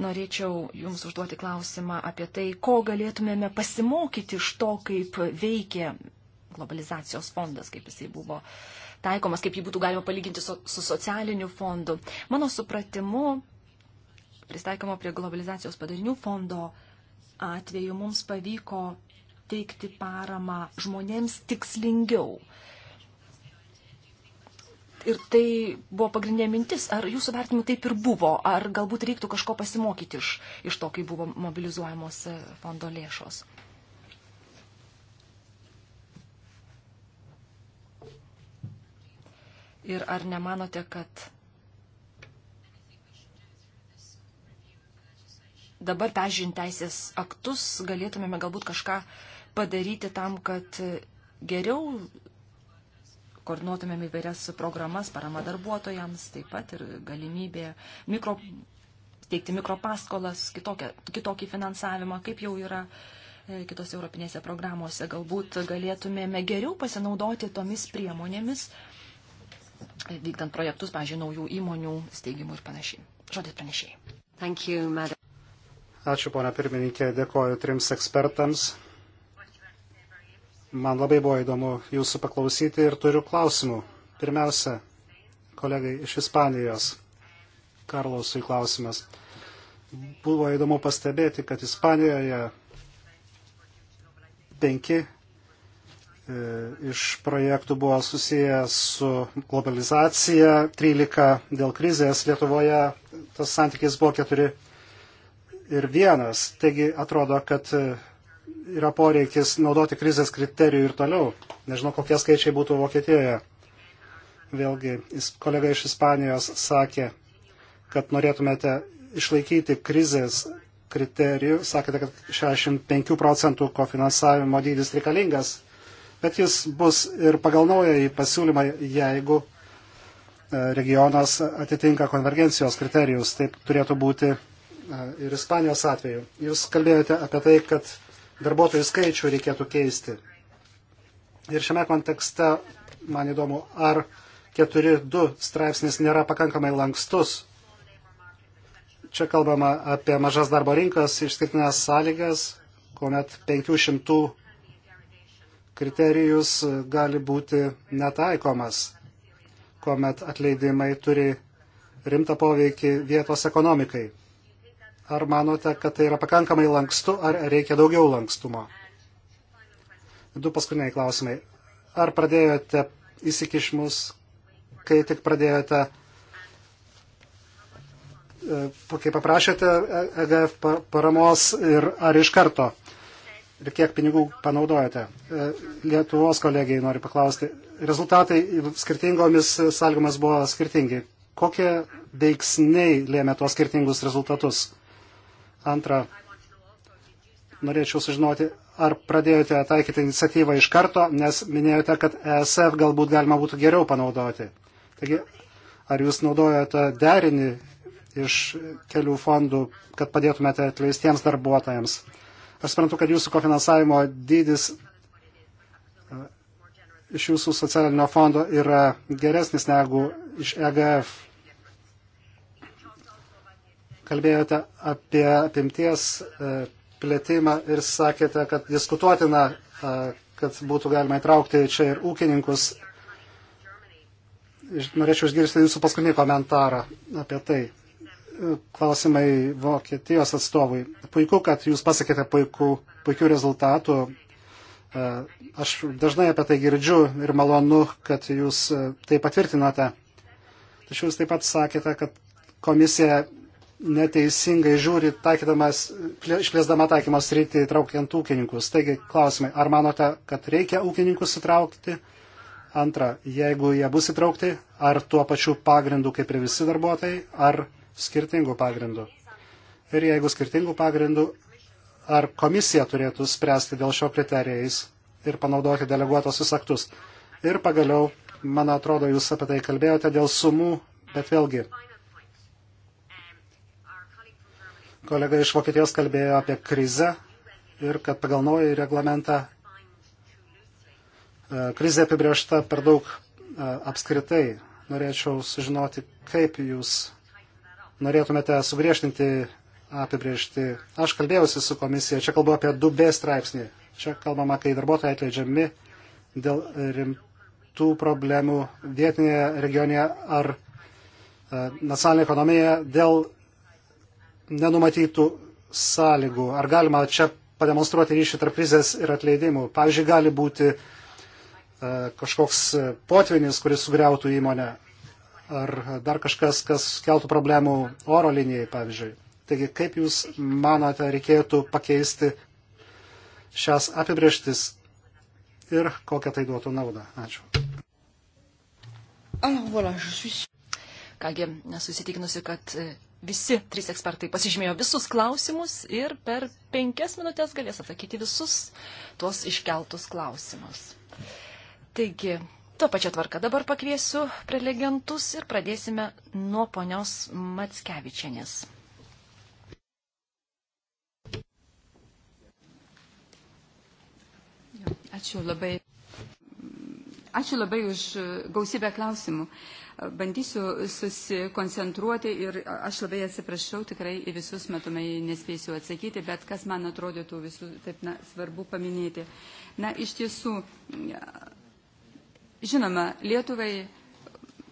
Norėčiau Jums užduoti klausimą apie tai, ko galėtumėme pasimokyti iš to, kaip veikė globalizacijos fondas, kaip jisai buvo taikomas, kaip jį būtų galima palyginti su, su socialiniu fondu. Mano supratimu, pristaikymo prie globalizacijos padarinių fondo atveju mums pavyko teikti paramą žmonėms tikslingiau. Ir tai buvo pagrindinė mintis. Ar jūsų vertimu taip ir buvo? Ar galbūt reiktų kažko pasimokyti iš, iš to, kai buvo mobilizuojamos e, fondo lėšos? Ir ar nemanote, kad dabar pežint teisės aktus galėtumėme galbūt kažką uh, padaryti tam, kad geriau koordinuotumėm įvairias programas, parama darbuotojams, taip pat ir galimybė mikro, teikti mikropaskolas, kitokią, kitokį finansavimą, kaip jau yra e, kitose europinėse programuose. Galbūt galėtumėme geriau pasinaudoti tomis priemonėmis, e, vykdant projektus, pažiūrėjau, naujų įmonių steigimų ir panašiai. Žodis pranešėjai. Ačiū, ponia pirmininkė, dėkoju trims ekspertams. Man labai buvo įdomu jūsų paklausyti ir turiu klausimų. Pirmiausia, kolegai iš Ispanijos, Karlosui klausimas. Buvo įdomu pastebėti, kad Ispanijoje penki e, iš projektų buvo susiję su globalizacija, 13 dėl krizės Lietuvoje, tas santykis buvo 4 ir 1. Taigi atrodo, kad e, yra poreikis naudoti krizės kriterijų ir toliau. Nežinau, kokie skaičiai būtų Vokietijoje. Vėlgi, kolega iš Ispanijos sakė, kad norėtumėte išlaikyti krizės kriterijų. Sakėte, kad 65 procentų kofinansavimo dydis reikalingas, bet jis bus ir pagal naująjį pasiūlymą, jeigu e, regionas atitinka konvergencijos kriterijus. Taip turėtų būti e, ir Ispanijos atveju. Jūs kalbėjote apie tai, kad darbuotojų skaičių reikėtų keisti. Ir šiame kontekste man įdomu, ar 4.2 straipsnis nėra pakankamai lankstus. Čia kalbama apie mažas darbo rinkas, išskirtinės sąlygas, kuomet 500 kriterijus gali būti netaikomas, kuomet atleidimai turi rimtą poveikį vietos ekonomikai. Ar manote, kad tai yra pakankamai lankstu, ar reikia daugiau lankstumo? Du paskutiniai klausimai. Ar pradėjote įsikišmus, kai tik pradėjote, e, kai paprašėte EGF paramos ir ar iš karto? ir kiek pinigų panaudojate. E, Lietuvos kolegijai noriu paklausti. Rezultatai skirtingomis sąlygomis buvo skirtingi. Kokie veiksniai lėmė tuos skirtingus rezultatus? Antra, norėčiau sužinoti, ar pradėjote taikyti iniciatyvą iš karto, nes minėjote, kad ESF galbūt galima būtų geriau panaudoti. Taigi, ar jūs naudojate derinį iš kelių fondų, kad padėtumėte atleistiems darbuotojams? Aš suprantu, kad jūsų kofinansavimo dydis e, iš jūsų socialinio fondo yra geresnis negu iš EGF kalbėjote apie apimties e, plėtimą ir sakėte, kad diskutuotina, e, kad būtų galima įtraukti čia ir ūkininkus. Norėčiau išgirsti jūsų paskutinį komentarą apie tai. E, klausimai Vokietijos atstovui. Puiku, kad jūs pasakėte puikų, puikių rezultatų. Aš dažnai apie tai girdžiu ir malonu, kad jūs tai patvirtinote. Tačiau jūs taip pat sakėte, kad komisija neteisingai žiūri, taikydamas, išplėsdama taikymo sritį, traukiant ūkininkus. Taigi, klausimai, ar manote, kad reikia ūkininkus įtraukti? Antra, jeigu jie bus įtraukti, ar tuo pačiu pagrindu kaip ir visi darbuotojai, ar skirtingų pagrindų? Ir jeigu skirtingų pagrindų, ar komisija turėtų spręsti dėl šio kriterijais ir panaudoti deleguotosius aktus? Ir pagaliau, man atrodo, jūs apie tai kalbėjote dėl sumų, bet vėlgi, Kolega iš Vokietijos kalbėjo apie krizę ir kad pagal naują reglamentą e, krizė apibriešta per daug e, apskritai. Norėčiau sužinoti, kaip jūs norėtumėte sugriežtinti apibriešti. Aš kalbėjausi su komisija, čia kalbu apie 2B straipsnį. Čia kalbama, kai darbuotojai atleidžiami dėl rimtų problemų vietinėje regione ar e, nacionalinėje ekonomijoje dėl nenumatytų sąlygų. Ar galima čia pademonstruoti ryšį tarp krizės ir atleidimų? Pavyzdžiui, gali būti e, kažkoks potvinis, kuris sugriautų įmonę, ar dar kažkas, kas keltų problemų oro linijai, pavyzdžiui. Taigi, kaip Jūs manote, reikėtų pakeisti šias apibrieštis ir kokią tai duotų naudą? Ačiū. Kągi, nesusitikinusi, kad visi trys ekspertai pasižymėjo visus klausimus ir per penkias minutės galės atsakyti visus tuos iškeltus klausimus. Taigi, tą pačią tvarką dabar pakviesiu prelegentus ir pradėsime nuo ponios Matskevičianės. Ačiū labai. Ačiū labai už gausybę klausimų. Uh, Bandysiu susikoncentruoti ir aš labai atsiprašau, tikrai į visus matomai nespėsiu atsakyti, bet kas man atrodytų visų taip na, svarbu paminėti. Na, iš tiesų, žinoma, Lietuvai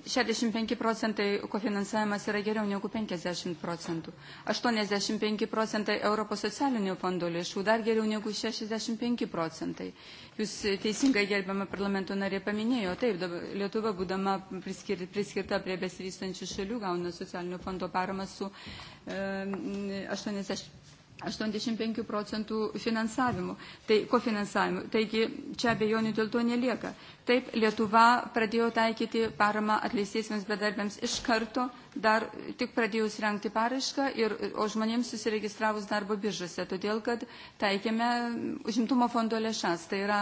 65 procentai kofinansavimas yra geriau negu 50 procentų. 85 procentai Europos socialinio fondo lėšų dar geriau negu 65 procentai. Jūs teisingai gerbiamą parlamento narė paminėjo, taip, Lietuva būdama priskir, priskirta prie besivystančių šalių gauna socialinio fondo paramą su e, 80 85 procentų finansavimu, tai kofinansavimu. Taigi čia abejonių dėl to nelieka. Taip, Lietuva pradėjo taikyti paramą atleistiesiems bedarbiams iš karto, dar tik pradėjus renkti paraišką, ir, o žmonėms susiregistravus darbo biržose, todėl kad taikėme užimtumo fondo lėšas, tai yra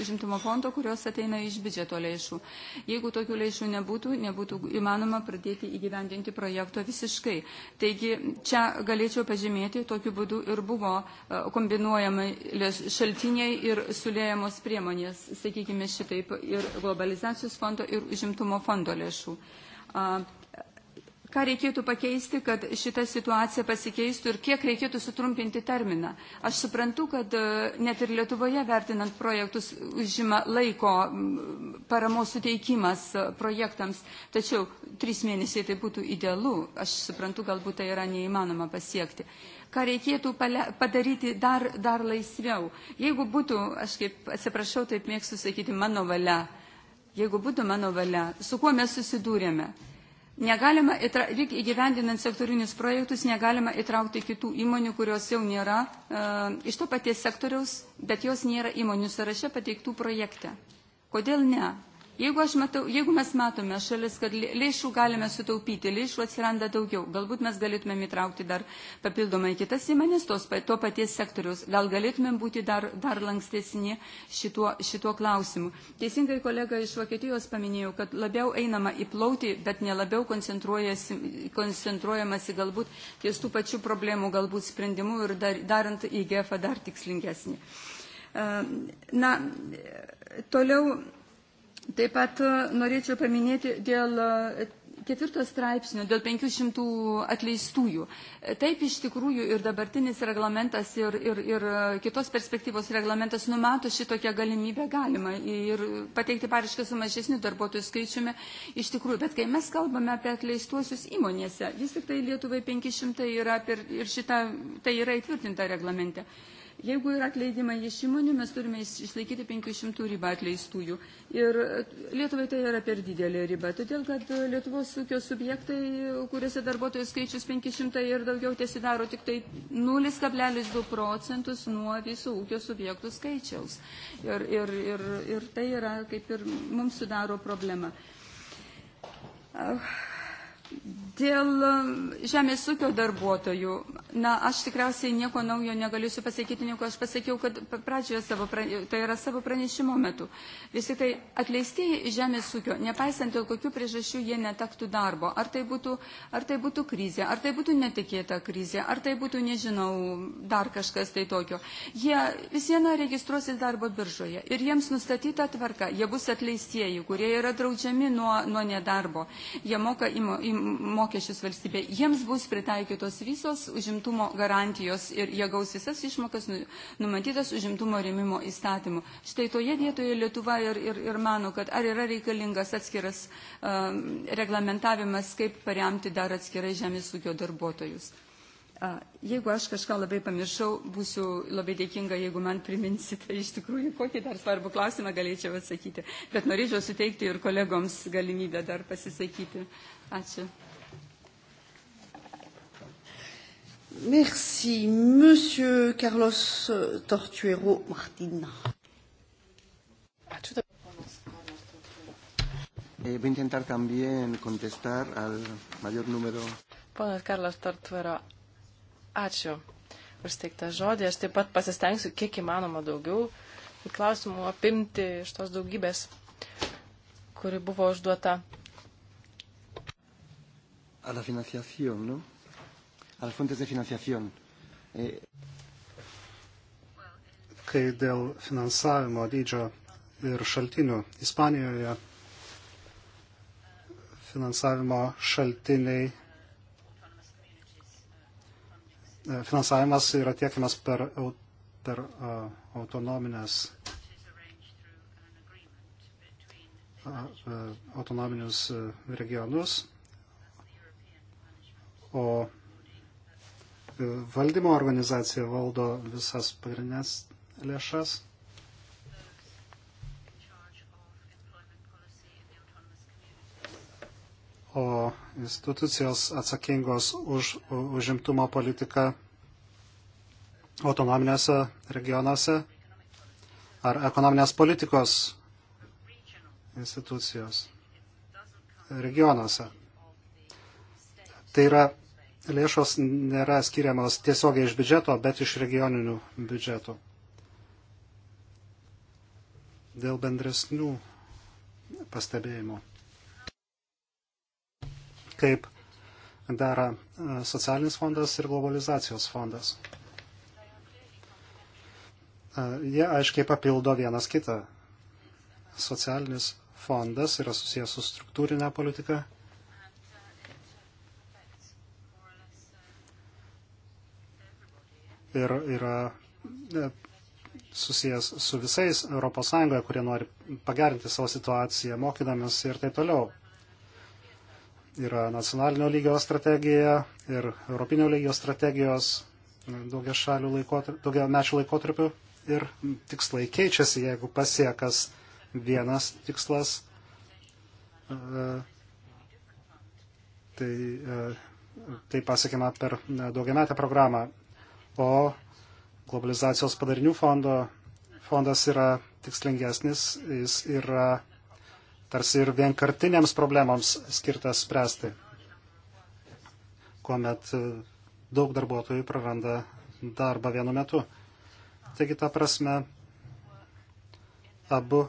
užimtumo fondo, kurios ateina iš biudžeto lėšų. Jeigu tokių lėšų nebūtų, nebūtų įmanoma pradėti įgyvendinti projekto visiškai. Taigi čia galėčiau pažymėti, tokiu būdu ir buvo e, kombinuojami šaltiniai ir sulėjamos priemonės, sakykime šitaip ir globalizacijos fondo ir užimtumo fondo lėšų. Ką reikėtų pakeisti, kad šita situacija pasikeistų ir kiek reikėtų sutrumpinti terminą? Aš suprantu, kad e, net ir Lietuvoje vertinant projektus užima laiko paramos suteikimas e, projektams, tačiau trys mėnesiai tai būtų idealu. Aš suprantu, galbūt tai yra neįmanoma pasiekti ką reikėtų padaryti dar, dar laisviau. Jeigu būtų, aš kaip atsiprašau, taip mėgstu sakyti, mano valia, jeigu būtų mano valia, su kuo mes susidūrėme. Negalima, įgyvendinant sektorinius projektus, negalima įtraukti kitų įmonių, kurios jau nėra e, iš to paties sektoriaus, bet jos nėra įmonių sąraše pateiktų projekte. Kodėl ne? Jeigu, matau, jeigu mes matome šalis, kad lėšų galime sutaupyti, lėšų atsiranda daugiau, galbūt mes galėtumėm įtraukti dar papildomai kitas įmonės tos, to paties sektoriaus, gal galėtumėm būti dar, dar lankstesni šituo, šituo klausimu. Teisingai kolega iš Vokietijos paminėjo, kad labiau einama į plautį, bet nelabiau koncentruojamasi galbūt ties tų pačių problemų, galbūt sprendimų ir dar, darant IGF dar tikslingesnį. Ehm, na, toliau Taip pat e, norėčiau paminėti dėl e, ketvirto straipsnio, dėl 500 atleistųjų. E, taip iš tikrųjų ir dabartinis reglamentas ir, ir, ir kitos perspektyvos reglamentas numato šitokią galimybę galima ir pateikti parišką su mažesniu darbuotojų skaičiumi iš tikrųjų. Bet kai mes kalbame apie atleistuosius įmonėse, vis tik tai Lietuvai 500 yra per, ir šita, tai yra įtvirtinta reglamente. Jeigu yra atleidimai iš įmonių, mes turime išlaikyti 500 ribą atleistųjų. Ir e, Lietuvai tai yra per didelė riba, todėl kad e, Lietuvos ūkio subjektai, kuriuose darbuotojų skaičius 500 ir daugiau tesidaro tik tai 0,2 procentus nuo viso ūkio subjektų skaičiaus. Ir, ir, ir, ir tai yra kaip ir mums sudaro problemą. Dėl e, žemės ūkio darbuotojų Na, aš tikriausiai nieko naujo negalėsiu pasakyti, nieko aš pasakiau, kad pradžioje savo, tai yra savo pranešimo metu. Vis tik tai atleistieji iš žemės ūkio, nepaisant to, kokiu priežasčiu jie netektų darbo, ar tai, būtų, ar tai būtų krizė, ar tai būtų netikėta krizė, ar tai būtų, nežinau, dar kažkas tai tokio, jie vis viena registruosis darbo biržoje ir jiems nustatyta tvarka, jie bus atleistieji, kurie yra draudžiami nuo, nuo nedarbo, jie moka į, į mokesčius valstybė, jiems bus pritaikytos visos užimtų užimtumo garantijos ir jie gaus visas išmokas nu, numatytas užimtumo rėmimo įstatymu. Štai toje vietoje Lietuva ir, ir, ir mano, kad ar yra reikalingas atskiras um, reglamentavimas, kaip paremti dar atskirai žemės ūkio darbuotojus. Jeigu aš kažką labai pamiršau, būsiu labai dėkinga, jeigu man priminsite iš tikrųjų, kokį dar svarbų klausimą galėčiau atsakyti. Bet norėčiau suteikti ir kolegoms galimybę dar pasisakyti. Ačiū. Merci, Monsieur Carlos Tortuero Martin. Eh, voy a intentar también contestar al mayor número. Ponas Karlas Tortuero, ačiū už teiktą žodį. Aš taip pat pasistengsiu kiek įmanoma daugiau klausimų apimti iš tos daugybės, kuri buvo užduota. A la financiación, ¿no? a las fuentes de financiación. Eh... Kai dėl finansavimo dydžio ir šaltinių Ispanijoje finansavimo šaltiniai e, finansavimas yra tiekiamas per, per e, autonominės e, autonominius regionus, o valdymo organizacija valdo visas pagrindinės lėšas. O institucijos atsakingos už užimtumo politiką autonominėse regionuose ar ekonominės politikos institucijos regionuose. Tai yra lėšos nėra skiriamos tiesiogiai iš biudžeto, bet iš regioninių biudžetų. Dėl bendresnių pastebėjimų. Kaip dera e, socialinis fondas ir globalizacijos fondas. E, jie aiškiai papildo vienas kitą. Socialinis fondas yra susijęs su struktūrinė politika ir yra e, susijęs su visais ES, kurie nori pagerinti savo situaciją, mokydamis ir taip toliau. Yra nacionalinio lygio strategija ir europinio lygio strategijos e, daugia, laikotarp, daugia mečių laikotarpių ir tikslai keičiasi, jeigu pasiekas vienas tikslas, e, tai, tai pasiekima per daugiametę programą po globalizacijos padarinių fondo. Fondas yra tikslingesnis, jis yra tarsi ir vienkartinėms problemams skirtas spręsti, kuomet daug darbuotojų praranda darbą vienu metu. Taigi ta prasme, abu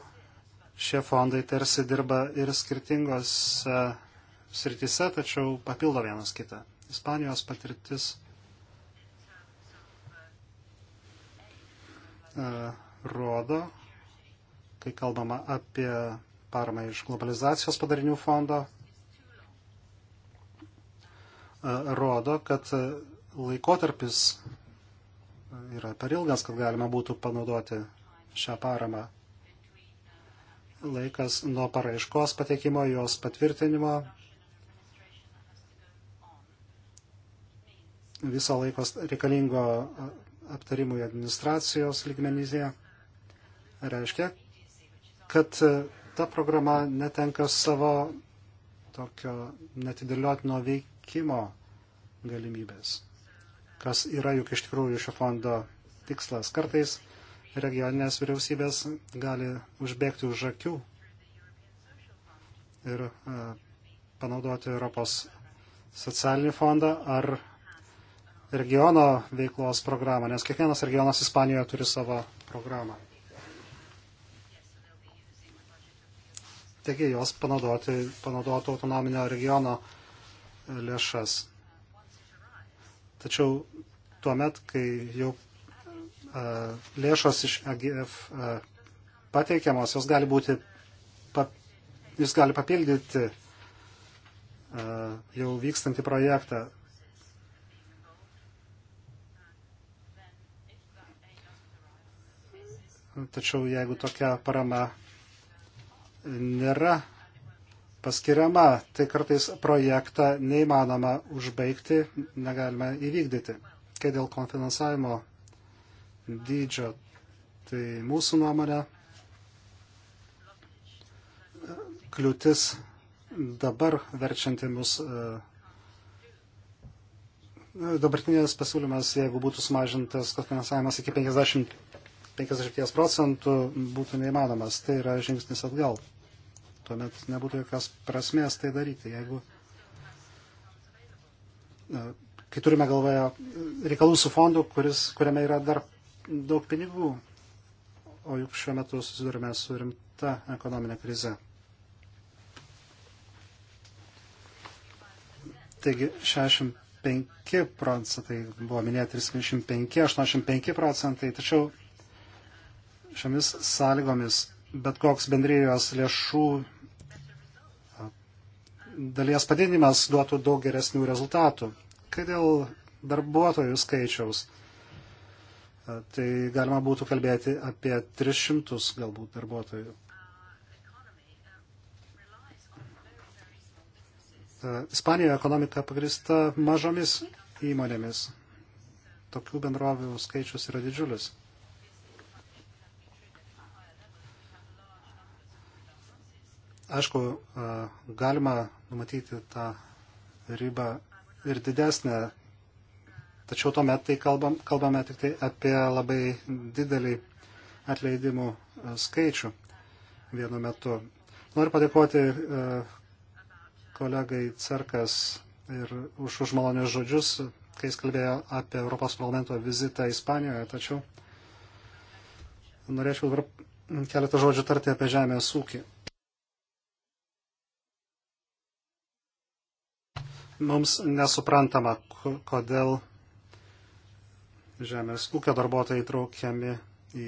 šie fondai tarsi dirba ir skirtingos sritise, tačiau papildo vienas kitą. Ispanijos patirtis E, rodo, kai kalbama apie paramą iš globalizacijos padarinių fondo, e, rodo, kad laikotarpis yra per ilgas, kad galima būtų panaudoti šią paramą. Laikas nuo paraiškos patekimo, jos patvirtinimo viso laikos reikalingo aptarimui administracijos lygmenyje, reiškia, kad e, ta programa netenka savo tokio netidėliotino veikimo galimybės, kas yra juk iš tikrųjų šio fondo tikslas. Kartais regioninės vyriausybės gali užbėgti už akių ir e, panaudoti Europos socialinį fondą ar regiono veiklos programą, nes kiekvienas regionas Ispanijoje turi savo programą. Taigi jos panaudoti, panaudotų autonominio regiono e, lėšas. Tačiau tuo met, kai jau a, e, lėšos iš AGF a, e, pateikiamos, jos gali būti, pa, jis gali papildyti a, jau vykstantį projektą. tačiau jeigu tokia parama nėra paskiriama, tai kartais projektą neįmanoma užbaigti, negalime įvykdyti. Kai dėl konfinansavimo dydžio, tai mūsų nuomonė kliūtis dabar verčianti mus e, dabartinės pasiūlymas, jeigu būtų sumažintas kofinansavimas iki 50 50 procentų būtų neįmanomas. Tai yra žingsnis atgal. Tuomet nebūtų jokios prasmės tai daryti, jeigu kai turime galvoje reikalų su fondu, kuris, kuriame yra dar daug pinigų, o juk šiuo metu susidurime su rimta ekonominė krize. Taigi 65 procentai buvo minėti 75, 85 procentai, tačiau šiomis sąlygomis bet koks bendrijos lėšų dalies padidinimas duotų daug geresnių rezultatų. Kai dėl darbuotojų skaičiaus, tai galima būtų kalbėti apie 300 galbūt darbuotojų. Ispanijoje ekonomika pagrista mažomis įmonėmis. Tokių bendrovių skaičius yra didžiulis. Aišku, galima numatyti tą ribą ir didesnę, tačiau tuomet tai kalbam, kalbame tik tai apie labai didelį atleidimų skaičių vienu metu. Noriu padėkoti kolegai Cerkas ir už užmalonius žodžius, kai jis kalbėjo apie Europos parlamento vizitą Ispanijoje, tačiau norėčiau dabar keletą žodžių tarti apie žemės ūkį. mums nesuprantama, kodėl žemės ūkio darbuotojai traukiami į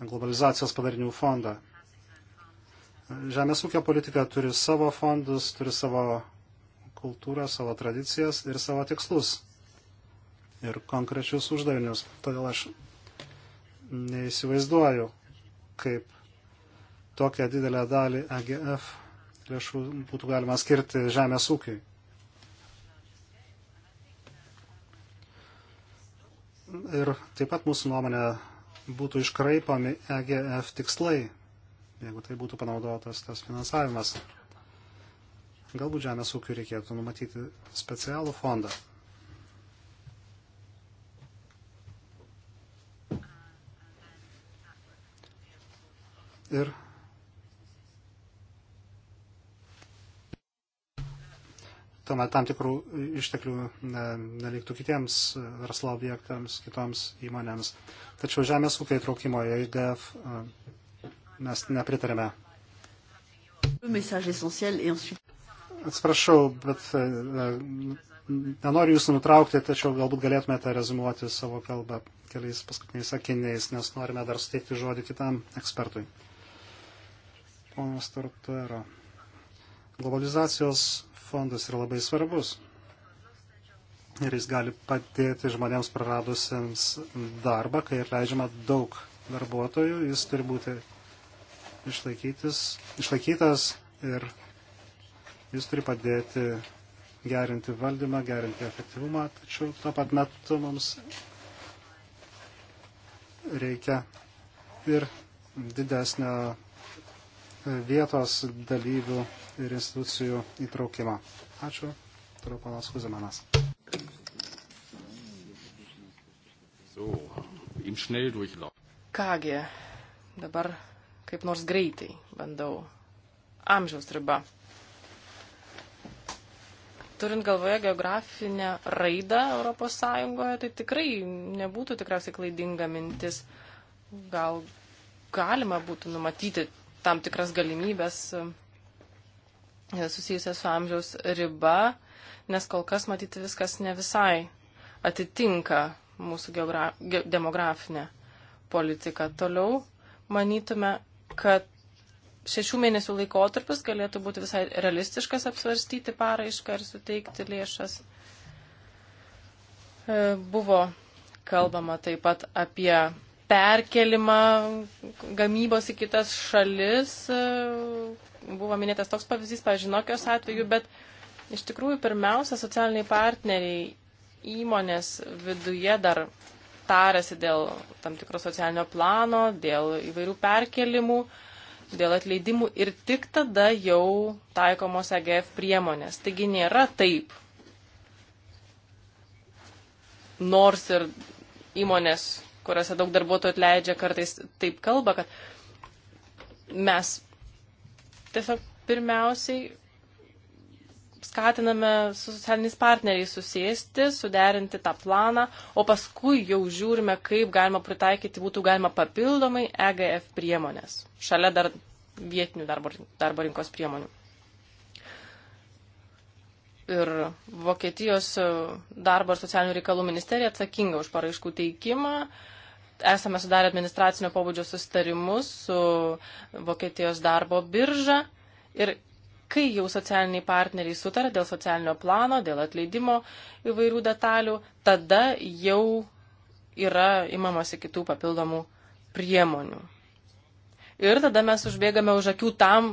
globalizacijos padarinių fondą. Žemės ūkio politika turi savo fondus, turi savo kultūrą, savo tradicijas ir savo tikslus ir konkrečius uždavinius. Todėl aš neįsivaizduoju, kaip tokią didelę dalį AGF lėšų būtų galima skirti žemės ūkiai. Ir taip pat mūsų nuomonė būtų iškraipomi EGF tikslai, jeigu tai būtų panaudotas tas finansavimas. Galbūt žemės ūkiu reikėtų numatyti specialų fondą. Ir tuomet tam tikrų išteklių neliktų kitiems verslo objektams, kitoms įmonėms. Tačiau žemės ūkio įtraukimo į e IGF e, mes nepritarėme. Atsiprašau, bet e, nenoriu jūsų nutraukti, tačiau galbūt galėtumėte rezumuoti savo kalbą keliais paskutiniais sakiniais, nes norime dar suteikti žodį kitam ekspertui. Ponas Tortuero. Globalizacijos fondas yra labai svarbus. Ir jis gali padėti žmonėms praradusiems darbą, kai atleidžiama daug darbuotojų, jis turi būti išlaikytas ir jis turi padėti gerinti valdymą, gerinti efektyvumą, tačiau tuo pat metu mums reikia ir didesnio vietos dalyvių ir institucijų įtraukimą. Ačiū. Toliau panas Kuzemanas. Kągi, dabar kaip nors greitai bandau. Amžiaus riba. Turint galvoje geografinę raidą ES, tai tikrai nebūtų tikriausiai klaidinga mintis. Gal galima būtų numatyti tam tikras galimybės e, susijusias su amžiaus riba, nes kol kas matyti viskas ne visai atitinka mūsų geogra... ge... demografinę politiką. Toliau manytume, kad šešių mėnesių laikotarpis galėtų būti visai realistiškas apsvarstyti paraišką ir suteikti lėšas. E, buvo kalbama taip pat apie perkelimą gamybos į kitas šalis. Buvo minėtas toks pavyzdys, pažinokios atveju, bet iš tikrųjų pirmiausia socialiniai partneriai įmonės viduje dar tarėsi dėl tam tikro socialinio plano, dėl įvairių perkelimų, dėl atleidimų ir tik tada jau taikomos EGF priemonės. Taigi nėra taip. Nors ir įmonės kuriuose daug darbuotojų atleidžia, kartais taip kalba, kad mes tiesiog pirmiausiai skatiname su socialiniais partneriais susėsti, suderinti tą planą, o paskui jau žiūrime, kaip galima pritaikyti, būtų galima papildomai EGF priemonės, šalia dar vietinių darbo, darbo rinkos priemonių. Ir Vokietijos darbo ir socialinių reikalų ministerija atsakinga už paraiškų teikimą esame sudarę administracinio pobūdžio sustarimus su Vokietijos darbo birža ir kai jau socialiniai partneriai sutara dėl socialinio plano, dėl atleidimo įvairių detalių, tada jau yra imamasi kitų papildomų priemonių. Ir tada mes užbėgame už akių tam,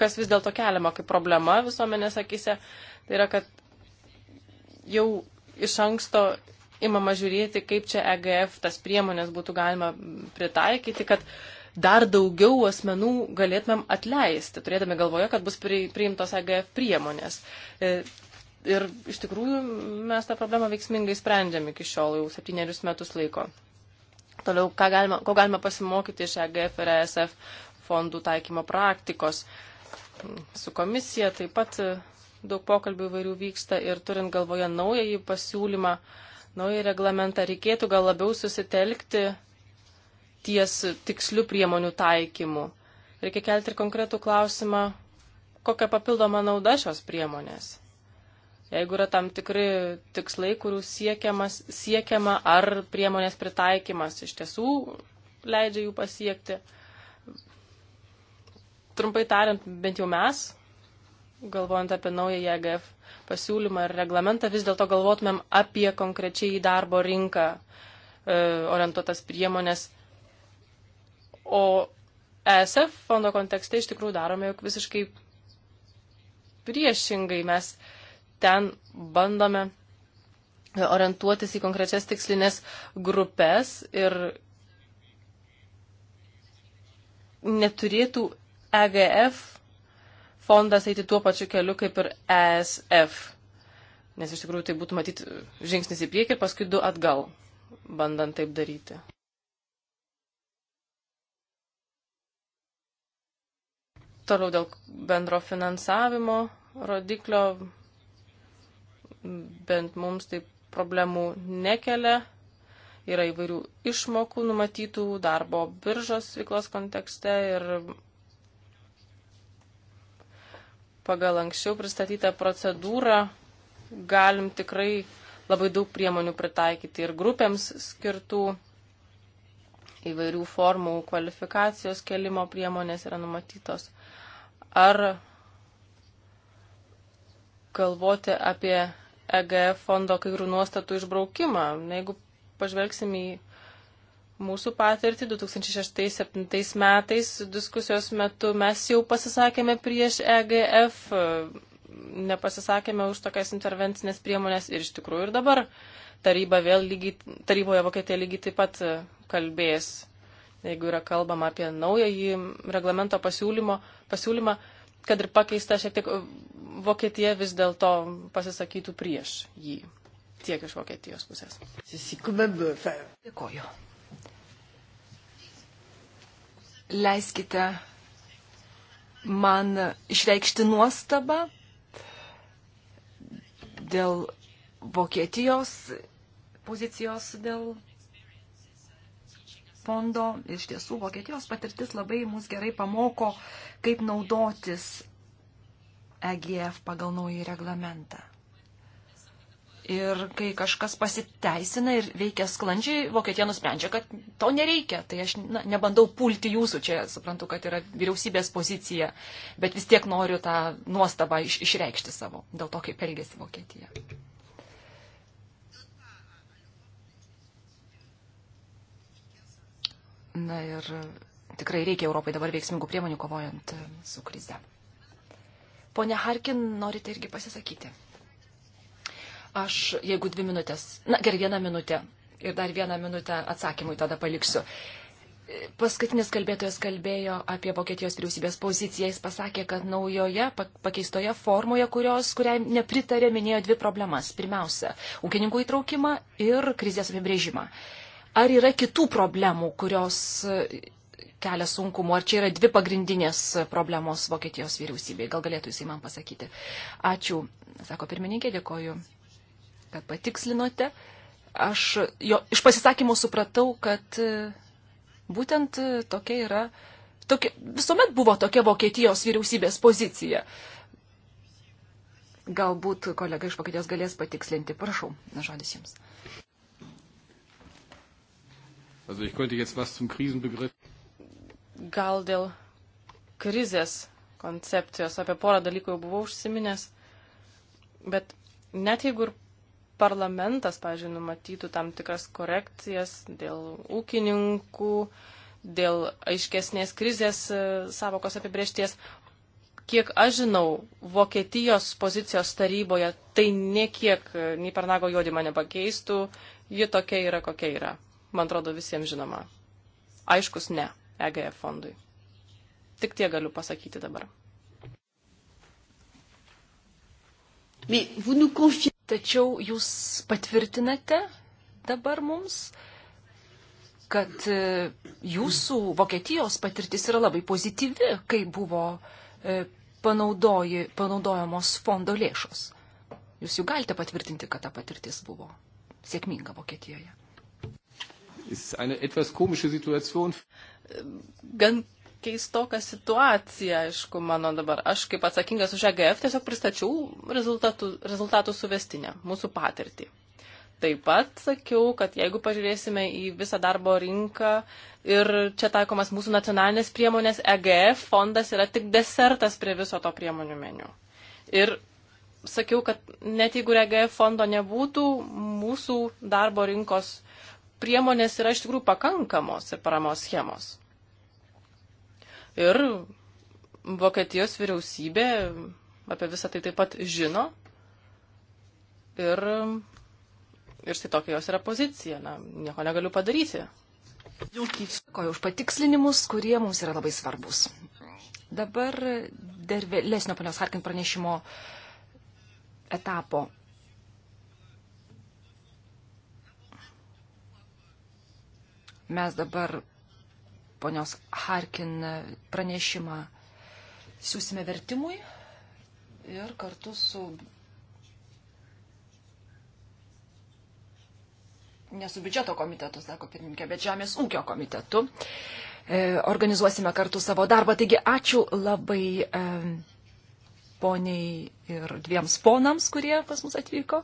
kas vis dėlto keliama kaip problema visuomenės akise, tai yra, kad jau iš anksto imama žiūrėti, kaip čia EGF tas priemonės būtų galima pritaikyti, kad dar daugiau asmenų galėtumėm atleisti, turėdami galvoje, kad bus priimtos EGF priemonės. E, ir iš tikrųjų mes tą problemą veiksmingai sprendžiam iki šiol, jau septynerius metus laiko. Toliau, galima, ko galima pasimokyti iš EGF ir ESF fondų taikymo praktikos. Su komisija taip pat daug pokalbių įvairių vyksta ir turint galvoje naująjį pasiūlymą, uh, naują reglamentą, reikėtų gal labiau susitelkti ties tikslių priemonių taikymu. Reikia kelti ir konkretų klausimą, kokia papildoma nauda šios priemonės. Jeigu yra tam tikri tikslai, kurių siekiama, ar priemonės pritaikymas iš tiesų leidžia jų pasiekti. Trumpai tariant, bent jau mes galvojant apie naują JGF e pasiūlymą ir reglamentą, vis dėlto galvotumėm apie konkrečiai į darbo rinką e, orientuotas priemonės. O ESF fondo kontekste iš tikrųjų darome juk visiškai priešingai. Mes ten bandome orientuotis į konkrečias tikslinės grupės ir neturėtų EGF fondas eiti tuo pačiu keliu kaip ir ESF. Nes iš tikrųjų tai būtų matyti žingsnis į priekį ir paskui du atgal, bandant taip daryti. Toliau dėl bendro finansavimo rodiklio bent mums tai problemų nekelia. Yra įvairių išmokų numatytų darbo biržos veiklos kontekste ir pagal anksčiau pristatytą procedūrą galim tikrai labai daug priemonių pritaikyti ir grupėms skirtų įvairių formų kvalifikacijos kelimo priemonės yra numatytos. Ar galvoti apie EGF fondo kai kurių nuostatų išbraukimą? Jeigu pažvelgsim į mūsų patirtį 2006-2007 metais diskusijos metu mes jau pasisakėme prieš EGF, nepasisakėme už tokias intervencinės priemonės ir iš tikrųjų ir dabar taryba vėl lygiai, taryboje Vokietija lygiai taip pat e, kalbės, jeigu yra kalbama apie naująjį reglamento pasiūlymą, kad ir pakeista šiek tiek e, Vokietija vis dėlto pasisakytų prieš jį. Tiek iš Vokietijos pusės. Dėkoju leiskite man išreikšti nuostabą dėl Vokietijos pozicijos dėl fondo. Iš tiesų, Vokietijos patirtis labai mus gerai pamoko, kaip naudotis EGF pagal naują reglamentą. Ir kai kažkas pasiteisina ir veikia sklandžiai, Vokietija nusprendžia, kad to nereikia. Tai aš na, nebandau pulti jūsų, čia suprantu, kad yra vyriausybės pozicija, bet vis tiek noriu tą nuostabą iš, išreikšti savo dėl to, kaip elgėsi Vokietija. Na ir tikrai reikia Europai dabar veiksmingų priemonių kovojant su krize. Pone Harkin, norite irgi pasisakyti? Aš, jeigu dvi minutės, na gerai, vieną minutę ir dar vieną minutę atsakymui tada paliksiu. Paskutinis kalbėtojas kalbėjo apie Vokietijos vyriausybės poziciją. Jis pasakė, kad naujoje pakeistoje formoje, kurios, kuriai nepritarė, minėjo dvi problemas. Pirmiausia, ūkininkų įtraukimą ir krizės apibrėžimą. Ar yra kitų problemų, kurios e, kelia sunkumų, ar čia yra dvi pagrindinės problemos Vokietijos vyriausybei? Gal galėtų jisai man pasakyti. Ačiū, sako pirmininkė, dėkoju kad patikslinote. Aš jo, iš pasisakymų supratau, kad e, būtent e, tokia yra, tokia, visuomet buvo tokia Vokietijos vyriausybės pozicija. Galbūt kolega iš Vokietijos galės patikslinti. Prašau, na žodis jums. Gal dėl krizės koncepcijos apie porą dalykų jau buvau užsiminęs, bet net jeigu ir parlamentas, pažiūrėjau, numatytų tam tikras korekcijas dėl ūkininkų, dėl aiškesnės krizės e, savokos apibriešties. Kiek aš žinau, Vokietijos pozicijos taryboje tai niekiek e, nei per nago juodimą nepakeistų, ji tokia yra, kokia yra. Man atrodo, visiems žinoma. Aiškus ne EGF fondui. Tik tie galiu pasakyti dabar. Mais vous nous confiez tačiau jūs patvirtinate dabar mums, kad e, jūsų Vokietijos patirtis yra labai pozityvi, kai buvo e, panaudoji, panaudojamos fondo lėšos. Jūs jau galite patvirtinti, kad ta patirtis buvo sėkminga Vokietijoje. Gan keistoką situaciją, aišku, mano dabar. Aš kaip atsakingas už EGF tiesiog pristačiau rezultatų, rezultatų suvestinę, mūsų patirtį. Taip pat sakiau, kad jeigu pažiūrėsime į visą darbo rinką ir čia taikomas mūsų nacionalinės priemonės, EGF fondas yra tik desertas prie viso to priemonių meniu. Ir sakiau, kad net jeigu EGF fondo nebūtų, mūsų darbo rinkos priemonės yra iš tikrųjų pakankamos ir paramos schemos. Ir Vokietijos vyriausybė apie visą tai taip pat žino. Ir, ir štai tokia jos yra pozicija. Na, nieko negaliu padaryti. Dėkoju už patikslinimus, kurie mums yra labai svarbus. Dabar dar vėlesnio panios Harkin pranešimo etapo. Mes dabar ponios Harkin pranešimą siūsime vertimui ir kartu su ne su biudžeto komitetu, sako pirmininkė, bet Žemės ūkio komitetu. E, organizuosime kartu savo darbą. Taigi ačiū labai e, poniai ir dviems ponams, kurie pas mus atvyko.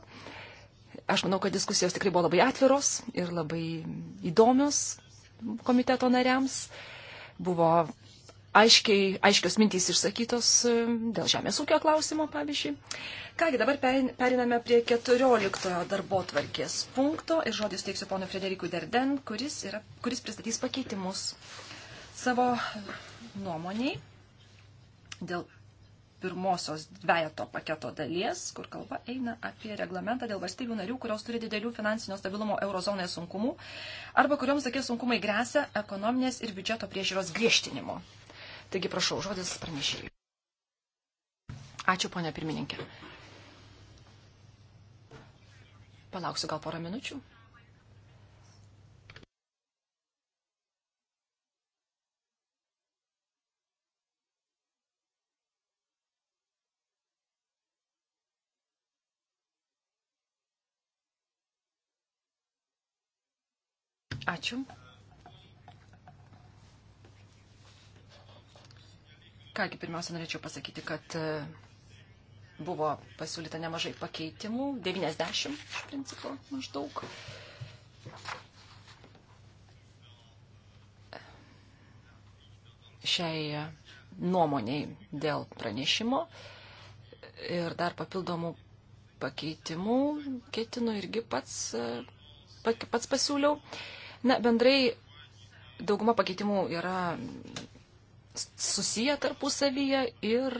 Aš manau, kad diskusijos tikrai buvo labai atviros ir labai įdomios komiteto nariams. Buvo aiškiai, aiškios mintys išsakytos dėl žemės ūkio klausimo, pavyzdžiui. Kągi, dabar periname prie 14 darbo tvarkės punkto ir žodis teiksiu ponui Frederikui Derden, kuris, yra, kuris pristatys pakeitimus savo nuomoniai dėl pirmosios dvejato paketo dalies, kur kalba eina apie reglamentą dėl valstybių narių, kurios turi didelių finansinio stabilumo eurozonoje sunkumų arba kurioms tokie sunkumai grėsia ekonominės ir biudžeto priežiūros griežtinimo. Taigi prašau, žodis pranešėjai. Ačiū, ponia pirmininkė. Palauksiu gal porą minučių. Ačiū. Kągi, pirmiausia, norėčiau pasakyti, kad e, buvo pasiūlyta nemažai pakeitimų, 90 iš principo maždaug. Šiai nuomoniai dėl pranešimo ir dar papildomų pakeitimų ketinu irgi pats, e, pats pasiūliau. Na, bendrai dauguma pakeitimų yra susiję tarpusavyje ir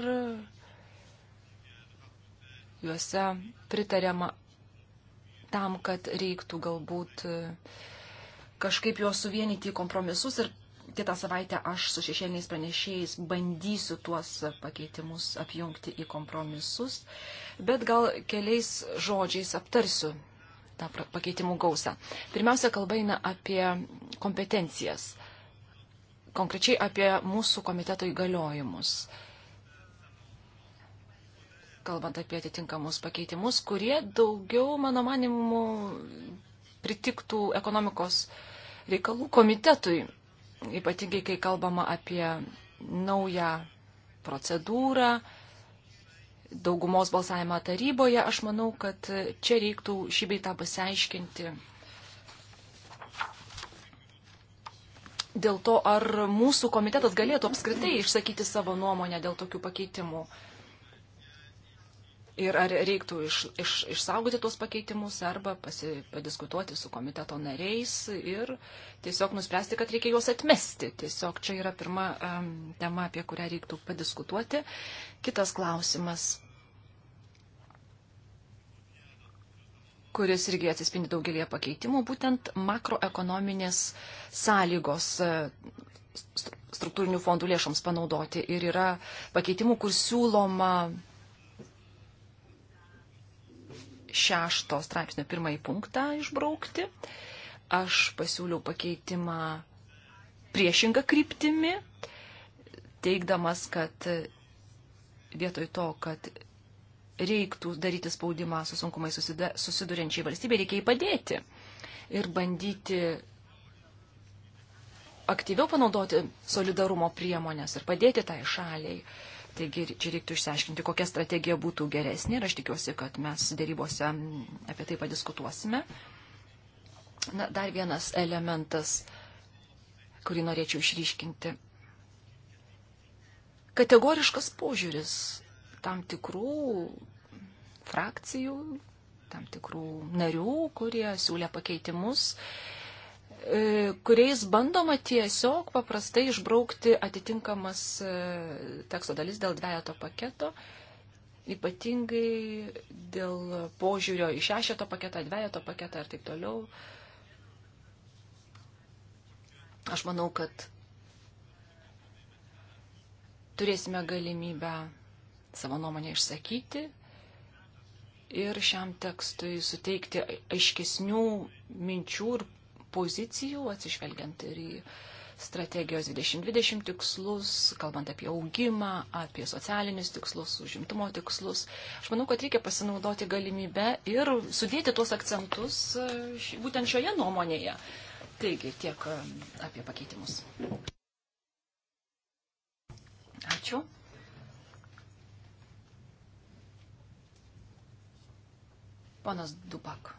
juose pritariama tam, kad reiktų galbūt kažkaip juos suvienyti į kompromisus ir kitą savaitę aš su šešėliniais pranešėjais bandysiu tuos pakeitimus apjungti į kompromisus, bet gal keliais žodžiais aptarsiu tą pakeitimų gausą. Pirmiausia, kalba eina apie kompetencijas, konkrečiai apie mūsų komiteto įgaliojimus, kalbant apie atitinkamus pakeitimus, kurie daugiau, mano manimu, pritiktų ekonomikos reikalų komitetui, ypatingai kai kalbama apie naują procedūrą, daugumos balsavimą taryboje, aš manau, kad čia reiktų šį beitą pasiaiškinti. Dėl to, ar mūsų komitetas galėtų apskritai išsakyti savo nuomonę dėl tokių pakeitimų. Uh, Ir ar reiktų iš, iš, išsaugoti tuos pakeitimus arba pasi, padiskutuoti su komiteto nariais ir tiesiog nuspręsti, kad reikia juos atmesti. Tiesiog čia yra pirma um, tema, apie kurią reiktų padiskutuoti. Kitas klausimas, kuris irgi atsispindi daugelie pakeitimų, būtent makroekonominės sąlygos e, struktūrinių fondų lėšoms panaudoti. Ir yra pakeitimų, kur siūloma šešto straipsnio pirmąjį punktą išbraukti. Aš pasiūliau pakeitimą priešingą kryptimį, teikdamas, kad vietoj to, kad reiktų daryti spaudimą su sunkumai susiduriančiai valstybė, reikia jį padėti ir bandyti aktyviau panaudoti solidarumo priemonės ir padėti tai šaliai Taigi čia reiktų išsiaiškinti, kokia strategija būtų geresnė ir aš tikiuosi, kad mes dėrybose apie tai padiskutuosime. Na, dar vienas elementas, kurį norėčiau išryškinti. Kategoriškas požiūris tam tikrų frakcijų, tam tikrų narių, kurie siūlė pakeitimus. Uh, E, kuriais bandoma tiesiog paprastai išbraukti atitinkamas e, teksto dalis dėl dviejato paketo, ypatingai dėl požiūrio į šešeto paketą, dviejato paketą ir taip toliau. Aš manau, kad turėsime galimybę savo nuomonę išsakyti ir šiam tekstui suteikti aiškesnių minčių ir pozicijų, atsižvelgiant ir į strategijos 2020 tikslus, kalbant apie augimą, apie socialinius tikslus, užimtumo tikslus. Aš manau, kad reikia pasinaudoti galimybę ir sudėti tuos akcentus e, būtent šioje nuomonėje. Taigi tiek e, apie pakeitimus. Ačiū. Ponas Dubak.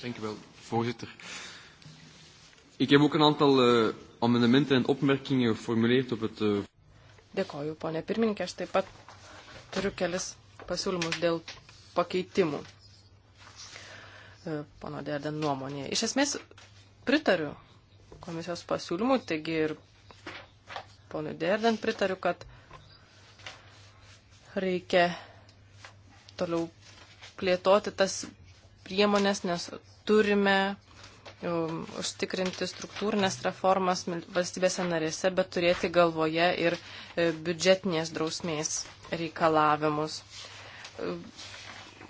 Dank u wel, voorzitter. Ik heb ook een aantal uh, amendementen en opmerkingen geformuleerd op het... Uh... Dėkoju, ponė pirmininkė, aš taip pat turiu kelis pasiūlymus dėl pakeitimų. E, pono Derden nuomonė. Iš esmės pritariu komisijos pasiūlymų, taigi ir ponui Derden pritariu, kad reikia toliau plėtoti tas priemonės, nes turime um, užtikrinti struktūrinės reformas valstybėse narėse, bet turėti galvoje ir e, biudžetinės drausmės reikalavimus.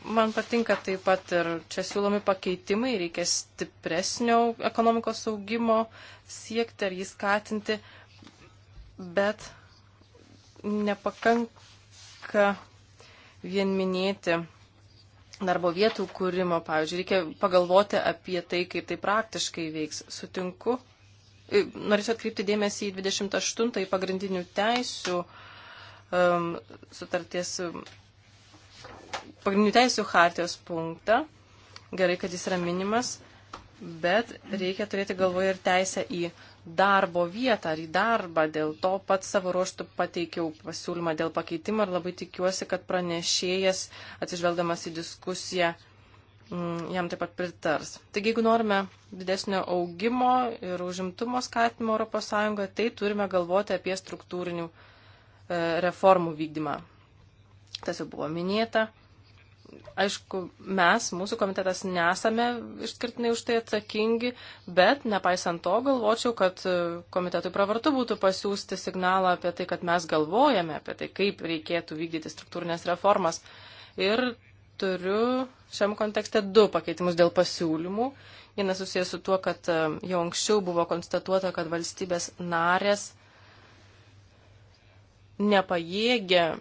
Man patinka taip pat ir čia siūlomi pakeitimai, reikia stipresnio ekonomikos augimo siekti ar jį skatinti, bet nepakanka vien minėti darbo vietų kūrimo, pavyzdžiui, reikia pagalvoti apie tai, kaip tai praktiškai veiks. Sutinku. E, norėčiau atkreipti dėmesį į 28 pagrindinių teisių um, sutarties, um, pagrindinių teisių hartijos punktą. Gerai, kad jis yra minimas, bet reikia turėti galvoje ir teisę į darbo vietą ar į darbą. Dėl to pat savo ruoštų pateikiau pasiūlymą dėl pakeitimo ir labai tikiuosi, kad pranešėjas, atsižvelgdamas į diskusiją, mm, jam taip pat pritars. Taigi, jeigu norime didesnio augimo ir užimtumo skatimo ES, tai turime galvoti apie struktūrinių e, reformų vykdymą. Tas jau buvo minėta aišku, mes, mūsų komitetas, nesame išskirtinai už tai atsakingi, bet nepaisant to galvočiau, kad komitetui pravartu būtų pasiūsti signalą apie tai, kad mes galvojame apie tai, kaip reikėtų vykdyti struktūrinės reformas. Ir turiu šiam kontekste du pakeitimus dėl pasiūlymų. Vienas susijęs su tuo, kad e, jau anksčiau buvo konstatuota, kad valstybės narės nepajėgia e,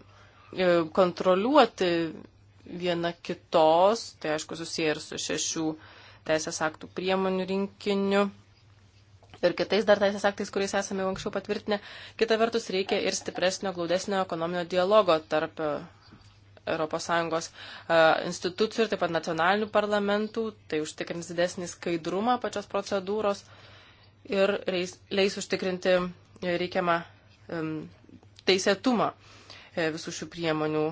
kontroliuoti viena kitos, tai aišku susiję ir su šešių teisės aktų priemonių rinkiniu ir kitais dar teisės aktais, kuriais esame anksčiau patvirtinę. Kita vertus, reikia ir stipresnio, glaudesnio ekonominio dialogo tarp ES e, institucijų ir taip pat nacionalinių parlamentų, tai užtikrins didesnį skaidrumą pačios procedūros ir reis, leis užtikrinti reikiamą um, teisėtumą e, visų šių priemonių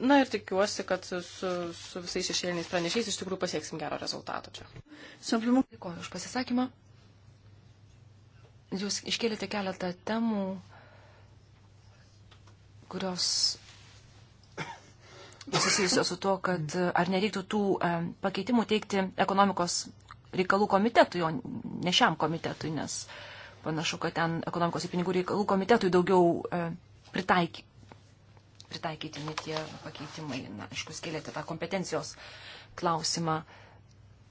Na ir tikiuosi, kad su, su visais šešėliniais pranešiais iš tikrųjų pasieksim gero rezultato čia. Simplimu, dėkoju už pasisakymą. Jūs iškėlėte keletą temų, kurios susijusios su to, kad ar nereiktų tų e, pakeitimų teikti ekonomikos reikalų komitetui, o ne šiam komitetui, nes panašu, kad ten ekonomikos ir pinigų reikalų komitetui daugiau e, pritaik, pritaikytini tie pakeitimai. Na, aišku, skėlėte tą kompetencijos klausimą.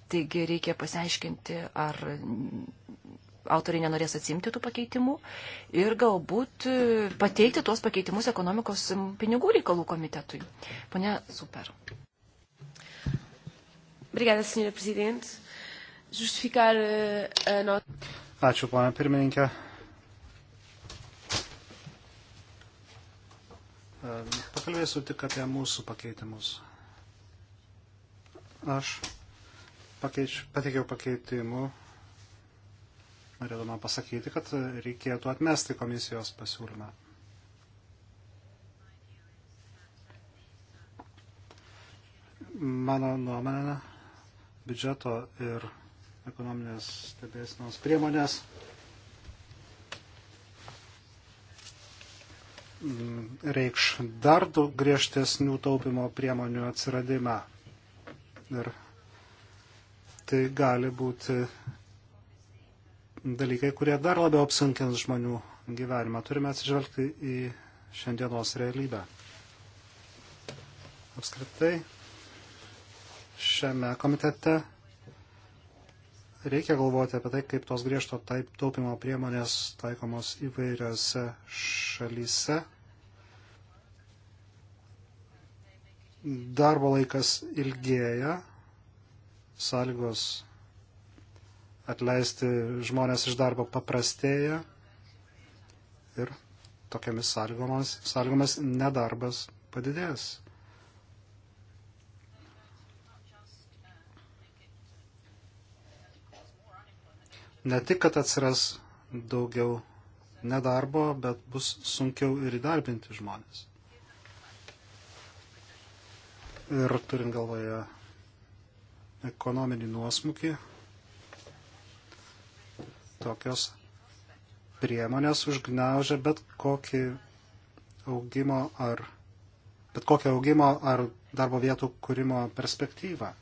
Taigi reikia pasiaiškinti, ar autoriai nenorės atsimti tų pakeitimų ir galbūt pateikti tuos pakeitimus ekonomikos pinigų reikalų komitetui. Pone Super. Obrigada, senhora Presidente. Justificar eh, a nota. Ačiū, ponia pirmininkė. Ehm, pakalbėsiu tik apie mūsų pakeitimus. Aš pakeič, pateikiau pakeitimų, norėdama pasakyti, kad reikėtų atmesti komisijos pasiūlymą. Mano nuomonė, biudžeto ir ekonominės stebėsinos priemonės Mm, reikš dar daug griežtesnių taupimo priemonių atsiradimą. Ir tai gali būti dalykai, kurie dar labiau apsunkins žmonių gyvenimą. Turime atsižvelgti į šiandienos realybę. Apskritai, šiame komitete reikia galvoti apie tai, kaip tos griežto taip, taupimo priemonės taikomos įvairiose šalyse. Darbo laikas ilgėja, sąlygos atleisti žmonės iš darbo paprastėja ir tokiamis sąlygomis, sąlygomis nedarbas padidės. ne tik, kad atsiras daugiau nedarbo, bet bus sunkiau ir įdarbinti žmonės. Ir turint galvoje ekonominį nuosmukį, tokios priemonės užgneužia bet kokį augimo ar bet kokią augimo ar darbo vietų kūrimo perspektyvą.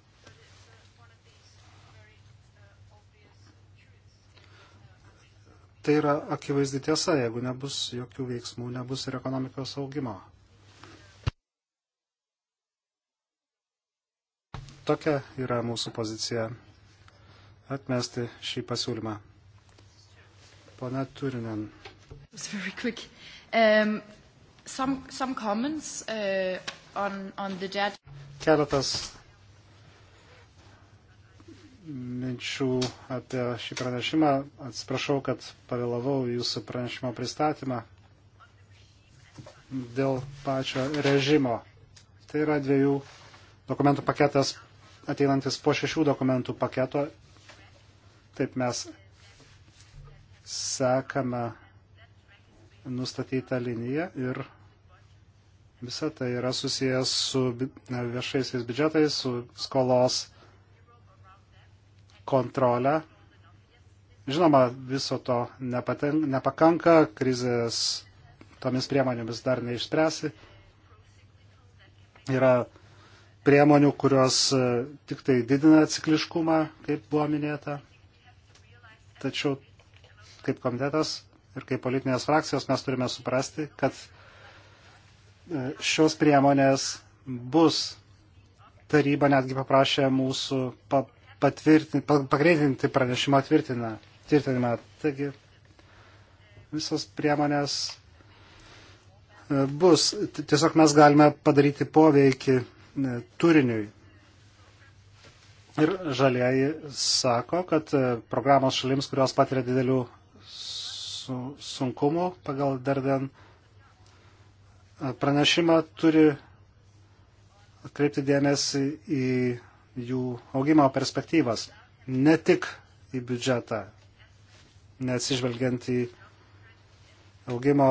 tai yra akivaizdi tiesa, jeigu nebus jokių veiksmų, nebus ir ekonomikos augimo. Tokia yra mūsų pozicija atmesti šį pasiūlymą. Pone Turinen. Um, some, some comments, uh, on, on the... Keletas minčių apie šį pranešimą. Atsiprašau, kad pavėlavau jūsų pranešimo pristatymą dėl pačio režimo. Tai yra dviejų dokumentų paketas ateinantis po šešių dokumentų paketo. Taip mes sekame nustatytą liniją ir visa tai yra susijęs su viešaisiais biudžetais, su skolos kontrolę. Žinoma, viso to nepaten, nepakanka, krizės tomis priemonėmis dar neišspręsi. Yra priemonių, kurios e, tik tai didina cikliškumą, kaip buvo minėta. Tačiau kaip komitetas ir kaip politinės frakcijos mes turime suprasti, kad e, šios priemonės bus. Taryba netgi paprašė mūsų pa pagreitinti pranešimo tvirtinimą. Taigi visos priemonės e, bus. Tiesiog mes galime padaryti poveikį e, turiniui. Ir žalieji sako, kad e, programos šalims, kurios patiria didelių sunkumų pagal Darden pranešimą, turi atkreipti dėmesį į jų augimo perspektyvas, ne tik į biudžetą, neatsižvelgiant į augimo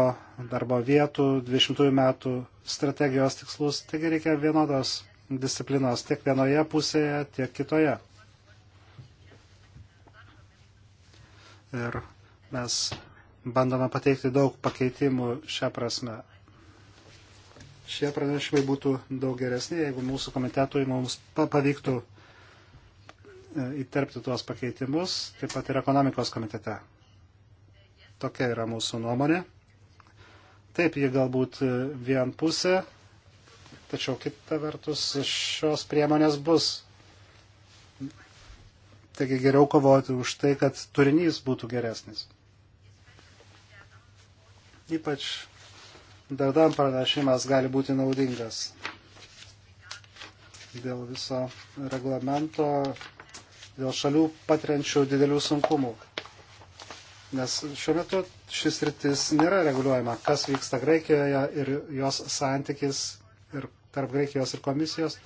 darbo vietų 20 metų strategijos tikslus, taigi reikia vienodos disciplinos tiek vienoje pusėje, tiek kitoje. Ir mes bandome pateikti daug pakeitimų šią prasme šie pranešimai būtų daug geresni, jeigu mūsų komitetui mums pavyktų e, įterpti tuos pakeitimus, taip pat ir ekonomikos komitete. Tokia yra mūsų nuomonė. Taip, ji galbūt e, vien pusė, tačiau kita vertus šios priemonės bus. Taigi geriau kovoti už tai, kad turinys būtų geresnis. Ypač Dadam pranešimas gali būti naudingas dėl viso reglamento, dėl šalių patiriančių didelių sunkumų. Nes šiuo metu šis rytis nėra reguliuojama, kas vyksta Graikijoje ir jos santykis ir tarp Graikijos ir komisijos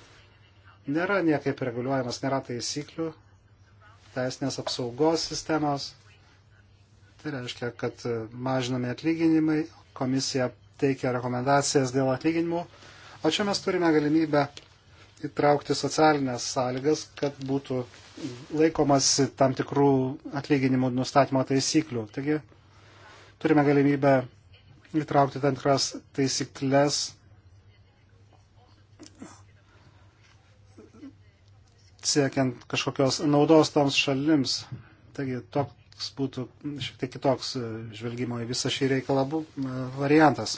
nėra niekaip reguliuojamas, nėra taisyklių, teisinės apsaugos sistemos. Tai reiškia, kad mažinami atlyginimai, komisija teikia rekomendacijas dėl atlyginimų, o čia mes turime galimybę įtraukti socialinės sąlygas, kad būtų laikomas tam tikrų atlyginimų nustatymo taisyklių. Taigi turime galimybę įtraukti tam tikras taisyklės siekiant kažkokios naudos toms šalims. Taigi to, toks būtų šiek tiek kitoks e, žvelgimo į visą šį reikalą bu, e, variantas.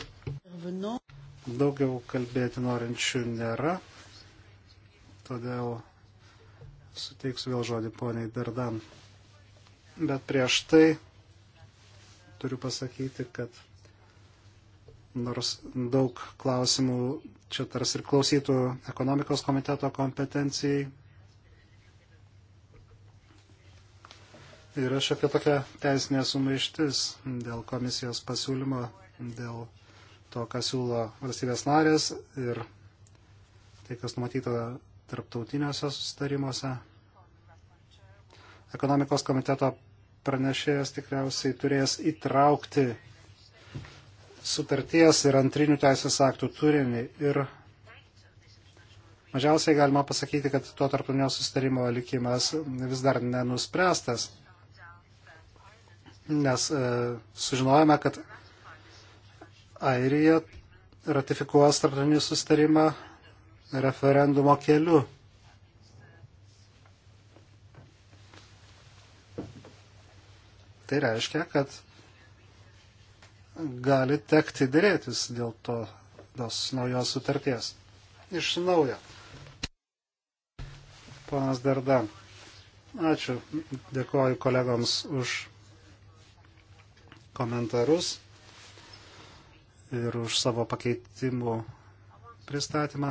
Daugiau kalbėti norinčių nėra, todėl suteiksiu vėl žodį poniai Dardan. Bet prieš tai turiu pasakyti, kad nors daug klausimų čia tarsi ir klausytų ekonomikos komiteto kompetencijai, yra šiokia tokia teisinė sumaištis dėl komisijos pasiūlymo, dėl to, ką siūlo valstybės narės ir tai, kas numatyta tarptautiniuose sustarimuose. Ekonomikos komiteto pranešėjas tikriausiai turės įtraukti sutarties ir antrinių teisės aktų turinį ir Mažiausiai galima pasakyti, kad to tarptautinio sustarimo likimas vis dar nenuspręstas nes e, sužinojame, kad Airija ratifikuos tarptautinį sustarimą referendumo keliu. Tai reiškia, kad gali tekti dėrėtis dėl to, tos naujos sutarties. Iš naujo. Ponas Darda. Ačiū. Dėkuoju kolegoms už komentarus ir už savo pakeitimų pristatymą.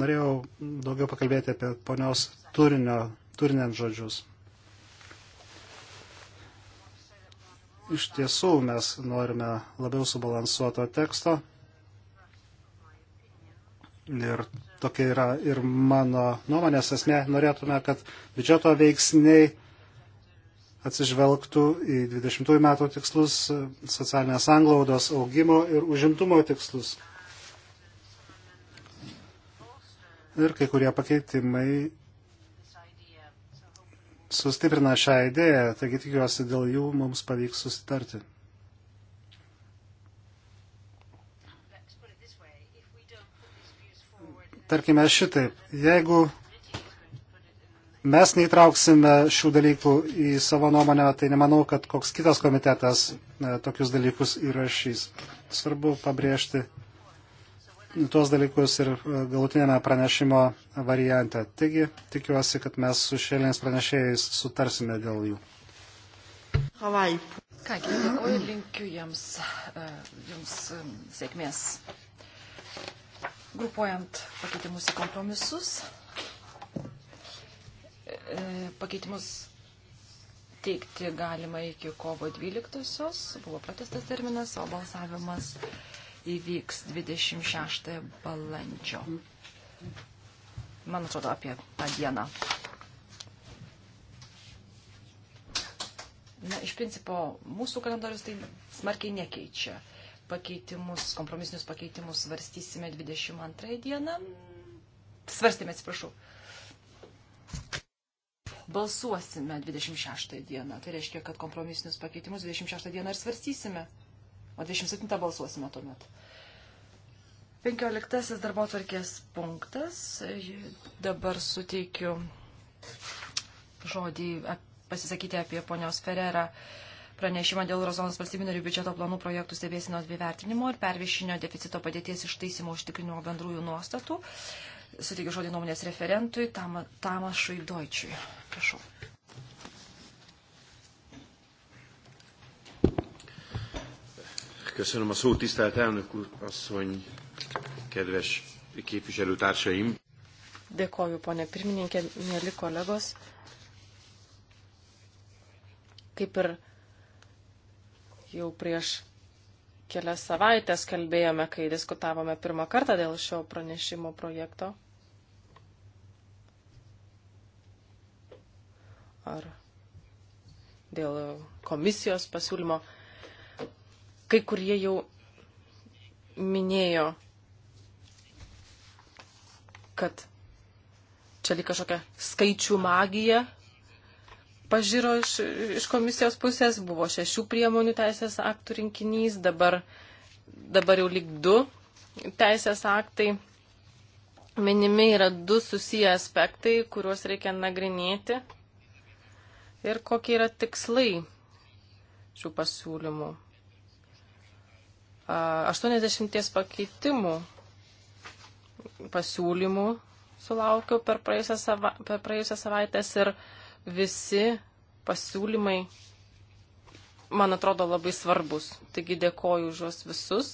Norėjau daugiau pakalbėti apie ponios turinio, turinant žodžius. Iš tiesų mes norime labiau subalansuoto teksto. Ir tokia yra ir mano nuomonės esmė. Norėtume, kad biudžeto veiksniai atsižvelgtų į 20 metų tikslus, socialinės anglaudos augimo ir užimtumo tikslus. Ir kai kurie pakeitimai sustiprina šią idėją, taigi tikiuosi dėl jų mums pavyks susitarti. Tarkime šitaip, jeigu mes neįtrauksime šių dalykų į savo nuomonę, tai nemanau, kad koks kitas komitetas e, tokius dalykus įrašys. Svarbu pabrėžti tuos dalykus ir e, galutinėme pranešimo variante. Taigi, tikiuosi, kad mes su šėliniais pranešėjais sutarsime dėl jų. Havai. Kągi, dėkuoju ir linkiu jiems, jums e, sėkmės grupuojant pakeitimus į kompromisus. E, pakeitimus teikti galima iki kovo 12-osios, buvo pratestas terminas, o balsavimas įvyks 26 balandžio. Man atrodo apie tą dieną. Na, iš principo, mūsų kalendorius tai smarkiai nekeičia. Pakeitimus, kompromisinius pakeitimus svarstysime 22 dieną. Svarstėme, atsiprašau, balsuosime 26 dieną. Tai reiškia, kad kompromisinius pakeitimus 26 dieną ir svarstysime, o 27 balsuosime tuomet. 15 darbo tvarkės punktas. Dabar suteikiu žodį pasisakyti apie ponios Ferrerą pranešimą dėl Eurozonos valstybių narių biudžeto planų projektų stebėsinos bei vertinimo ir pervišinio deficito padėties ištaisimo užtikrinimo bendrųjų nuostatų. Uh, suteikiu žodį nuomonės referentui Tam, Tamašui Deutschiui. Prašau. Köszönöm a szót, tisztelt elnök úr, asszony, kedves képviselőtársaim. Dėkoju, ponė pirmininkė, mėly kolegos. Kaip ir jau prieš kelias savaitės kalbėjome, kai diskutavome pirmą kartą dėl šio pranešimo projekto. ar dėl komisijos pasiūlymo. Kai kurie jau minėjo, kad čia lyg kažkokia skaičių magija pažiro iš, iš komisijos pusės, buvo šešių priemonių teisės aktų rinkinys, dabar, dabar jau lyg du teisės aktai minimi yra du susiję aspektai, kuriuos reikia nagrinėti ir kokie yra tikslai šių pasiūlymų. 80 pakeitimų pasiūlymų sulaukiau per praėjusią, sava, per praėjusią savaitęs ir visi pasiūlymai, man atrodo, labai svarbus. Taigi dėkoju už juos visus.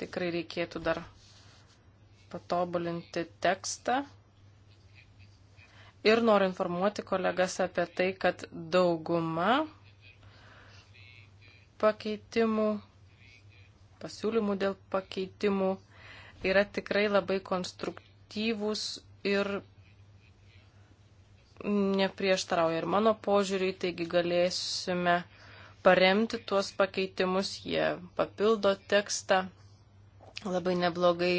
Tikrai reikėtų dar patobulinti tekstą ir noriu informuoti kolegas apie tai, kad dauguma pakeitimų, pasiūlymų dėl pakeitimų yra tikrai labai konstruktyvūs ir neprieštarauja ir mano požiūriui, taigi galėsime paremti tuos pakeitimus, jie papildo tekstą, labai neblogai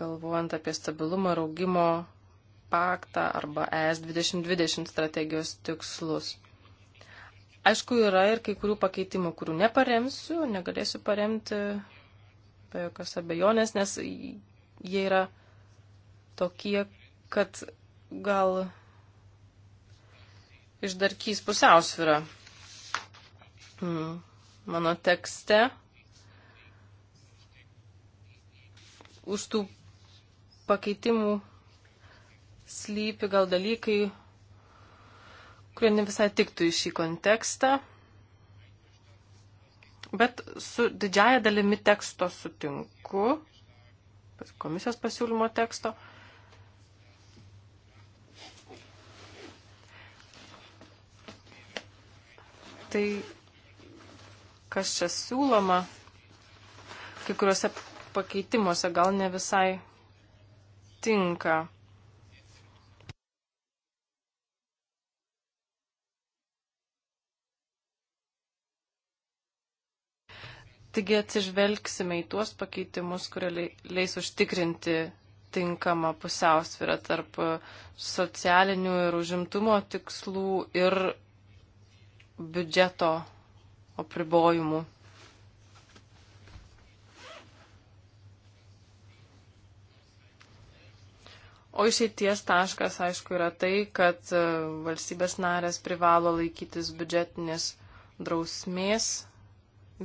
galvojant apie stabilumo ir augimo paktą arba ES 2020 strategijos tikslus. Aišku, yra ir kai kurių pakeitimų, kurių neparemsiu, negalėsiu paremti be jokios abejonės, nes jie yra tokie, kad gal išdarkys pusiausvyrą hmm. mano tekste. Už tų pakeitimų slypi gal dalykai, kurie ne visai tiktų į šį kontekstą. Bet su didžiaja dalimi teksto sutinku, komisijos pasiūlymo teksto. Tai kas čia siūloma, kai kuriuose pakeitimuose gal ne visai tinka. Taigi atsižvelgsime į tuos pakeitimus, kurie leis užtikrinti tinkamą pusiausvyrą tarp socialinių ir užimtumo tikslų ir biudžeto apribojimų. O išeities taškas, aišku, yra tai, kad e, valstybės narės privalo laikytis biudžetinės drausmės,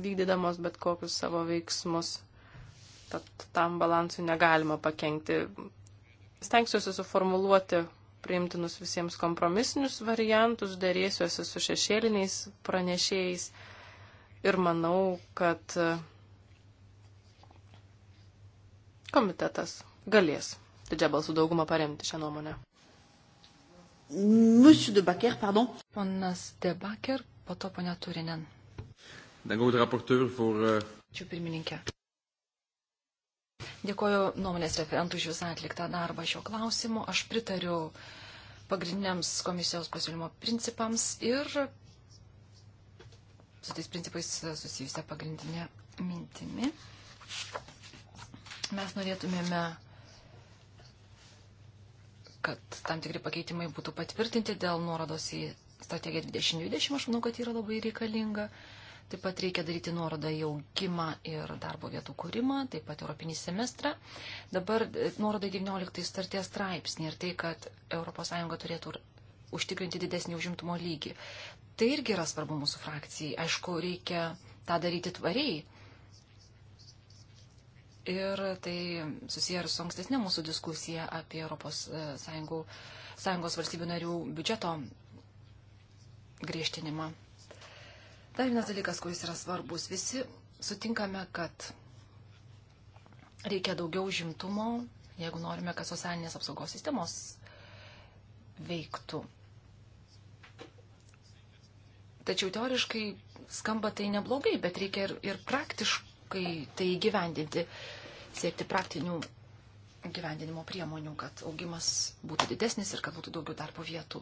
vykdydamos bet kokius savo veiksmus. Tad tam balansui negalima pakengti. Stengsiuosi suformuluoti priimtinus visiems kompromisinius variantus, dėrėsiuosi su šešėliniais pranešėjais ir manau, kad e, komitetas galės didžią balsų daugumą paremti šią nuomonę. Monsieur de Baker, pardon. Ponas de Baker, po to ponia Turinen. Eh, Ačiū pirmininkė. Dėkoju nuomonės referentų už visą atliktą darbą šio klausimu. Aš pritariu pagrindiniams komisijos pasiūlymo principams ir su tais principais susijusią pagrindinę mintimi. Mes norėtumėme kad tam tikri pakeitimai būtų patvirtinti dėl nuorodos į strategiją 2020, aš manau, kad yra labai reikalinga. Taip pat reikia daryti nuorodą į augimą ir darbo vietų kūrimą, taip pat Europinį semestrą. Dabar e, nuoroda 19 starties straipsnį ir tai, kad ES turėtų užtikrinti didesnį užimtumo lygį. Tai irgi yra svarbu mūsų frakcijai. Aišku, reikia tą daryti tvariai Ir tai susiję ir su ankstesnė mūsų diskusija apie Europos e, Sąjungų, Sąjungos valstybių narių biudžeto griežtinimą. Dar vienas dalykas, kuris yra svarbus. Visi sutinkame, kad reikia daugiau žimtumo, jeigu norime, kad socialinės apsaugos sistemos veiktų. Tačiau teoriškai skamba tai neblogai, bet reikia ir, ir praktiškai tai įgyvendinti siekti praktinių gyvendinimo priemonių, kad augimas būtų didesnis ir kad būtų daugiau darbo vietų.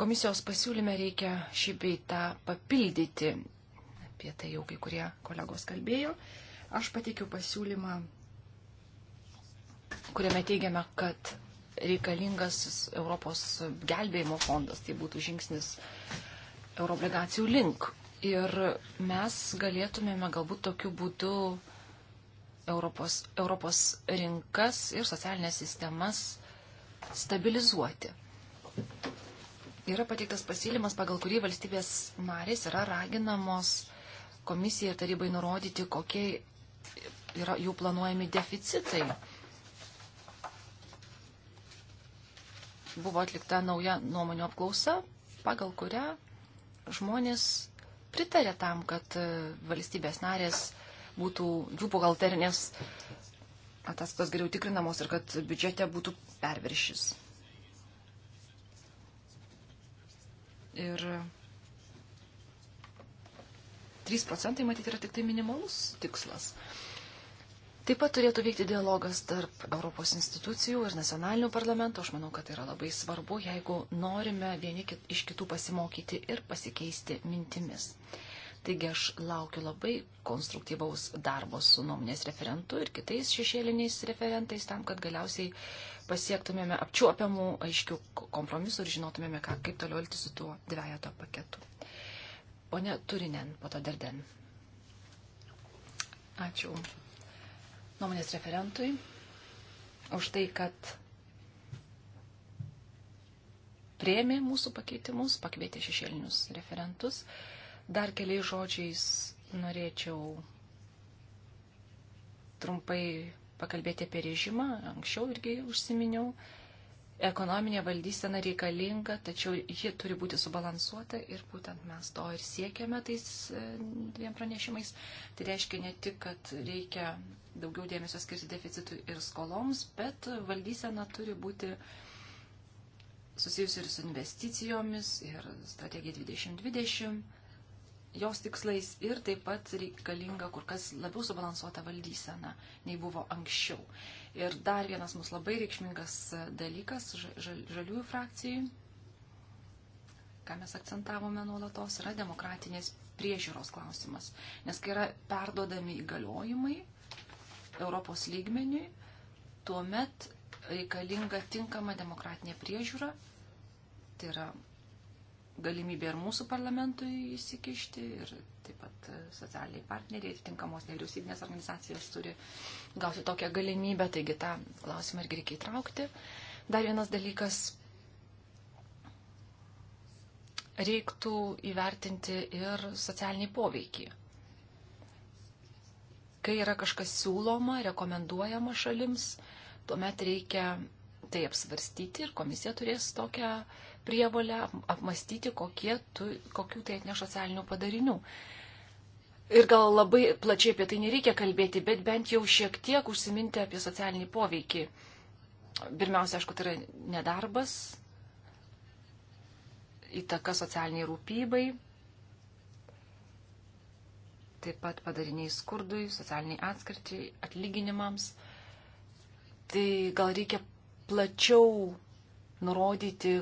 Komisijos pasiūlyme reikia šį beitą papildyti. Apie tai jau kai kurie kolegos kalbėjo. Aš pateikiau pasiūlymą, kuriame teigiame, kad reikalingas Europos gelbėjimo fondas. Tai būtų žingsnis euroobligacijų link. Ir mes galėtumėme galbūt tokiu būdu Europos, Europos rinkas ir socialinės sistemas stabilizuoti. Yra pateiktas pasiūlymas, pagal kurį valstybės narės yra raginamos komisijai ir tarybai nurodyti, kokie yra jų planuojami deficitai. Buvo atlikta nauja nuomonių apklausa, pagal kurią žmonės pritarė tam, kad e, valstybės narės būtų jų buhalterinės ataskaitos geriau tikrinamos ir kad biudžete būtų perviršis. Ir 3 procentai, matyti, yra tik tai minimalus tikslas. Uh, Taip pat turėtų vykti dialogas tarp Europos institucijų ir nacionalinių parlamentų. Aš manau, kad tai yra labai svarbu, jeigu norime vieni kit, iš kitų pasimokyti ir pasikeisti mintimis. Taigi aš laukiu labai konstruktyvaus darbo su nuomonės referentu ir kitais šešėliniais referentais tam, kad galiausiai pasiektumėme apčiuopiamų aiškių kompromisų ir žinotumėme, ką, kaip toliau elgtis su tuo dviejato paketu. Pone Turinen, po to Derden. Ačiū nuomonės referentui už tai, kad prieimė mūsų pakeitimus, pakvietė šešėlinius referentus. Dar keliais žodžiais norėčiau trumpai pakalbėti apie režimą, anksčiau irgi užsiminiau. Ekonominė valdysena reikalinga, tačiau ji turi būti subalansuota ir būtent mes to ir siekiame tais e, dviem pranešimais. Tai reiškia ne tik, kad reikia daugiau dėmesio skirti deficitui ir skoloms, bet valdysena turi būti susijusi ir su investicijomis, ir strategija 2020, jos tikslais ir taip pat reikalinga kur kas labiau subalansuota valdysena, nei buvo anksčiau. Ir dar vienas mums labai reikšmingas dalykas žaliųjų frakcijai, ką mes akcentavome nuolatos, yra demokratinės priežiūros klausimas. Nes kai yra perdodami įgaliojimai, Europos lygmeniui, tuomet reikalinga tinkama demokratinė priežiūra, tai yra galimybė ir mūsų parlamentui įsikišti, ir taip pat socialiniai partneriai, atitinkamos nevyriausybinės organizacijos turi gauti tokią galimybę, taigi tą klausimą irgi reikia įtraukti. Dar vienas dalykas reiktų įvertinti ir socialinį poveikį. Kai yra kažkas siūloma, rekomenduojama šalims, tuomet reikia tai apsvarstyti ir komisija turės tokią prievolę apmastyti, kokie tu, kokių tai atneš socialinių padarinių. Ir gal labai plačiai apie tai nereikia kalbėti, bet bent jau šiek tiek užsiminti apie socialinį poveikį. Pirmiausia, aišku, tai yra nedarbas, įtaka socialiniai rūpybai, taip pat padariniai skurdui, socialiniai atskirti, atlyginimams. Tai gal reikia plačiau nurodyti,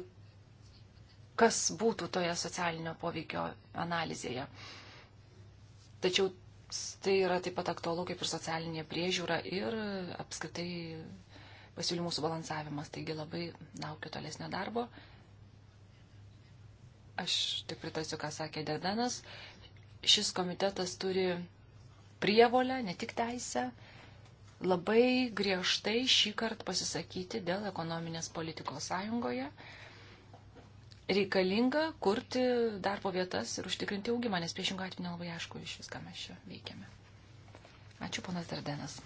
kas būtų toje socialinio poveikio analizėje. Tačiau tai yra taip pat aktualu kaip ir socialinė priežiūra ir apskritai pasiūlymų subalansavimas. Taigi labai laukiu tolesnio darbo. Aš tik pritarsiu, ką sakė Dedanas šis komitetas turi prievolę, ne tik teisę, labai griežtai šį kartą pasisakyti dėl ekonominės politikos sąjungoje. Reikalinga kurti darbo vietas ir užtikrinti augimą, nes priešingą atveju nelabai aišku iš viską mes čia veikiame. Ačiū, ponas Dardenas.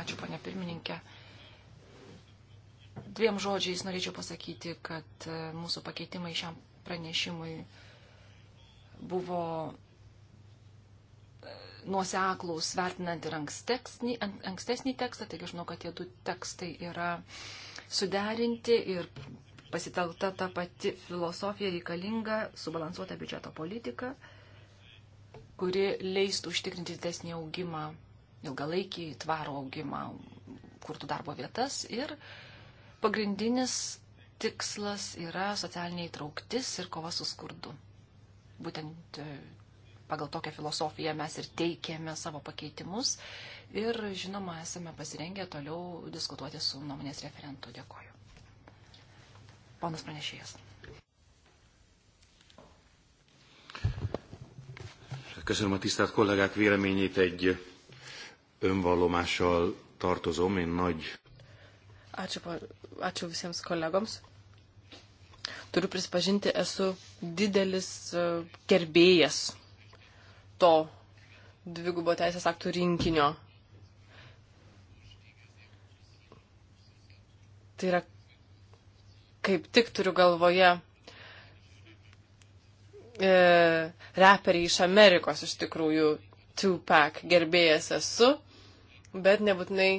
Ačiū, ponė pirmininkė. Dviem žodžiais norėčiau pasakyti, kad e, mūsų pakeitimai šiam pranešimui buvo e, nuoseklūs vertinant ir ankstesnį, ankstesnį tekstą, taigi žinau, kad tie du tekstai yra suderinti ir pasitelkta ta pati filosofija reikalinga, subalansuota biudžeto politika, kuri leistų užtikrinti didesnį augimą, ilgalaikį tvarų augimą, kurtų darbo vietas ir pagrindinis tikslas yra socialinė įtrauktis ir kova su skurdu. Būtent e, pagal tokią filosofiją mes ir teikėme savo pakeitimus ir, žinoma, esame pasirengę toliau diskutuoti su nuomonės referentu. Dėkoju. Ponas pranešėjas. Köszönöm a tisztelt kollégák véleményét, egy önvallomással tartozom, én nagy. Ačiū, ačiū visiems kolegoms turiu prisipažinti, esu didelis e, gerbėjas to dvigubo teisės aktų rinkinio. Tai yra, kaip tik turiu galvoje, e, reperiai iš Amerikos iš tikrųjų, Tupac gerbėjas esu, bet nebūtinai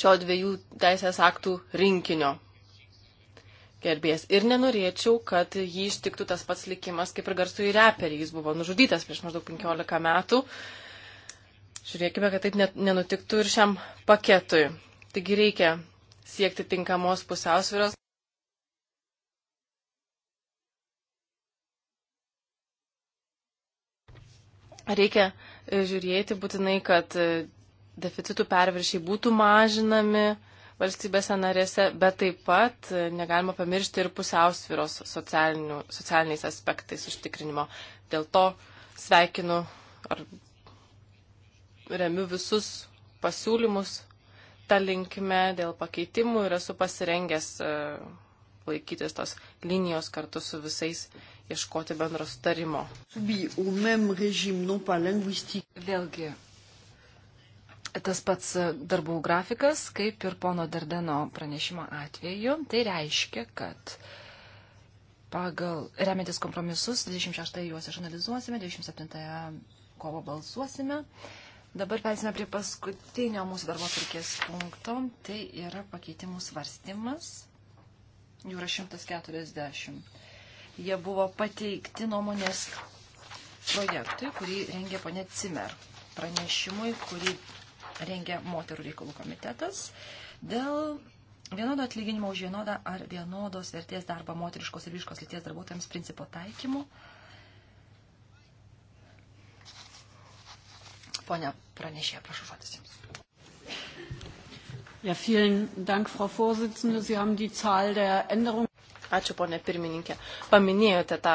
šio dviejų teisės aktų rinkinio gerbės. Ir nenorėčiau, kad jį ištiktų tas pats likimas, kaip ir garsųjį reperį. Jis buvo nužudytas prieš maždaug 15 metų. Žiūrėkime, kad taip nenutiktų ir šiam paketui. Taigi reikia siekti tinkamos pusiausviros. Reikia e, žiūrėti būtinai, kad e, deficitų perviršiai būtų mažinami, valstybėse narėse, bet taip pat e, negalima pamiršti ir pusiausviros socialiniais aspektais užtikrinimo. Dėl to sveikinu ar remiu visus pasiūlymus tą linkme dėl pakeitimų ir esu pasirengęs e, laikytis tos linijos kartu su visais ieškoti bendro starimo. Vėlgi, tas pats darbų grafikas, kaip ir pono Dardeno pranešimo atveju. Tai reiškia, kad pagal remiantis kompromisus 26 juos išanalizuosime, 27 kovo balsuosime. Dabar persime prie paskutinio mūsų darbo atvarkės punkto. Tai yra pakeitimų svarstymas. Jų yra 140. Jie buvo pateikti nuomonės projektui, kurį rengė ponė Cimer pranešimui, kurį rengia moterų reikalų komitetas dėl vienodo atlyginimo už vienodą ar vienodos vertės darbą moteriškos ir vyriškos lyties darbuotojams principo taikymu. Pone pranešė, prašau žodis jums. Ja, vielen Dank, Frau Vorsitzende. Sie haben die Zahl der Änderungen. Ačiū, ponė pirmininkė. Paminėjote tą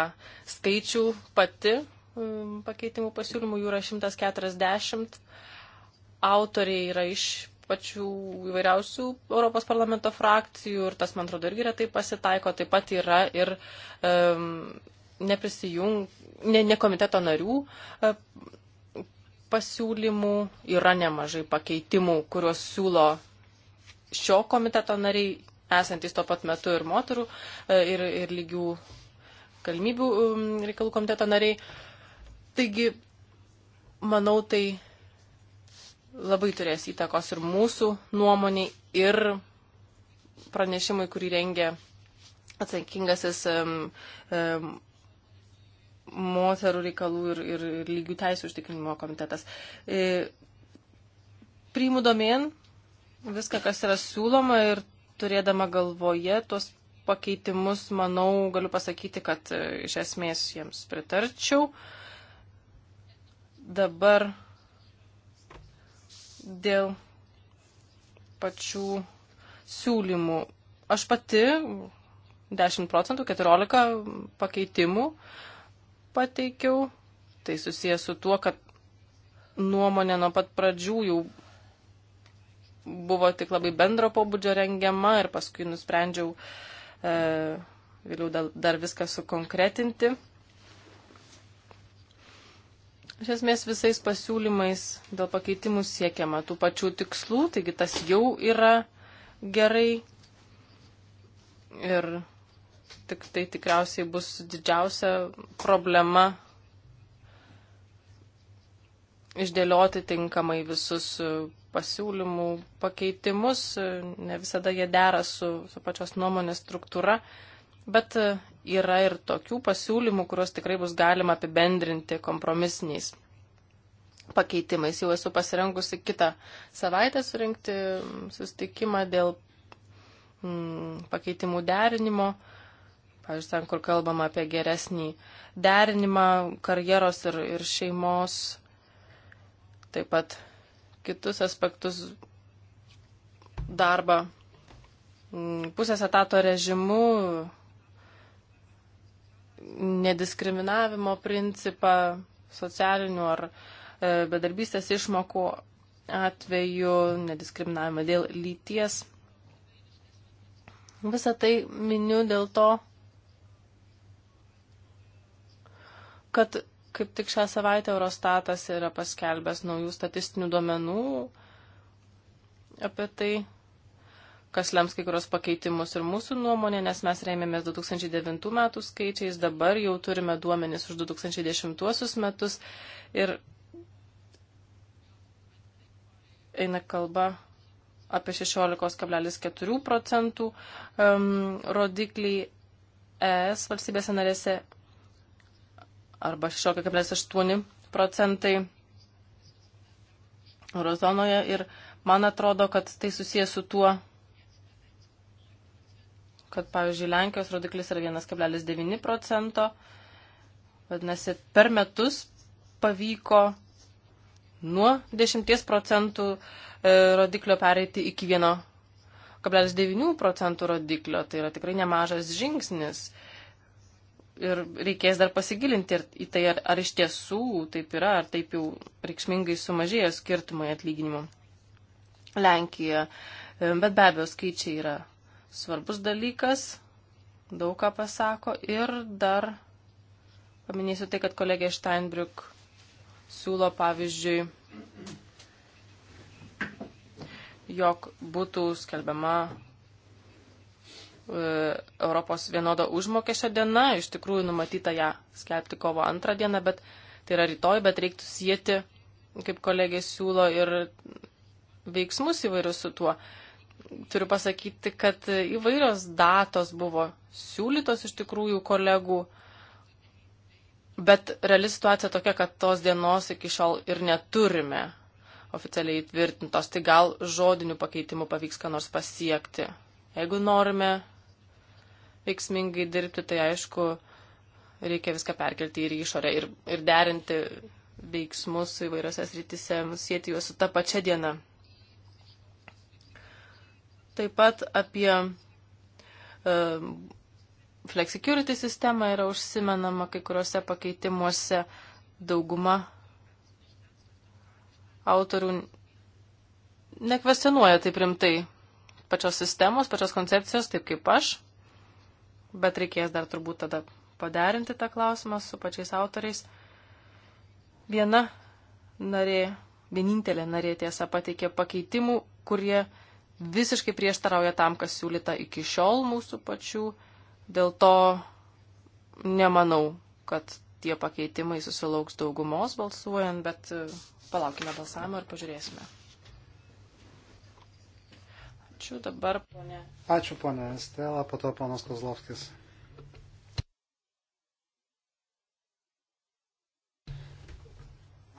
skaičių pati um, pakeitimų pasiūlymų, jų yra 140 autoriai yra iš pačių įvairiausių Europos parlamento frakcijų ir tas, man atrodo, irgi retai pasitaiko. Taip pat yra ir um, neprisijung, ne, ne komiteto narių um, pasiūlymų, yra nemažai pakeitimų, kuriuos siūlo šio komiteto nariai, esantys tuo pat metu ir moterų, e, ir, ir lygių galimybių um, reikalų komiteto nariai. Taigi, manau, tai labai turės įtakos ir mūsų nuomoniai, ir pranešimui, kurį rengia atsakingasis um, um, moterų reikalų ir, ir lygių teisų užtikrinimo komitetas. E, priimu domėn viską, kas yra siūloma ir turėdama galvoje tuos pakeitimus, manau, galiu pasakyti, kad e, iš esmės jiems pritarčiau. Dabar Dėl pačių siūlymų. Aš pati 10 procentų, 14 pakeitimų pateikiau. Tai susijęs su tuo, kad nuomonė nuo pat pradžių jau buvo tik labai bendro pobūdžio rengiama ir paskui nusprendžiau e, vėliau dar viską sukonkretinti. Iš esmės visais pasiūlymais dėl pakeitimų siekiama tų pačių tikslų, taigi tas jau yra gerai ir tik tai tikriausiai bus didžiausia problema išdėlioti tinkamai visus pasiūlymų pakeitimus, ne visada jie dera su, su pačios nuomonės struktūra, bet yra ir tokių pasiūlymų, kuriuos tikrai bus galima apibendrinti kompromisiniais pakeitimais. Jau esu pasirengusi kitą savaitę surinkti sustikimą dėl mm, pakeitimų derinimo. Pavyzdžiui, ten, kur kalbama apie geresnį derinimą karjeros ir, ir šeimos, taip pat kitus aspektus darbą mm, pusės etato režimu nediskriminavimo principą socialinių ar e, bedarbystės išmokų atveju, nediskriminavimą dėl lyties. Visą tai miniu dėl to, kad kaip tik šią savaitę Eurostatas yra paskelbęs naujų statistinių duomenų apie tai, kas lems kai kurios pakeitimus ir mūsų nuomonė, nes mes rėmėmės 2009 metų skaičiais, dabar jau turime duomenis už 2010 metus ir eina kalba apie 16,4 procentų um, rodiklį ES valstybėse narėse arba 16,8 procentai eurozonoje ir man atrodo, kad tai susijęs su tuo, kad, pavyzdžiui, Lenkijos rodiklis yra 1,9 procento. Vadinasi, per metus pavyko nuo 10 procentų e, rodiklio pereiti iki 1,9 procentų rodiklio. Tai yra tikrai nemažas žingsnis. Ir reikės dar pasigilinti ir į tai, ar, ar iš tiesų taip yra, ar taip jau reikšmingai sumažėjo skirtumai atlyginimų Lenkijoje. E, bet be abejo, skaičiai yra svarbus dalykas, daug ką pasako ir dar paminėsiu tai, kad kolegė Steinbrück siūlo pavyzdžiui, jog būtų skelbiama e, Europos vienodo užmokesčio diena, iš tikrųjų numatyta ją skelbti kovo antrą dieną, bet tai yra rytoj, bet reiktų sieti, kaip kolegė siūlo, ir veiksmus įvairius su tuo. Uh, turiu pasakyti, kad įvairios datos buvo siūlytos iš tikrųjų kolegų, bet reali situacija tokia, kad tos dienos iki šiol ir neturime oficialiai įtvirtintos, tai gal žodinių pakeitimų pavyks ką nors pasiekti. Jeigu norime veiksmingai dirbti, tai aišku, reikia viską perkelti ir į išorę ir, ir derinti veiksmus įvairiose srityse, sėti juos su ta pačia diena. Taip pat apie uh, e, flexicurity sistemą yra užsimenama kai kuriuose pakeitimuose dauguma autorių nekvestionuoja taip rimtai pačios sistemos, pačios koncepcijos, taip kaip aš, bet reikės dar turbūt tada padarinti tą klausimą su pačiais autoriais. Viena narė, vienintelė narė tiesa pateikė pakeitimų, kurie uh, visiškai prieštarauja tam, kas siūlyta iki šiol mūsų pačių. Dėl to nemanau, kad tie pakeitimai susilauks daugumos balsuojant, bet e, palaukime balsavimo ir pažiūrėsime. Ačiū dabar, ponė. Ačiū, ponė Stela, po to ponas Kozlovskis.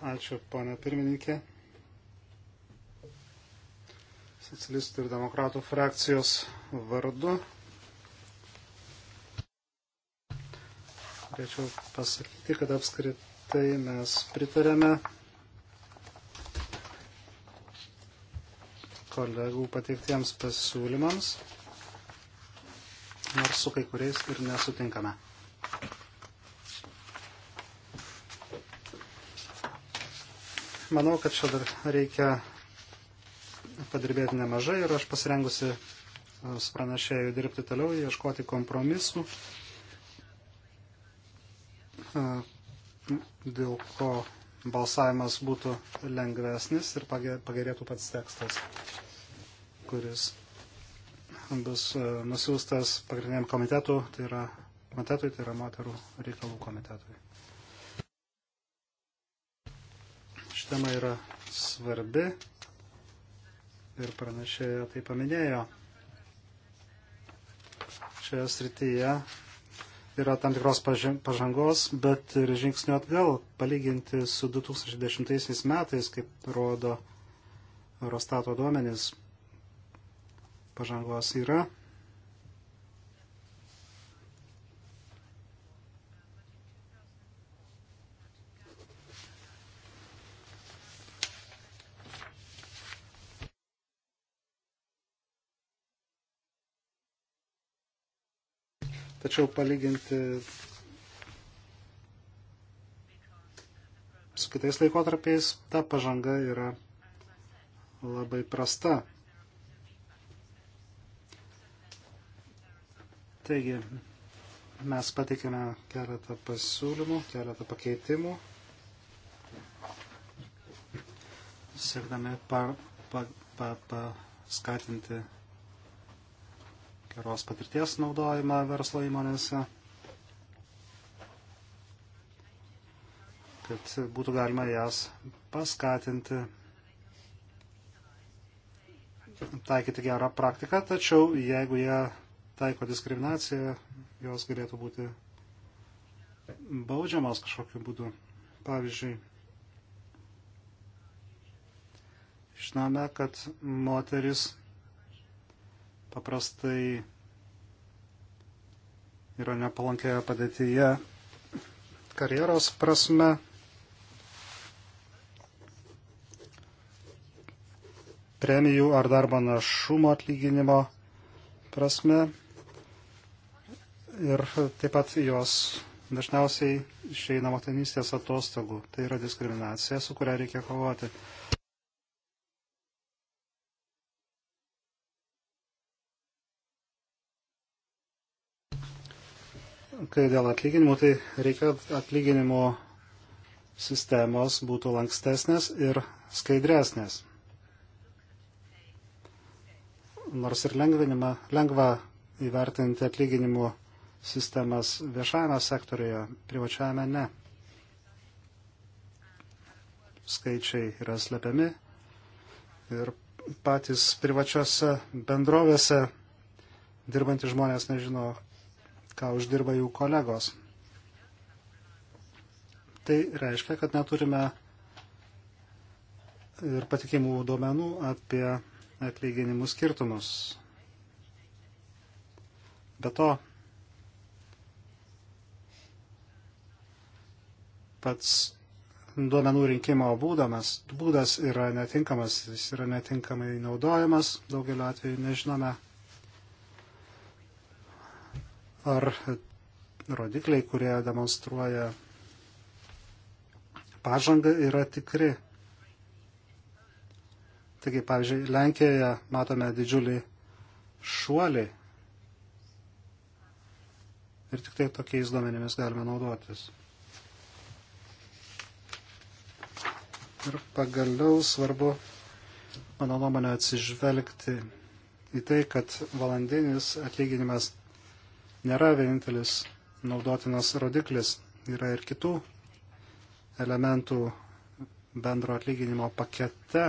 Ačiū, ponė pirmininkė socialistų ir demokratų frakcijos vardu. Norėčiau pasakyti, kad apskritai mes pritarėme kolegų pateiktiems pasiūlymams, nors su kai kuriais ir nesutinkame. Manau, kad čia dar reikia padirbėti nemažai ir aš pasirengusi e, su pranešėjų dirbti toliau, ieškoti kompromisų, e, dėl ko balsavimas būtų lengvesnis ir pagerėtų pats tekstas, kuris bus e, nusiųstas pagrindiniam komitetu, tai yra komitetui, tai yra moterų reikalų komitetui. Ši tema yra svarbi ir pranešėja tai paminėjo. Šioje srityje yra tam tikros pažangos, bet ir žingsnių atgal palyginti su 2010 metais, kaip rodo Eurostato duomenys, pažangos yra. Tačiau palyginti su kitais laikotarpiais ta pažanga yra labai prasta. Taigi, mes patikėme keletą pasiūlymų, keletą pakeitimų, siekdami pa, pa, pa, paskatinti geros patirties naudojimą verslo įmonėse, kad būtų galima jas paskatinti, taikyti gerą praktiką, tačiau jeigu jie taiko diskriminaciją, jos galėtų būti baudžiamas kažkokiu būdu. Pavyzdžiui, žinome, kad moteris paprastai yra nepalankėje padėtyje karjeros prasme. premijų ar darbo našumo atlyginimo prasme. Ir taip pat jos dažniausiai išeina motinystės atostogų. Tai yra diskriminacija, su kuria reikia kovoti. kai dėl atlyginimų, tai reikia atlyginimo sistemos būtų lankstesnės ir skaidresnės. Nors ir lengva įvertinti atlyginimų sistemas viešajame sektorijoje, privačiajame ne. Skaičiai yra slepiami ir patys privačiose bendrovėse dirbantys žmonės nežino, ką uždirba jų kolegos. Tai reiškia, kad neturime ir patikimų duomenų apie atlyginimų skirtumus. Be to, pats duomenų rinkimo būdamas, būdas yra netinkamas, jis yra netinkamai naudojamas, daugeliu atveju nežinome, ar rodikliai, kurie demonstruoja pažangą, yra tikri. Taigi, pavyzdžiui, Lenkijoje matome didžiulį šuolį ir tik tai tokiais duomenimis galime naudotis. Ir pagaliau svarbu, mano nuomonė, atsižvelgti į tai, kad valandinis atlyginimas nėra vienintelis naudotinas rodiklis, yra ir kitų elementų bendro atlyginimo pakete,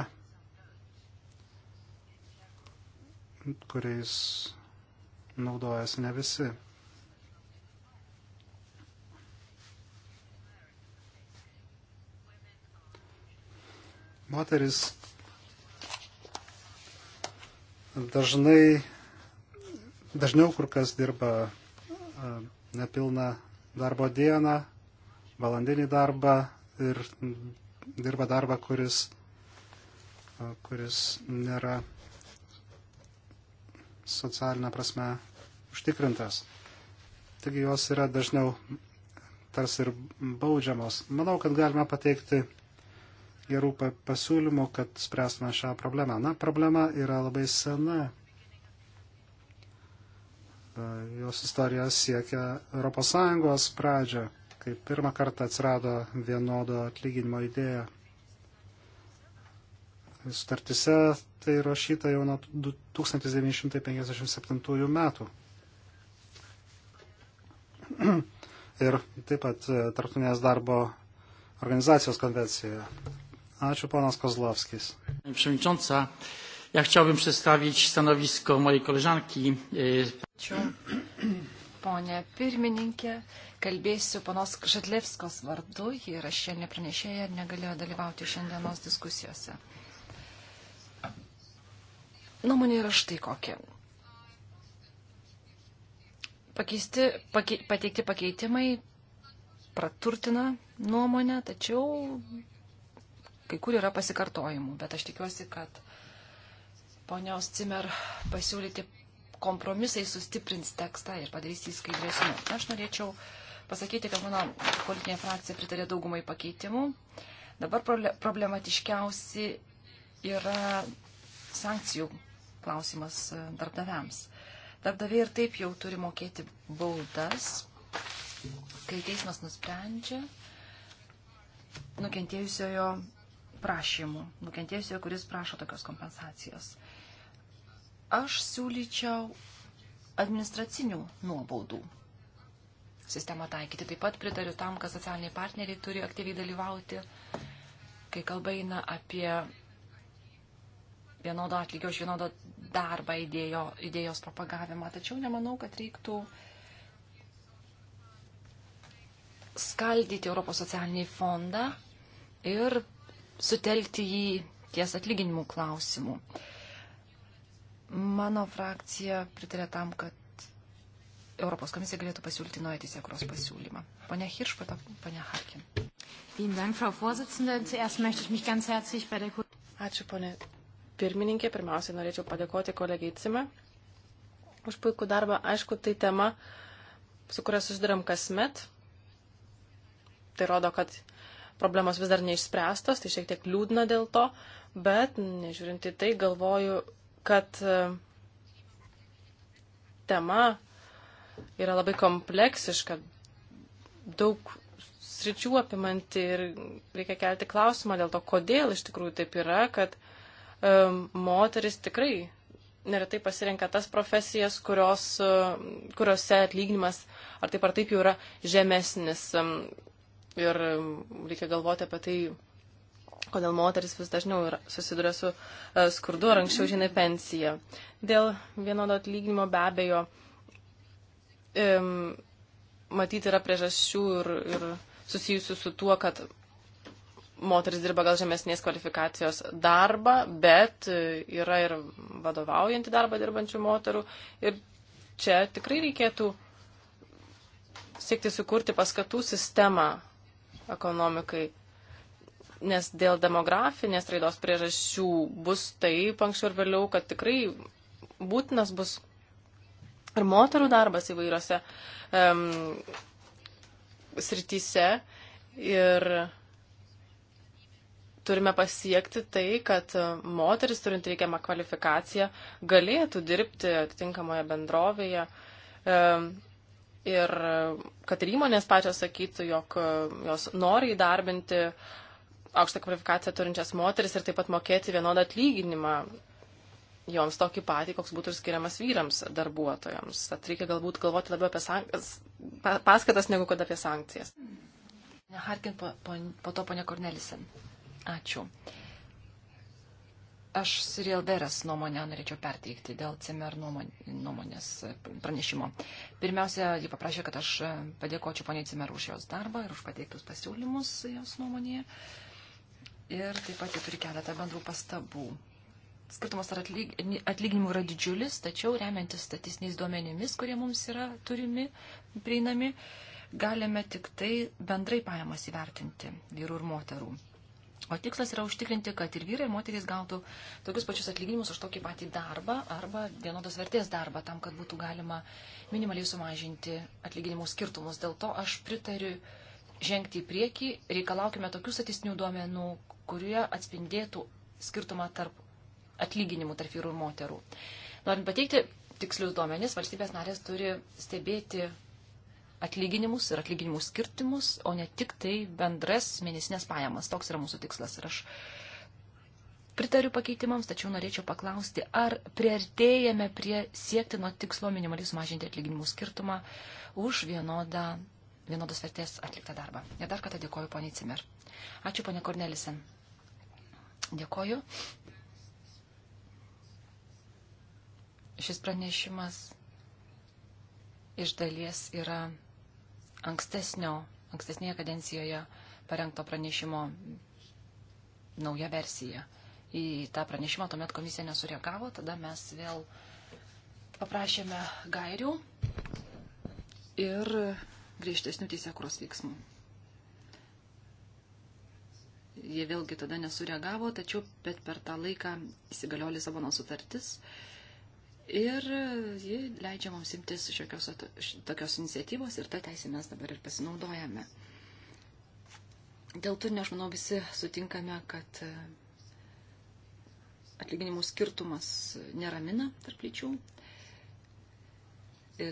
kuriais naudojasi ne visi. Moteris dažnai, dažniau kur kas dirba E, nepilną darbo dieną, valandinį darbą ir dirba darbą, kuris, e, kuris nėra socialinė prasme užtikrintas. Taigi jos yra dažniau tarsi ir baudžiamos. Manau, kad galime pateikti gerų pasiūlymų, kad spręstume šią problemą. Na, problema yra labai sena E, jos istorija siekia ES pradžią, kai pirmą kartą atsirado vienodo atlyginimo idėja. Sutartise tai rašyta jau nuo 1957 metų. Ir taip pat e, tarptautinės darbo organizacijos konvencijoje. Ačiū, ponas Kozlovskis. Przewodnicząca, ja chciałbym przedstawić stanowisko mojej koleżanki, e, Ačiū, ponė pirmininkė. Kalbėsiu panos Žadlevskos vardu. Ji yra šiandien pranešėja ir negalėjo dalyvauti šiandienos diskusijose. Nuomonė yra štai kokia. Pakeisti, pakei, pateikti pakeitimai praturtina nuomonę, tačiau kai kur yra pasikartojimų. Bet aš tikiuosi, kad ponios Cimer pasiūlyti kompromisai sustiprins tekstą ir padarys jį skaidresniu. Aš norėčiau pasakyti, kad mano politinė frakcija pritarė daugumai pakeitimų. Dabar problematiškiausi yra sankcijų klausimas e, darbdaviams. Darbdaviai ir taip jau turi mokėti baudas, kai teismas nusprendžia nukentėjusiojo prašymų, nukentėjusiojo, kuris prašo tokios kompensacijos. Aš siūlyčiau administracinių nuobaudų sistemą taikyti. Taip pat pritariu tam, kad socialiniai partneriai turi aktyviai dalyvauti, kai kalba eina apie vienodo atlygio už vienodo darbą idėjo, idėjos propagavimą. Tačiau nemanau, kad reiktų skaldyti Europos socialinį fondą ir sutelkti jį ties atlyginimų klausimų. Uh, Mano frakcija pritarė tam, kad Europos komisija galėtų pasiūlyti naują teisėkuros pasiūlymą. Pane Hirš, po to pane Harkin. Ačiū, ponė pirmininkė. Pirmiausiai norėčiau padėkoti kolegai Cime už puikų darbą. Aišku, tai tema, su kuria susidurėm kasmet. Tai rodo, kad problemos vis dar neišspręstos, tai šiek tiek liūdna dėl to, bet nežiūrint į tai, galvoju, kad e, tema yra labai kompleksiška, daug sričių apimanti ir reikia kelti klausimą dėl to, kodėl iš tikrųjų taip yra, kad um, moteris tikrai neretai pasirenka tas profesijas, kurios, uh, kuriuose atlyginimas ar taip ar taip jau yra žemesnis. Um, ir um, reikia galvoti apie tai, kodėl moteris vis dažniau susiduria su e, skurdu ar anksčiau žinai pensiją. Dėl vienodo atlyginimo be abejo um, matyti yra priežasčių ir, ir susijusių su tuo, kad moteris dirba gal žemesnės kvalifikacijos darbą, bet e, yra ir vadovaujantį darbą dirbančių moterų. Ir čia tikrai reikėtų siekti sukurti paskatų sistemą ekonomikai nes dėl demografinės raidos priežasčių bus taip anksčiau ir vėliau, kad tikrai būtinas bus ir moterų darbas įvairiose um, srityse ir turime pasiekti tai, kad moteris turint reikiamą kvalifikaciją galėtų dirbti atitinkamoje bendrovėje. Um, ir kad ir įmonės pačios sakytų, jog jos nori įdarbinti aukštą kvalifikaciją turinčias moteris ir taip pat mokėti vienodą atlyginimą joms tokį patį, koks būtų ir skiriamas vyrams darbuotojams. Tad reikia galbūt galvoti labiau apie sankas, paskatas negu kad apie sankcijas. Ne Harkin, po, po, po to ponia Kornelisen. Ačiū. Aš Siriel Veras nuomonę norėčiau perteikti dėl CMR nuomonės pranešimo. Pirmiausia, ji paprašė, kad aš padėkočiau poniai CMR už jos darbą ir už pateiktus pasiūlymus jos nuomonėje. Uh, ir taip pat jie turi keletą bendrų pastabų. Skirtumas ar atlyg, atlyginimų yra didžiulis, tačiau remiantis statistiniais duomenimis, kurie mums yra turimi, prieinami, galime tik tai bendrai pajamas įvertinti vyrų ir moterų. O tikslas yra užtikrinti, kad ir vyrai, ir moterys gautų tokius pačius atlyginimus už tokį patį darbą arba vienodos vertės darbą, tam, kad būtų galima minimaliai sumažinti atlyginimų skirtumus. Dėl to aš pritariu uh, žengti į priekį, reikalaukime tokių statistinių duomenų, kurie atspindėtų skirtumą tarp atlyginimų tarp vyrų ir moterų. Norint pateikti tikslius duomenis, valstybės narės turi stebėti atlyginimus ir atlyginimų skirtimus, o ne tik tai bendras mėnesinės pajamas. Toks yra mūsų tikslas. Ir aš pritariu pakeitimams, tačiau norėčiau paklausti, ar priartėjame prie siektino tikslo minimaliai sumažinti atlyginimų skirtumą už vienodą vienodos vertės atliktą darbą. Ir dar kartą dėkoju poniai Cimer. Ačiū ponia Kornelisen. Dėkoju. Šis pranešimas iš dalies yra ankstesnio, ankstesnėje kadencijoje parengto pranešimo nauja versija. Į tą pranešimą tuomet komisija nesureagavo, tada mes vėl paprašėme gairių ir griežtesnių teisėkuros veiksmų. Jie vėlgi tada nesureagavo, tačiau bet per tą laiką įsigaliojo Lisabono sutartis ir ji leidžia mums imtis šiokios tokios iniciatyvos ir tą teisę mes dabar ir pasinaudojame. Dėl turinio, aš manau, visi sutinkame, kad e, atlyginimų skirtumas neramina tarp lyčių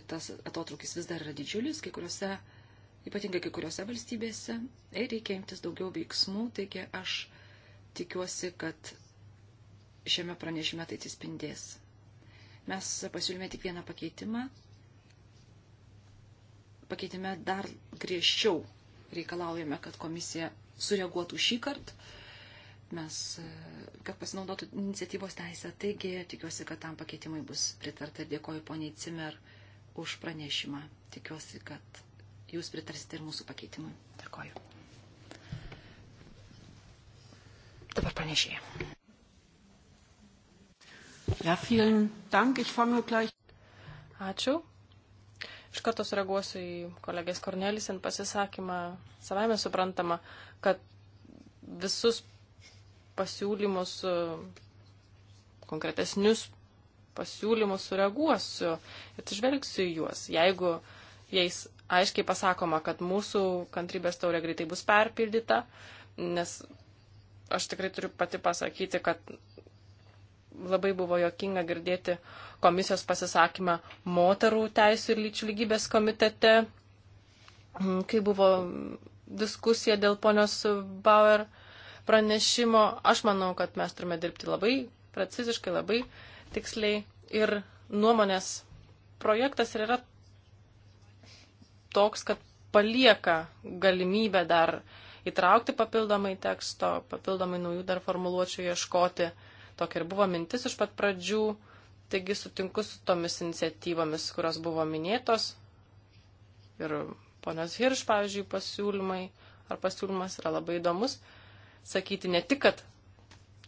tas atotrukis vis dar yra didžiulis, kai kuriuose, ypatingai kai kuriuose valstybėse, ir reikia imtis daugiau veiksmų, taigi aš tikiuosi, kad šiame pranešime tai atsispindės. Mes pasiūlėme tik vieną pakeitimą. Pakeitime dar griežčiau reikalaujame, kad komisija sureaguotų šį kartą, mes, kad pasinaudotų iniciatyvos teisę. Taigi tikiuosi, kad tam pakeitimui bus pritarta ir dėkoju poniai Cimer už pranešimą. Tikiuosi, kad jūs pritarsite ir mūsų pakeitimui. Dėkoju. Dabar pranešėjai. Ja, vielen Dank. Ich fange gleich. Ačiū. Iš karto sureaguosiu į kolegės Kornelis ant pasisakymą. Savame suprantama, kad visus pasiūlymus e, konkretesnius pasiūlymus sureaguosiu ir atsižvelgsiu į juos. Jeigu jais aiškiai pasakoma, kad mūsų kantrybės taurė greitai bus perpildyta, nes aš tikrai turiu pati pasakyti, kad labai buvo jokinga girdėti komisijos pasisakymą moterų teisų ir lyčių lygybės komitete, kai buvo diskusija dėl ponios Bauer pranešimo. Aš manau, kad mes turime dirbti labai preciziškai, labai uh, tiksliai. Ir nuomonės projektas ir yra toks, kad palieka galimybę dar įtraukti papildomai teksto, papildomai naujų dar formuluočių ieškoti. Tokia ir buvo mintis iš pat pradžių. Taigi sutinku su tomis iniciatyvomis, kurios buvo minėtos. Ir ponios Hirš, pavyzdžiui, pasiūlymai ar pasiūlymas yra labai įdomus. Sakyti ne tik, kad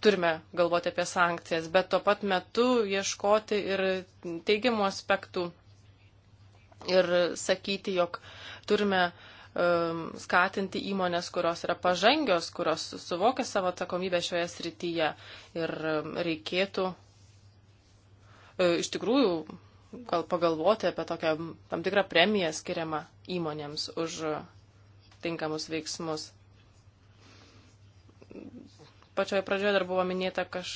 turime galvoti apie sankcijas, bet tuo pat metu ieškoti ir teigiamų aspektų ir sakyti, jog turime um, skatinti įmonės, kurios yra pažangios, kurios suvokia savo atsakomybę šioje srityje ir um, reikėtų e, iš tikrųjų gal pagalvoti apie tokią tam tikrą premiją skiriamą įmonėms už e, tinkamus veiksmus pačioje pradžioje dar buvo minėta kaž,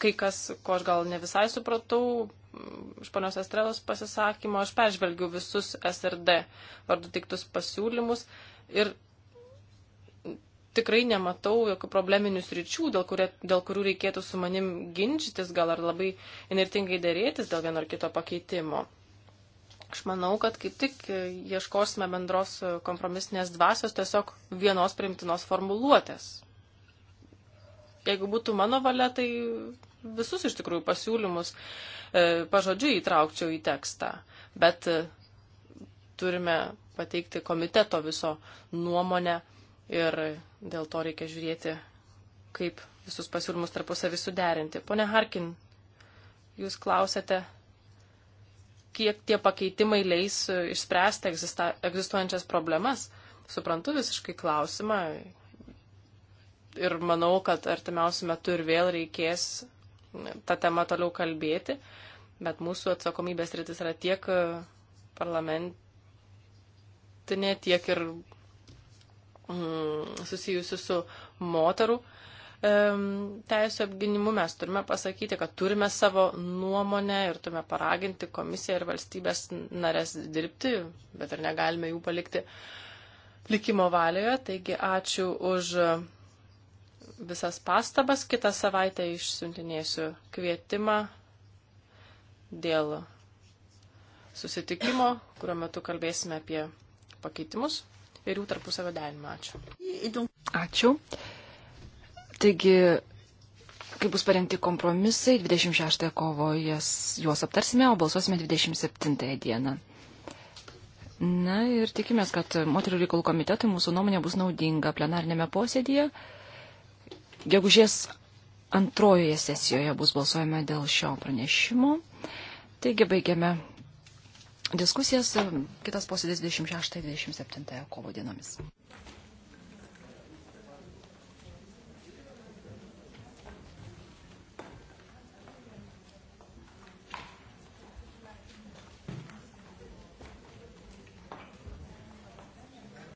kai kas, ko aš gal ne visai supratau, mm, iš ponios Estrelos pasisakymo, aš peržvelgiu visus SRD vardu tiktus pasiūlymus ir tikrai nematau jokių probleminių sričių, dėl, kurie, dėl kurių reikėtų su manim ginčytis, gal ar labai inertingai dėrėtis dėl vieno ar kito pakeitimo. Aš manau, kad kaip tik ieškosime bendros kompromisinės dvasios tiesiog vienos primtinos formuluotės jeigu būtų mano valia, tai visus iš tikrųjų pasiūlymus e, pažodžiui įtraukčiau į tekstą. Bet e, turime pateikti komiteto viso nuomonę ir dėl to reikia žiūrėti, kaip visus pasiūlymus tarpusavį suderinti. Pone Harkin, jūs klausėte, kiek tie pakeitimai leis išspręsti egzista, egzistuojančias problemas. Suprantu visiškai klausimą, ir manau, kad artimiausiu metu ir vėl reikės tą temą toliau kalbėti, bet mūsų atsakomybės rytis yra tiek e, parlamentinė, tiek ir mm, susijusi su moterų e, teisų apginimu mes turime pasakyti, kad turime savo nuomonę ir turime paraginti komisiją ir valstybės narės dirbti, bet ir negalime jų palikti likimo valioje. Taigi ačiū už visas pastabas. Kitą savaitę išsiuntinėsiu kvietimą dėl susitikimo, kurio metu kalbėsime apie pakeitimus ir jų tarpusavio derinimą. Ačiū. Ačiū. Taigi, kai bus parengti kompromisai, 26 kovo jas, juos aptarsime, o balsuosime 27 dieną. Na ir tikimės, kad moterų reikalų komitetui mūsų nuomonė bus naudinga plenarnėme posėdėje. Gegužės antrojoje sesijoje bus balsuojama dėl šio pranešimo. Taigi baigiame diskusijas. Kitas posėdis 26-27 kovo dienomis.